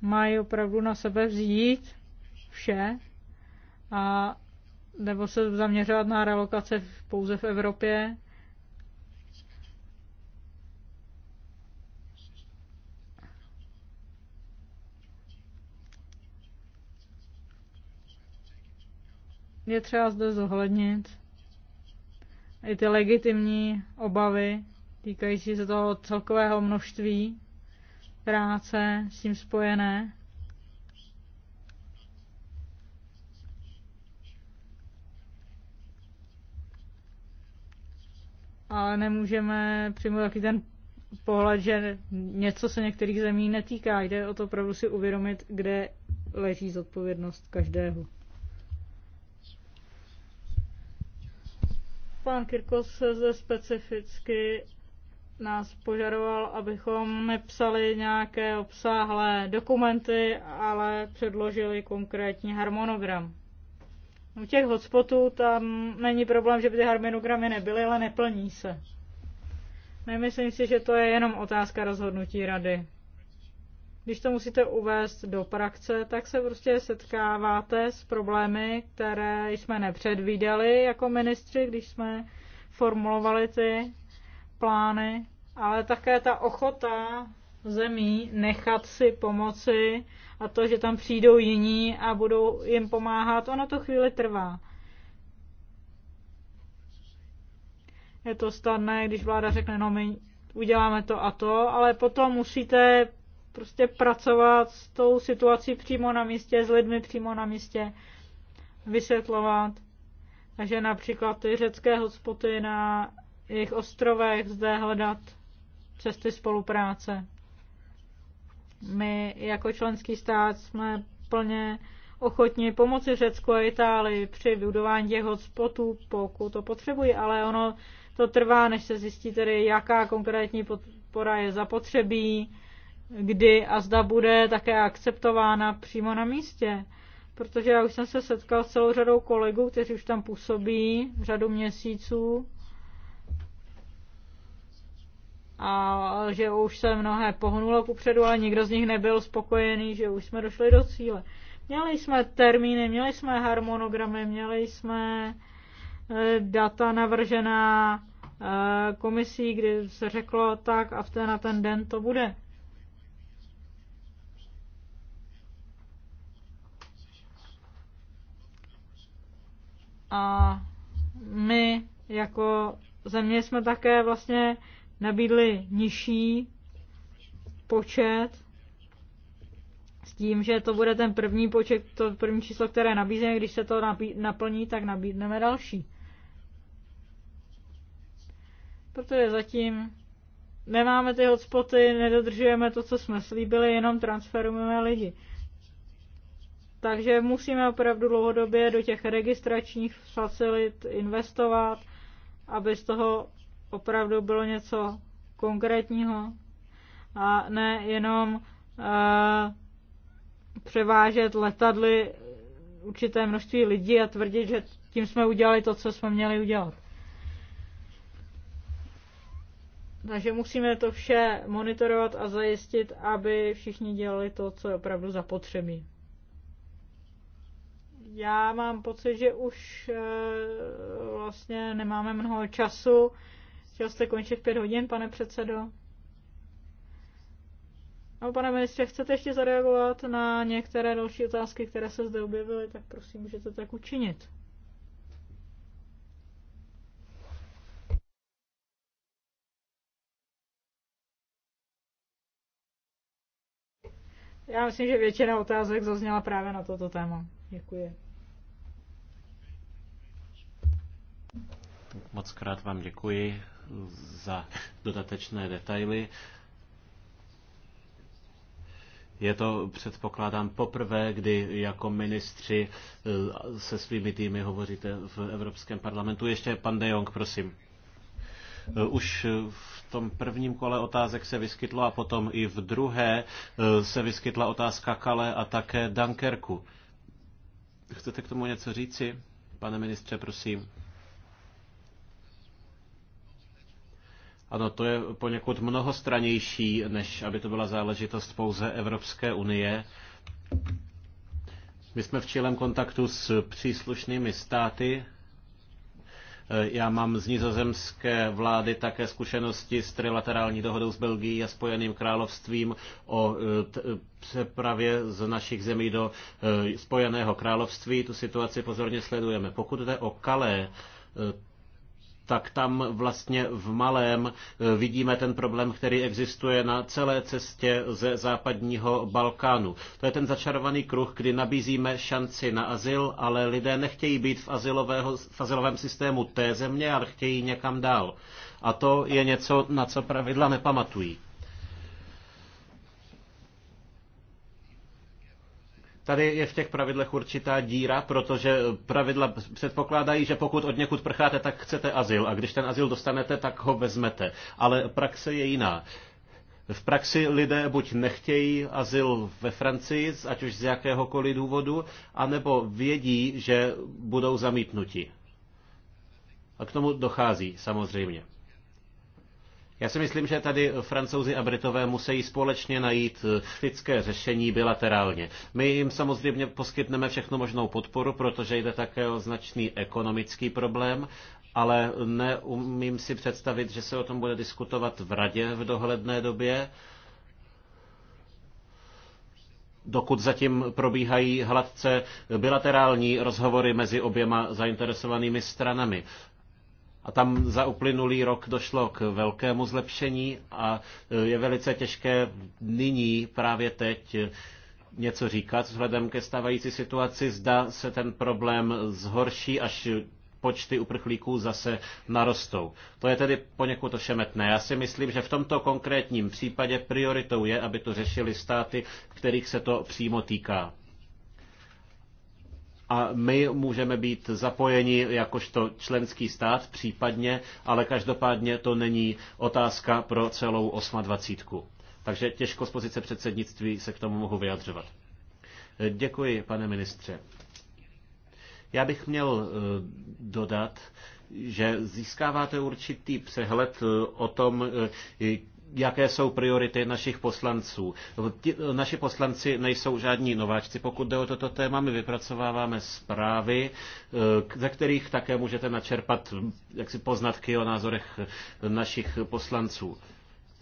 mají opravdu na sebe vzít vše a nebo se zaměřovat na relokace pouze v Evropě Je třeba zde zohlednit i ty legitimní obavy týkající se toho celkového množství práce s tím spojené. Ale nemůžeme přijmout taky ten pohled, že něco se některých zemí netýká. Jde o to opravdu si uvědomit, kde leží zodpovědnost každého. Pan Kirkos zde specificky nás požadoval, abychom nepsali nějaké obsáhlé dokumenty, ale předložili konkrétní harmonogram. U těch hotspotů tam není problém, že by ty harmonogramy nebyly, ale neplní se. Nemyslím si, že to je jenom otázka rozhodnutí rady když to musíte uvést do praxe, tak se prostě setkáváte s problémy, které jsme nepředvídali jako ministři, když jsme formulovali ty plány, ale také ta ochota zemí nechat si pomoci a to, že tam přijdou jiní a budou jim pomáhat, ono to chvíli trvá. Je to snadné, když vláda řekne, no my uděláme to a to, ale potom musíte prostě pracovat s tou situací přímo na místě, s lidmi přímo na místě, vysvětlovat. Takže například ty řecké hospody na jejich ostrovech zde hledat cesty spolupráce. My jako členský stát jsme plně ochotni pomoci Řecku a Itálii při budování těch hotspotů, pokud to potřebují, ale ono to trvá, než se zjistí tedy, jaká konkrétní podpora je zapotřebí, kdy a zda bude také akceptována přímo na místě. Protože já už jsem se setkal s celou řadou kolegů, kteří už tam působí řadu měsíců a že už se mnohé pohnulo kupředu, ale nikdo z nich nebyl spokojený, že už jsme došli do cíle. Měli jsme termíny, měli jsme harmonogramy, měli jsme eh, data navržená eh, komisí, kdy se řeklo tak a v ten na ten den to bude. A my jako země jsme také vlastně nabídli nižší počet s tím, že to bude ten první počet, to první číslo, které nabízíme, když se to naplní, tak nabídneme další. Protože zatím nemáme ty hotspoty, nedodržujeme to, co jsme slíbili, jenom transferujeme lidi. Takže musíme opravdu dlouhodobě do těch registračních facilit investovat, aby z toho opravdu bylo něco konkrétního a ne jenom e, převážet letadly určité množství lidí a tvrdit, že tím jsme udělali to, co jsme měli udělat. Takže musíme to vše monitorovat a zajistit, aby všichni dělali to, co je opravdu zapotřebí já mám pocit, že už eh, vlastně nemáme mnoho času. Chtěl jste končit v pět hodin, pane předsedo? No, pane ministře, chcete ještě zareagovat na některé další otázky, které se zde objevily, tak prosím, můžete tak učinit. Já myslím, že většina otázek zazněla právě na toto téma. Děkuji. Moc krát vám děkuji za dodatečné detaily. Je to, předpokládám, poprvé, kdy jako ministři eh, se svými týmy hovoříte v Evropském parlamentu. Ještě pan De Jong, prosím. Eh, už v tom prvním kole otázek se vyskytlo a potom i v druhé eh, se vyskytla otázka Kale a také Dunkerku. Chcete k tomu něco říci? Pane ministře, prosím. Ano, to je poněkud mnohostranější, než aby to byla záležitost pouze Evropské unie. My jsme v čilem kontaktu s příslušnými státy, Eh, já mám z nizozemské vlády také zkušenosti s trilaterální dohodou s Belgií a Spojeným královstvím o eh, eh, přepravě z našich zemí do Spojeného království. Tu situaci pozorně sledujeme. Pokud jde o Kalé, tak tam vlastně v malém eh, vidíme ten problém, který existuje na celé cestě ze západního Balkánu. To je ten začarovaný kruh, kdy nabízíme šanci na azyl, ale lidé nechtějí být v, azylového, v azylovém systému té země, ale chtějí někam dál. A to je něco, na co pravidla nepamatují. Tady je v těch pravidlech určitá díra, protože pravidla předpokládají, že pokud od někud prcháte, tak chcete azyl a když ten azyl dostanete, tak ho vezmete. Ale praxe je jiná. V praxi lidé buď nechtějí azyl ve Francii, ať už z jakéhokoliv důvodu, anebo vědí, že budou zamítnuti. A k tomu dochází samozřejmě. Já si myslím, že tady francouzi a britové musí společně najít eh, lidské řešení bilaterálně. My jim samozřejmě poskytneme všechno možnou podporu, protože jde také o značný ekonomický problém, ale neumím si představit, že se o tom bude diskutovat v radě v dohledné době dokud zatím probíhají hladce bilaterální rozhovory mezi oběma zainteresovanými stranami. A tam za uplynulý rok došlo k velkému zlepšení a e, je velice těžké nyní, právě teď, e, něco říkat vzhledem ke stávající situaci. Zda se ten problém zhorší, až počty uprchlíků zase narostou. To je tedy poněkud ošemetné. Já si myslím, že v tomto konkrétním případě prioritou je, aby to řešili státy, kterých se to přímo týká a my můžeme být zapojeni jakožto členský stát případně, ale každopádně to není otázka pro celou 28. Takže těžko z pozice předsednictví se k tomu mohu vyjadřovat. Děkuji, pane ministře. Já bych měl eh, dodat, že získáváte určitý přehled eh, o tom, eh, jaké jsou priority našich poslanců. Naši poslanci nejsou žádní nováčci. Pokud jde o toto téma, my vypracováváme zprávy, eh, ze kterých také můžete načerpat eh, jaksi poznatky o názorech eh, našich poslanců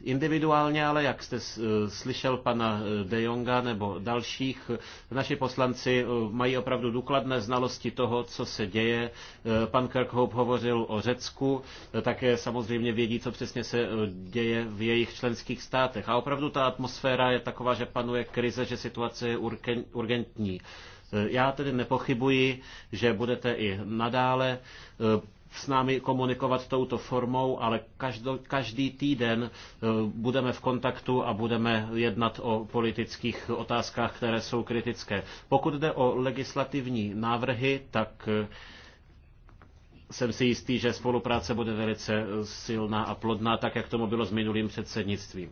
individuálně, ale jak jste eh, slyšel pana eh, De Jonga nebo dalších, eh, naši poslanci mají opravdu důkladné znalosti toho, co se děje. Pan Kirkhope hovořil o Řecku, také samozřejmě vědí, co přesně se děje v jejich členských státech. A opravdu ta atmosféra je taková, že panuje krize, že situace je urgentní. Já tedy nepochybuji, že budete i nadále s námi komunikovat touto formou, ale každo, každý týden eh, budeme v kontaktu a budeme jednat o politických otázkách, které jsou kritické. Pokud jde o legislativní návrhy, tak eh, jsem si jistý, že spolupráce bude velice silná a plodná, tak jak tomu bylo s minulým předsednictvím.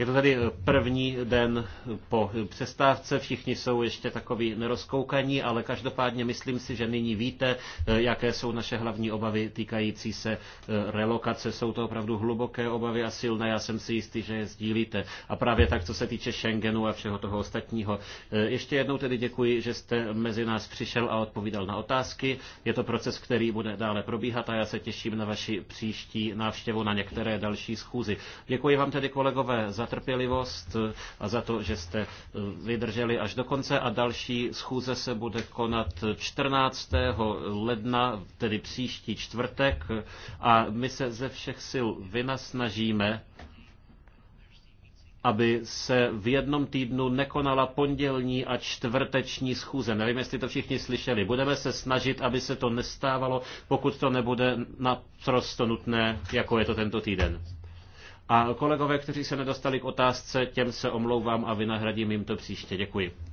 Je to tady první den po přestávce, všichni jsou ještě takový nerozkoukaní, ale každopádně myslím si, že nyní víte, eh, jaké jsou naše hlavní obavy týkající se eh, relokace. Jsou to opravdu hluboké obavy a silné, já jsem si jistý, že je sdílíte. A právě tak, co se týče Schengenu a všeho toho ostatního. Eh, ještě jednou tedy děkuji, že jste mezi nás přišel a odpovídal na otázky. Je to proces, který bude dále probíhat a já se těším na vaši příští návštěvu na některé další schůzy. Děkuji vám tedy kolegové za trpělivost eh, a za to, že jste eh, vydrželi až do konce a další schůze se bude konat 14. ledna, tedy příští čtvrtek a my se ze všech sil vynasnažíme, aby se v jednom týdnu nekonala pondělní a čtvrteční schůze. Nevím, jestli to všichni slyšeli. Budeme se snažit, aby se to nestávalo, pokud to nebude naprosto nutné, jako je to tento týden. A kolegové, kteří se nedostali k otázce, těm se omlouvám a vynahradím jim to příště. Děkuji.